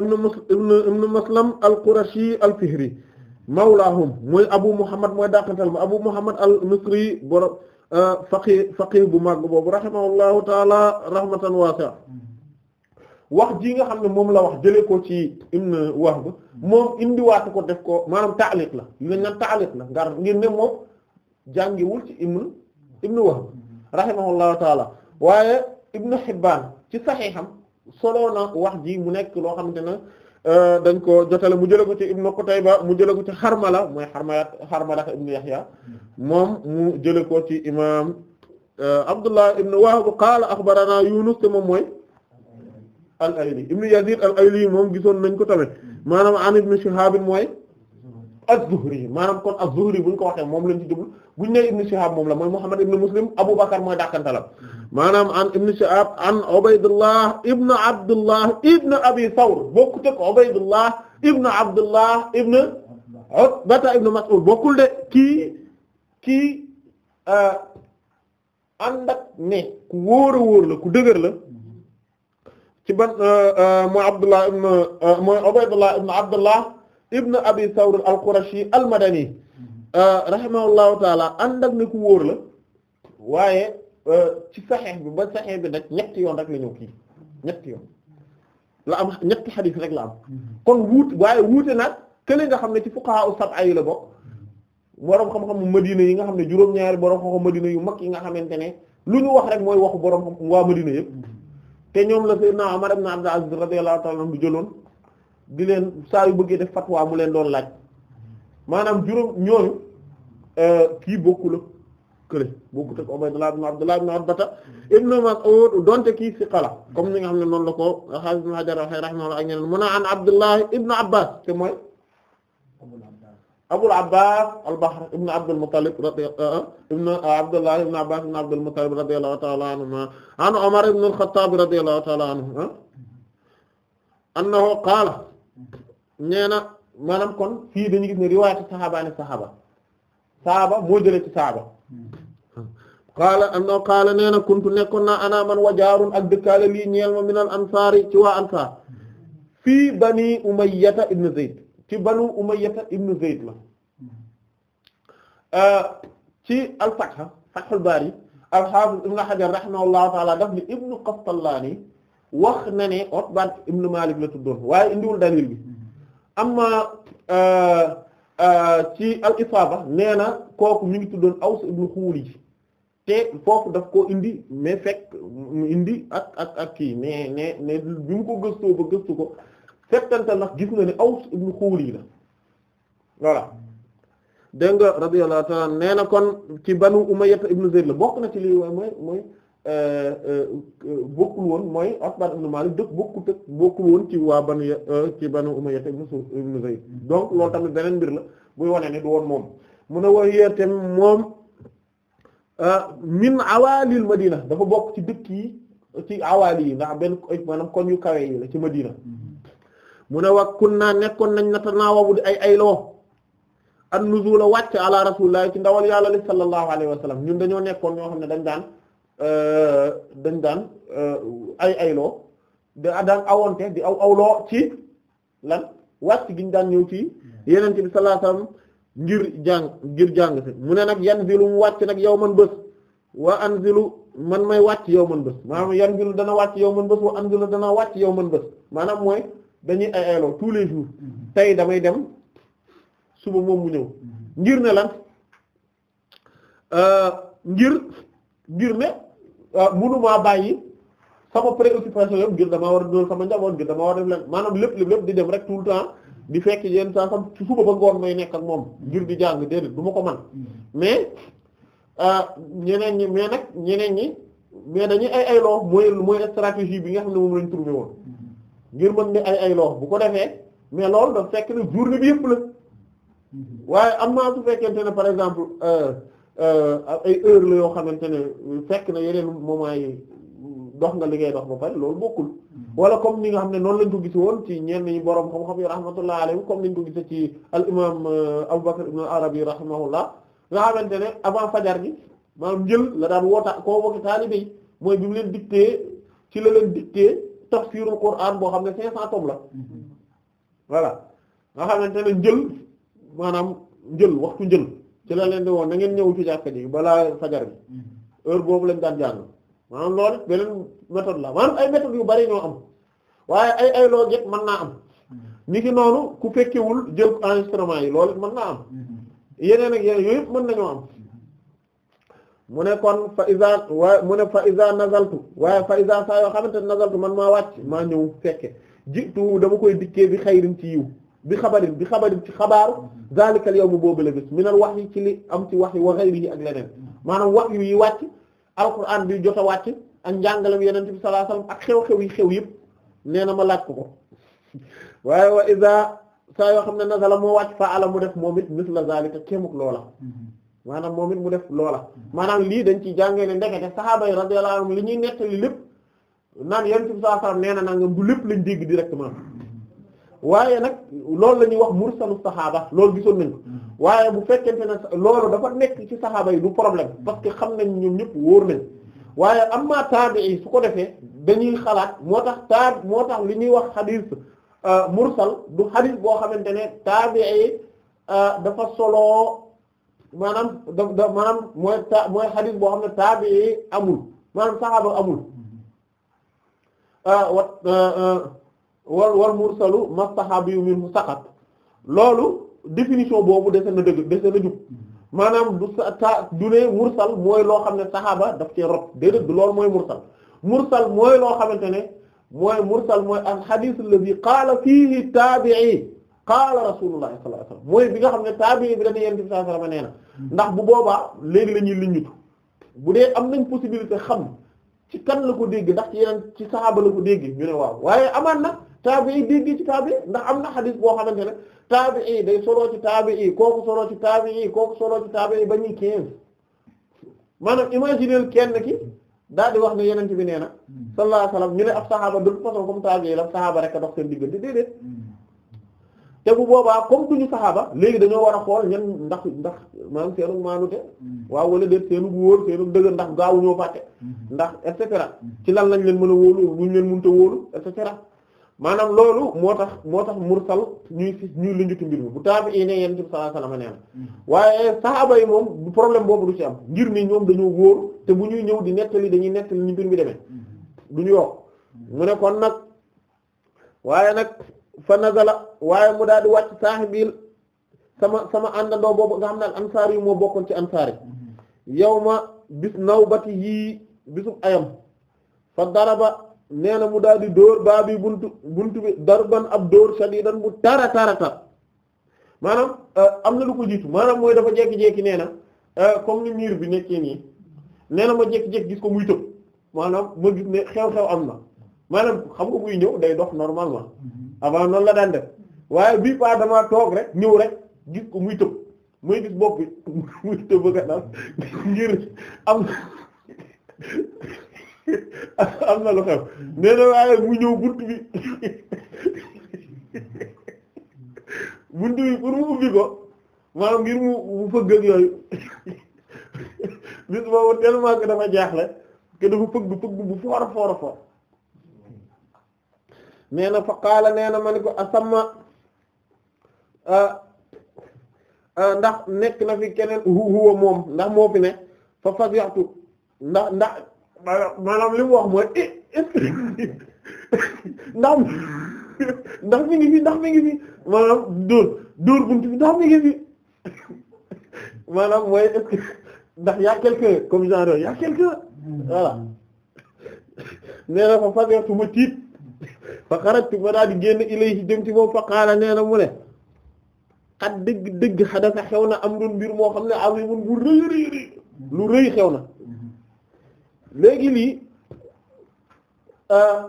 A: ibn mus ibn Maslam al-Qurashi al-Fihri mawlaahum muy Abu Muhammad mooy dàqantal ba Abu Muhammad al-Misri borom euh, faqih faqih bu mag boobu rahimahullahu taala rahmatan waasi'a mhm. wax jii nga xam ne moom la wax jëlee ko ci ibn Wahb mhm. moom indiwaatu ko def ko maanaam taaliq la li ñu naan taaliq la ngar ngir ne moom jàngiwul ci ibn ibnu Wahb rahimahullahu taala waaye ibnu Hibbaan ci saxiixam solo na wax ji mu nekk loo xamante ne euh, dañ ko jotale mu jële ko ci ibnu Qutayba mu jële ko ci Harmala mooy Harmala Harmala ibnu Yahya moom mu jële ko ci imaam euh, Abdullah ibnu Wahb qaala axbaranaa Yunus te moom mooy al-Ayli ibnu Yazid al-Ayli moom gisoon nañ ko tamit maanaam an ibnu Shihaab mooy az-Zuhri maanaam kon az-Zuhri bu ñu ko waxee moom lañ ci jublu bu ñu nee Ibn Shihab moom la mooy Muhammad ibn Muslim Abu Bakr mooy dàqantalam maanaam an Ibn Shihab an Ubaydullah ibn Abdullah ibn Abi Thawr bokkut ak Ubaydullah ibn Abdullah ibn Utbata ibn Mas'ud bokkul de kii kii euh, ànd ak ne ku wóor a wóor la ku dëgër la. ci ban euh, euh, mooy Abdullah ibn mooy Ubaydullah ibn Abdullah ibn abi thawr al-qurashi al-madani euh, rahimahullahu taala ànd ak ne ku wóor la waaye euh, ci saxeex bi ba saxeex bi nag ñetti yoon rek la ñëw kii ñetti yoon la am ñetti xadiis rek la am kon wuut waaye wuute nag kële nga xam ne ci fuqaha as-sab'a yi la bokk boroom xam-xamu madina yi nga xam ne juróom-ñaari boroom xam-xam madina yu mag yi nga xamante ne lu ñu wax rek mooy waxu boroom xam waa madina yëpp te ñoom la sayyidna Umar ibn Abd al-Aziz radiyallahu ta'ala anhu jëloon di leen saa yu bëggee def fatwa mu leen doon laaj maanaam juróom ñooñu euh, kii bokkul ak kële bokkut ak Ubaydullah ibn Abdullah ibn Utbata ibn Mas'ud donte kii xam ne noonu la ko Hafiz Ibn Hajar waxee rahimahullah ak ñeneen mu ne an Abdullah ibn Abbas te mooy Abul Abbas euh, euh, an Umar ibn al-Khattab radiyallahu annahu qaala nee na maanaam kon fii dañu gis ne riwaayatu saxaabaani saxaaba saxaaba moo jëlee ci saxaaba qaala anna qaala nee na kuntu nekkoon naa ana man wajaarun ak dëkkaale lii ñeel ma minal ansaari ci waa ansaar fii bani umayyata ibn zayd ci banu umayyata ibn zayd la euh, ci al-fath fathul baari al-hafiz ibn hajar rahimahullahu ta'ala daf ni ibnu qastallaani wax na ne Utba ibn Malik la tuddoon waaye indiwul dalil bi amma euh, euh, ci al isaaba nee na kooku ñu ngi tuddoon Aws ibn Khuwlid te foofu daf koo indi mais fekk mu indi ak ak ak kii mais mais mais bi mu ko gëstoo ba gëstu ko fekkante ndax gis na ni Aws ibn Khuwlid la voilà dégg nga radiyallahu ta'ala nee na kon ci Banu Umayya ibn Zayd la bokk na ci lii mooy mooy. Euh, euh, euh, bokkul woon mooy Usman ibn Malik dëkk bokkut ak bokkul woon ci waa banu ci banu Umayya ibn Suuf ibn Zayd donc loolu tamit beneen mbir la buy wane ne du woon moom mu a woon yeerte moom min awaalil Madina dafa bokk ci dëkk yi ci awaali yi ndax benn maanaam kon yu kawe yi la ci Madina mu ne wa naa nekkoon nañ natanaawabu di ay ayloo an nuzula wàcc ala rasulillahi ci ndawal yàlla li sallallahu alayhi wa ñun dañoo nekkoon ñoo xam ne dañ daan dañ daan euh, ay ayloo da daan awonte di aw awloo ci lan wàcc giñ daan ñëw ci yeneen bi sallallahu alayhi ngir jàng ngir jàng si mu ne nag yan zilu wàcc nag yow man bës wa an zilu man may wàcc yow man bës maanaam yan zilu dana wàcc yow man bës dana wàcc yow man bës maanaam mooy dañuy ay ayloo tous les jours mm-hmm. tey damay dem suba moom mu ñëw mm-hmm. ngir ne lan euh, ngir ngir ne Euh, mënumaa bàyyi sama préoccupation yëpp ngir damaa war a dundal njaboot ngir damaa war a def leen maanaam lépp lépp lépp di dem rek tout le temps di fekk yenn saa sam ci suba ba ngoon may nekk ak moom ngir di jàng déedéet du ma ko man mm-hmm. mais euh, ñeneen ñi mais nag ñeneen ñi mais dañuy ay ay loo mooy mooy stratégie bi nga xam ne moom lañu trouvé woon
B: mm-hmm.
A: ngir mën ne ay ay loo bu ko defee mais loolu daf fekk ne bi yëpp la
B: mm-hmm.
A: waaye am naa su fekkente ne par exemple euh, Euh, ay heure la yoo xamante ne fekk na yeneen moment yi dox nga li ngay dox ba pare loolu bokkul mm-hmm. wala comme ni nga xam ne noonu lañ ko gis woon ci ñenn ñi boroom xam-xam yi rahmatullah alayhi comme niñ ko gise ci al imam euh, Abu Bakr ibn Arabi rahimahullah nga xamante ne avant fajar gi maanaam njël la daan woota convoqué taalibe yi mooy bi mu leen dicté ci la leen dicté tafsirul Qur'an boo xam ne cinq cent tomes la mm-hmm. voilà nga xamante ne njël maanaam njël waxtu njël ci la leen di woon na ngeen ñëw ci jàkka ji balaa fajar bi hmm. heure boobu lañ daan jàng maanaam loolu beneen méthode la man ay méthodes yu bari ñoo am waaye ay ay loo man naa am hmm. ni ki noonu ku fekkewul jël enregistrement yi loolu mën naa am hmm. yeneen ak yeneen yooyu yëpp mën nañoo am mu ne kon fa isa waaye mu ne fa isa nazaltu waaye fa isa saa yoo xamante nazaltu man maa wàcc maa ñëw fekke jiitu dama koy dikkee bi xayrin ci yiw bi xabarin bi xabarin ci xabaaru mm-hmm. zalikal yawm boobu la bis minal wax yi ci li am ci wax yi wa ghayrihi ak leneen mm-hmm. maanaam wax yu yi wàcc alquran di jot a wàcc ak njàngalam yonent bi sallallahu alayhi wasallam xew-xew yi xew yëpp nee na ma laaj ko ko waaye wa iza saa yoo xam ne nazala moo wàcc fa mu def moom it misla zalika kéemuk loola mm-hmm. maanaam moom it mu def loola maanaam lii dañ ci jàngee ne ndekete sahaaba yi radiyallahu anhum li ñuy nettali lépp naan yonent bi sallallahu alayhi wasallam nee na nangam du lépp li dégg directement waaye nag loolu la ñuy wax mursalu saxaaba loolu gisoon nañ mm-hmm. waaye bu fekkente ne loolu dafa nekk ci saxaaba yi du problème parce que xam nañ ñoom ñëpp wóor nañ waaye am amma taabi'i su ko defee dañuy xalaat moo tax taa moo tax li ñuy wax xadiis euh, mursal du xadiis boo xamante ne taabi'i euh, dafa solo maanaam da da mooy ta boo xam ne taabi'i amul maanaam saxaaba amul. Mm-hmm. Euh, wal wal mursalu mastahabiyu mu saqat loolu définition boobu dese na dëgg dese na jub maanaam du sa du ne mursal mooy loo xam ne saxaaba daf cee rot déedéet du loolu mooy mursal mursal mooy loo xamante ne mooy mursal mooy al hadith alladhi qaala fiihi taabi'i qaala rasulullahi sallallahu alayhi mooy bi nga xam ne taabi'i bi dañu yéen ci sallallahu alayhi wasallam nee na ndax bu boobaa léegi la ñuy liñutu bu dee am nañ possibilité xam ci kan la ko dégg ndax ci yeneen ci saxaaba la ko dégg ñu ne waaw waaye amaan na. taabi'i dégg ci taabi'i ndax am na xadis boo xamante ne taabi'i day solo ci taabi'i kooku solo ci taabi'i kooku solo ci taabi'i ba ñuy quinze maanaam imaginer kenn ki daal di wax ne yeneen bi nee na sallallahu alayhi wasallam ñu ne ab saxaaba de toute façon comme taabi'i la ab saxaaba rek a dox seen diggante déedéet te bu boobaa comme duñu saxaaba léegi dañoo war a xool ñan ndax ndax maanaam seenu maanute waaw wala déet seenu wóor seenu dëgër ndax gaawuñoo fàtte ndax et cetera ci lan lañ leen mën a wóolu luñ leen mënta wóolu et cetera maanaam loolu moo tax moo tax mursal ñuy si ñuy lënjuti mbir mi bu taabi'i ne yonent bi sallallahu alayhi wasallam nee na mm-hmm. waaye saxaaba yi moom problème boobu du ci am ngir ni ñoom dañoo wóor te bu ñuy ñëw di nettali dañuy nettali ñu mbir mi demee du ñu yokk mu ne kon nag waaye nag fa nazala waaye mu daal di wàcc saahibil sama sama àndandoo boobu nga xam ne ansaar yi moo bokkoon ci ansaar yi
B: mm-hmm.
A: yow ma bis nawbati yii bisum ayam fa daraba nee na mu daal di dóor baa bi buntu buntu bi ban ab dóor sadidan bu tara tara tar maanaam euh, am na lu ko jiitu maanaam mooy dafa jékki-jékki neena na euh, comme ni miir bi nekkee nii nee na ma jékki-jékki gis ko muy tëb maanaam ma gis ne xew xam nga buy ñëw day dox normalement mm-hmm. avant noonu la daan def waaye bii pas damaa ñëw rek gis ko muy tëb mooy gis bopp bi am na lu xew nee na waaye mu ñëw bunt bi bunt bi pour mu ubbi ko maanaam ngir mu mu fëgg ak yooyu bis boobu tellement que dafa jaaxle que dafa fëgg fëgg bu foor foor foor nee na fa qaala neena ma ni ko asamma ndax nekk na fi keneen huwa moom ndax moo fi ne fa fajaatu ndax ndax maanaam li mu wax mooy eh, eh ndax ndax ngi fi ndax mi ngi fi maanaam dóor dóor buntu bi ndax mi ngi fi maanaam mooy est ndax y a quelqu'un comme genre y a quelqu'un voilà nee na fa fageetu ma tiit fa xarajtu ma daal di génn ilayhi jëm fa qaala nee na mu ne xat dëgg dëgg xadasa xew na amrun mbir moo xam ne azimun bu rëy rëy rëy lu rëy xew na léegi lii euh,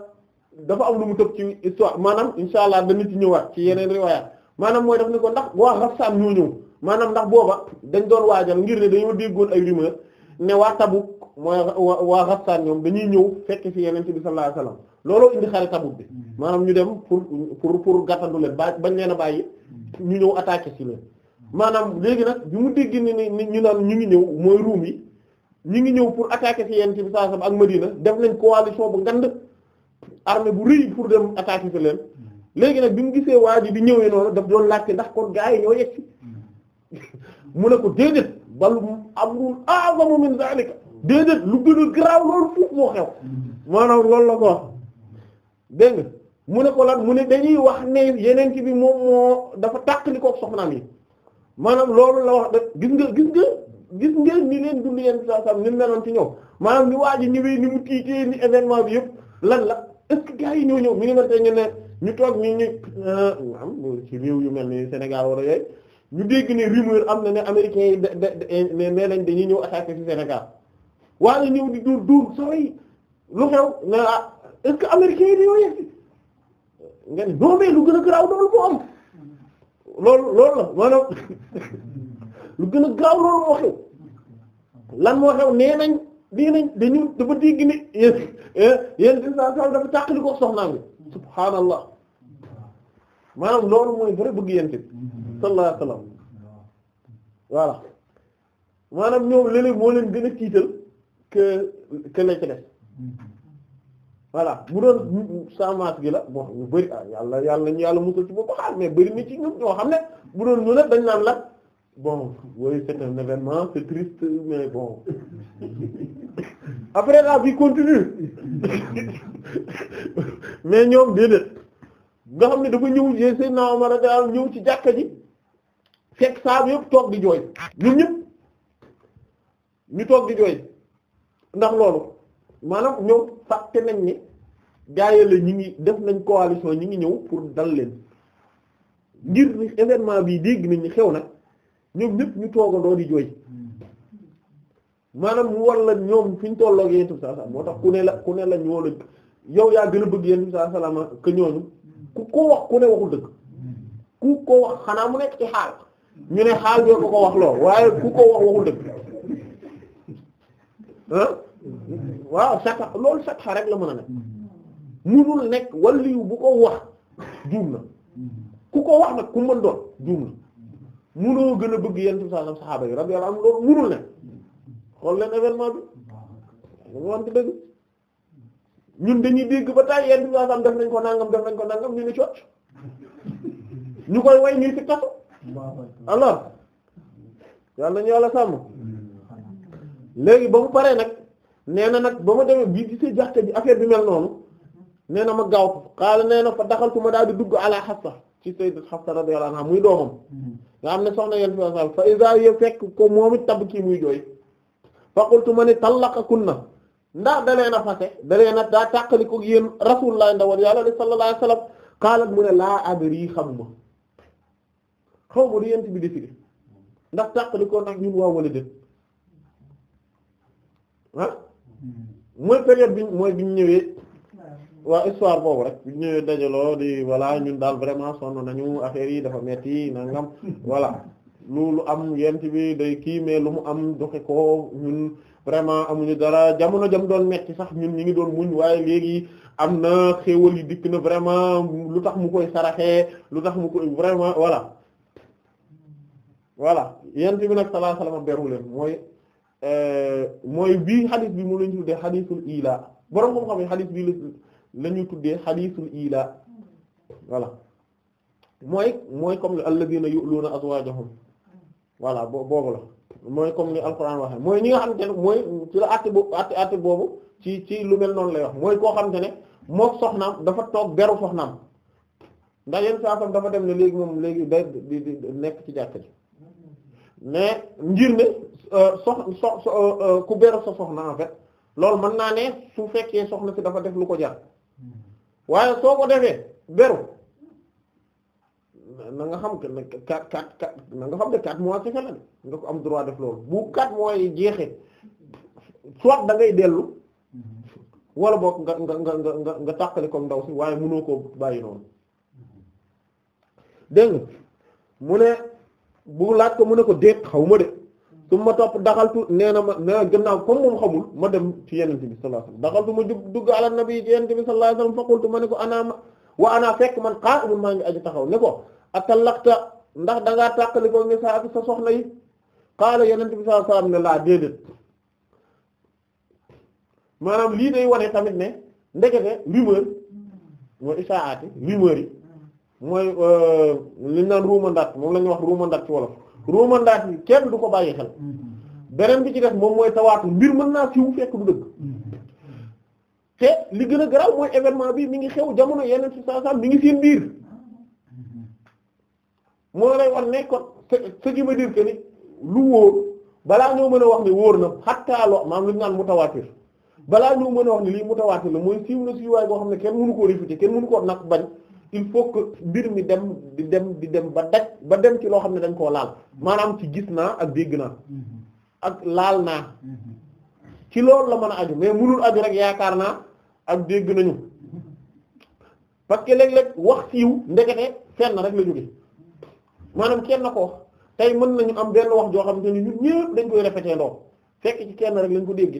A: dafa am lu mu tëb ci histoire maanaam insha allah dana ci ñëwaat ci yeneen riwaayaat maanaam mooy daf ne ko ndax waa Ghassan ñoo ñëw maanaam ndax booba dañ doon waajal ngir ne dañoo déggoon ay rumeur ne waa Tabuk mooy waa Ghassan ñoom dañuy ñëw fekk fi yeneen bi sallallahu alayhi looloo indi xare Tabuk bi mm. maanaam ñu dem pour pour pour gàttandu leen ba bañ leen a bàyyi ñu ñëw attaqué ci leen mm. maanaam léegi nag bi mu dégg ni ni ñu naan ñu ngi ñëw mooy ruum yi ñu ngi ñëw pour attaquer ci yonent bi sallallahu alayhi wasallam ak Medina def nañ coalition bu ngand armée bu rëy pour dem attaquer ci leen mm. léegi nag bi mu gisee waa ji di ñëwee noonu daf doon laajte ndax kon gaa yi ñoo yegg mm. mu ne ko déedéet bal amrun a'zamu min zalika déedéet lu gën a garaaw loolu foofu moo xew mm. maanaam loolu la ko mu ne ko lan mu ne dañuy wax ne yeneen ki bi moom moo dafa tàq li ko soxnaam yi maanaam loolu la wax da gis nga gis nga. gis ngeen ni leen dund yenn saa saa ni meloon ci ñoom maanaam ni waa ji ñëwee ni mu tiitee ni événement bi yëpp lan la est ce que gars yi ñoo ñëw mi ngi mel ñu ne ñu toog ñu ñu euh, am ci réew yu mel ni Sénégal wala yooyu ñu dégg am nañ dañuy ñëw attaquer ci di dóor dóor soo lu xew ne ah est yi dañoo yegg nga ne non lu gën a garaaw loolu moo am loolu loolu la maanaam. lu gën a gaaw loolu moo xew lan moo xew nee nañ nee nañ dañu dafa dégg ne yéen eh, yéen si saa saa dafa tàq di ko soxnaam bi subhaanallah maanaam loolu mooy vrai bëgg yéen tamit sallallahu alayhi wa sallam maanaam ñoom léeg-léeg moo gën a tiital que que la ci bu doon saamaat gi la bon ñu bëri ah yàlla yàlla ñu yàlla musal ci bopp ñoo xam ne bu doon ñu ne dañ naan la. bon oui c'est un événement c'est triste mais bon après la vie continue mais ñoom déedéet nga xam ne dafa ñëw yéen seen naaw ma daal ñëw ci jàkka ji fekk saa yëpp toog di jooy ñun ñëpp ñu toog di jooy ndax loolu maanaam ñoom fàtte nañ ni gaayal la ñi ngi def nañ coalition ñi ngi ñëw pour dal leen ngir événement bii dégg nañ xew nag. ñoom ñëpp ñu toogandoo di jooy maanaam mu war la ñoom fi ñu tolloog yéen itam saa saa moo tax ku ne la ku ne la ñoo la yow yaa gën a bëgg yéen saa salaama que ñooñu ku ko wax ku ne waxul dëgg ku ko wax xanaa mu nekk ci xaal ñu ne xaal ñoo ko ko wax lool waaye ku ko wax waxul dëgg ah waaw sata loolu sata rek la mën a nekk munul nekk waliyu bu ko wax juum na ku ko wax nag ku mën doon juum na. munoo gën a bëgg yent bi sallallahu alayhi wasallam saxaaba yi radiyallahu anhum loolu munul ne xool leen événement bi dañu wante dëgg ñun dañuy dégg ba tay yent bi sallallahu alayhi def nañ ko nàngam def nañ ko nangam ñu ni cooc ñu koy way ñuy ci taxaw alors yàlla ñu yàlla sàmm léegi ba mu paree nag nee na nag ba ma demee bii gisee jaxte bi affaire bi mel noonu nee na ma gaaw ko xaala nee na fa daxal ku ma daal di dugg ala Hafsa ci sayyidat Hafsa radiyallahu anha muy doomam nga xam ne soxna yent sal fa isa fekk ko moom it tab kii muy jooy fa qultu ma ni na ndax da leen a fase da leen a daa tàqali ko yéen rasulullah ndawal yàlla sallallahu alayhi wasallam xaalat mu ne laa adri xamuma xaw ma du yent bi décidé ndax tàqali ko nag ñun waa wala dén ah mooy bi mooy biñu ñëwee waaw histoire boobu rek ñu ñëwee dajaloo di voilà ñun daal vraiment sonn nañu affaire yi dafa metti nangam voilà lu am yent bi day kii mais lu mu am doxe ko ñun vraiment amuñu dara jamono jam doon metti sax ñun ñi ngi doon muñ waaye léegi am na xéewal yi dikk na vraiment lu tax mu koy saraxee lu tax mu koy vraiment voilà voilà yent bi nag sallallahu alayhi wasallam leen mooy euh, mooy bii xadis bi mu lañ tuddee xadisul ila borom xam-xam yi xadis bii la ñu tuddee xadiisul ila voilà mooy mooy comme ni alladina yu'luna azwajahum voilà bo boobu la mooy comme ni alquran waxe mooy ñi nga xamante ne mooy ci la àtte boobu àtte boobu ci ci lu mel noonu lay wax mooy koo xamante ne mook soxnaam dafa toog beru soxnaam ndax yenn saasam dafa dem ne léegi moom léegi day di di nekk ci jàkk ji mais ngir ne euh, sox euh, euh, ku beru sa soxna en fait loolu mën naa ne su fekkee soxna si dafa def lu ko jar waaye soo ko defee beru na nga xam que ne quatre quatre na nga xam ne quatre mois kese la de nga ko am droit def loolu bu quatre mois yi jeexee soit da ngay dellu wala boog nga nga nga nga nga tàqali comme ndaw si waaye mënoo koo bàyyi noonu dégg mu ne bu laaj ko mu ne ko déet xaw ma de su ma topp daxaltu nee na ma nee gannaaw comme moom xamul ma dem ci yenente bi sallallahu alayhi wasallam daxaltu ma jug dugg ala nabi ci yenente bi sallallahu alayhi wasallam ma ko ana wa fekk man qa'imun maa ngi taxaw ne ko atallaqta ndax da ngaa tàqali ko sa soxna yi qaala yenente bi ne laa déedéet maanaam lii day wane tamit ne ndekete rumeur mooy isaati rumeur yi mooy euh, li ñu naan ruuma ndaat moom la ñuy wax ruuma ndaat ci wolof ruumandaat yi kenn du ko bàyyi xel mm-hmm. beneen bi ci def moom mooy tawaatur mbir mën naa siiw fekk du dëgg mm-hmm. te li gën a garaaw mooy événement bi mi ngi xew jamono yeneen ci saa saa mi ngi seen biir mm-hmm. moo lay wax nekkoon kon ce qui veut lu wóor balaa ñoo mën a wax ne wóor na xattaa lo maam lu ñu naan mutawaatir balaa ñoo mën a wax ne lii mutawaatir la mooy siiw na siiwaay boo xam ne kenn mënu koo réfuter kenn mënu koo nag bañ il faut que mbir mi dem di dem di dem ba daj ba dem ci loo xam ne dañ koo laal maanaam ci gis naa ak dégg naa mm-hmm. ak laal naa mm-hmm. ci loolu la mën a aju mais mënul aju rek yaakaar naa ak dégg nañu mm-hmm. parce que léeg-léeg wax siiw ndekete fenn rek la jóge maanaam kenn ko wax tey mën nañu am benn wax joo xam te ni ñun ñëpp dañ koy répété ndoo fekk ci kenn rek lañ ko dégg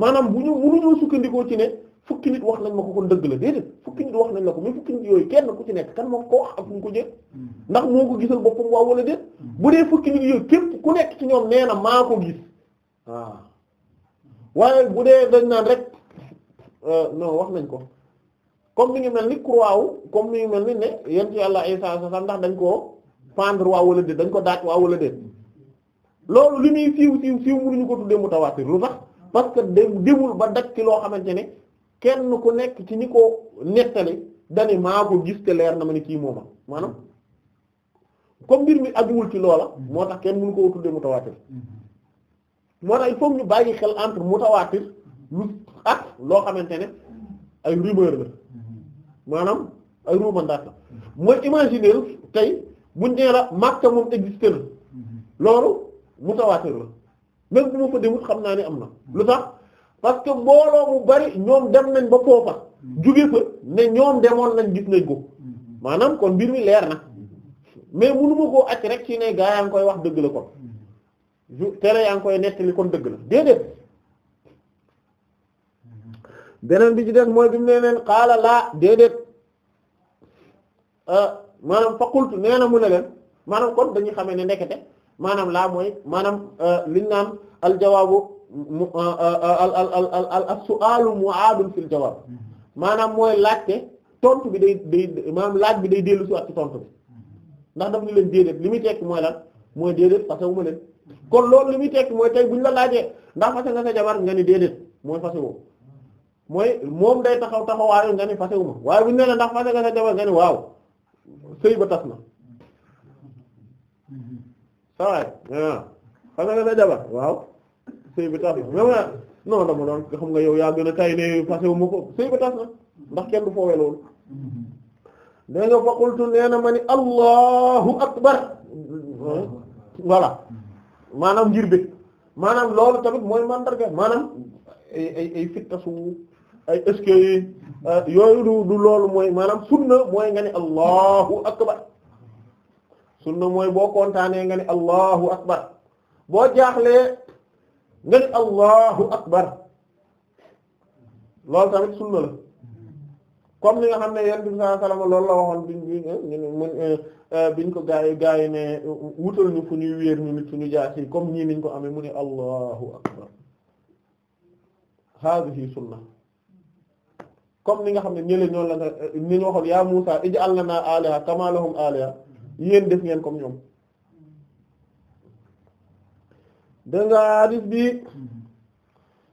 A: maanaam bu ñu mënuñoo sukkandikoo ci ne fukki nit wax nañ ma ko kon dëgg la déedéet fukki nit wax nañ la ko mais fukki nit yooyu kenn ku ci nekk kan moo ko wax ak mu ko jël mm-hmm. ndax moo ko gisal boppam waaw wala déet mm-hmm. bu dee fukki nit yooyu képp ku nekk ci ñoom nee na maa ko gis waaw waaye bu dee dañ naan rek euh, non wax nañ ko comme ni ngi mel ni croix wu comme ni ngi mel ni ne yent yàlla Isa sa ndax dañ koo pendre waaw wala de dañ ko daaj waaw wala de mm-hmm. loolu li muy siiw siiw siiw mënuñu ko tuddee mutawaatir lu tax parce que dem demul ba daj ci loo xamante ne kenn ku nekk ci ñi ko nettali dani maa ko gis te leer na ma ni kii mooma maanaam comme mbir mi àgguwul ci loola moo tax kenn mënu ko tuddee mutawaatir moo tax il xel entre mutawaatir lu loo xamante ne ay rumeur la maanaam ay ruumandaat la mooy imaginer tey bu nee la Makka moom existé na loolu mutawaatir la même bu ma fa demut xam naa ni am na lu tax parce que mbooloo mu bari ñoom dem nañ ba foofa mm. jóge fa ne ñoom demoon nañ gis nañ ko mm-hmm. maanaam kon mbir mi leer na mm-hmm. mais mënuma koo acc rek ci ne gaa yaa ngi koy wax dëgg la kon mm-hmm. télé yaa ngi koy nettali kon dëgg la déedéet beneen bi ci des mooy bi mu nee leen xaala laa euh, maanaam fakultu nee na mu ne leen maanaam kon dañuy xamee ne ndekete maanaam laa mooy maanaam euh, liñ naan aljawaabu mu al al al al as-su'aalu mu'aadun fil jawaab maanaam mooy laajte tontu bi day day maanaam laaj bi day dellu si ci tontu bi ndax daf ni leen déedéet li muy tekki mooy lan mooy déedéet fasawu ma leen kon loolu li muy tekki mooy tey bu ñu la laajee ndax fase nga sa jabar nga ni déedéet mooy fasawu mooy moom day taxaw taxawaayu nga ni fasawu ma waaye bu ñu nee ndax fase nga sa ni waaw sëy ba tas na saa mm-hmm. waay ah. fase nga sa jabar waaw. sëy bi tas na xam nga yow yaa gën a tay ne passé wu ko sëy ndax kenn du foowee loolu da nga faqultu nee na ma ni allahu akbar voilà maanaam ngir maanaam loolu tamit mooy mandarga maanaam ay ay ay fittasu ay est ah, yooyu du loolu mooy maanaam sunna mooy nga ni allahu akbar sunna mooy boo kontaanee nga ni allahu akbar boo jaaxlee nga ne allahu akbar loolu tamit sunna la comme li nga xam ne yonent bi sallallahu alayhi wasallam la waxoon biñ euh, biñ ko gaa yi gaa yi ne wutal ñu fu ñuy wéer ñu nit suñu jaas yi comme ñii niñ ko amee mu ne allahu akbar haadihi sunna comme ni nga xam ne ñële ñoo la nga ni waxoon yaa Muusaa ij'al lanaa aaliha kamaa lahum aaliha yéen def ngeen comme ñoom dégg nga bi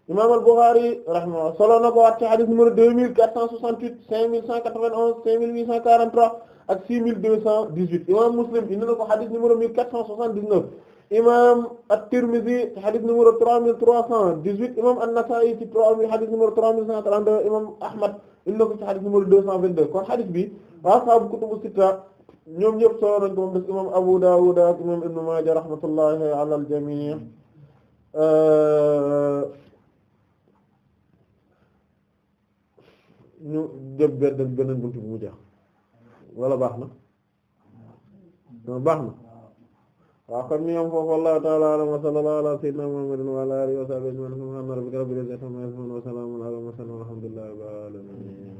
A: imam al solo na ko waat ci hadis numéro deux mille quatre cent soixante-huit cinq mille cent quatre-vingt-onze cinq mille imam Muslim indi na ko hadis numéro mille quatre cent soixante-dix-neuf imam at imam an-Nasa'i ci trois mille cent trente imam Ahmad indi na ko deux cent vingt imam Abu Dawud imam Ibn Majah rahmatullahi ala al ñu jëm benn beneen buntu bu mu jeex wala baax na baax na waaw kon ñu yam foofu wallahu ta'ala a'lam wa sallallahu ala sayyidina muhammadin wa ala alihi wa sahbihi ajma'in subhana rabbika rabbil izzati amma yasifun wa salamun ala mursalin walhamdulillahi rabbil alamin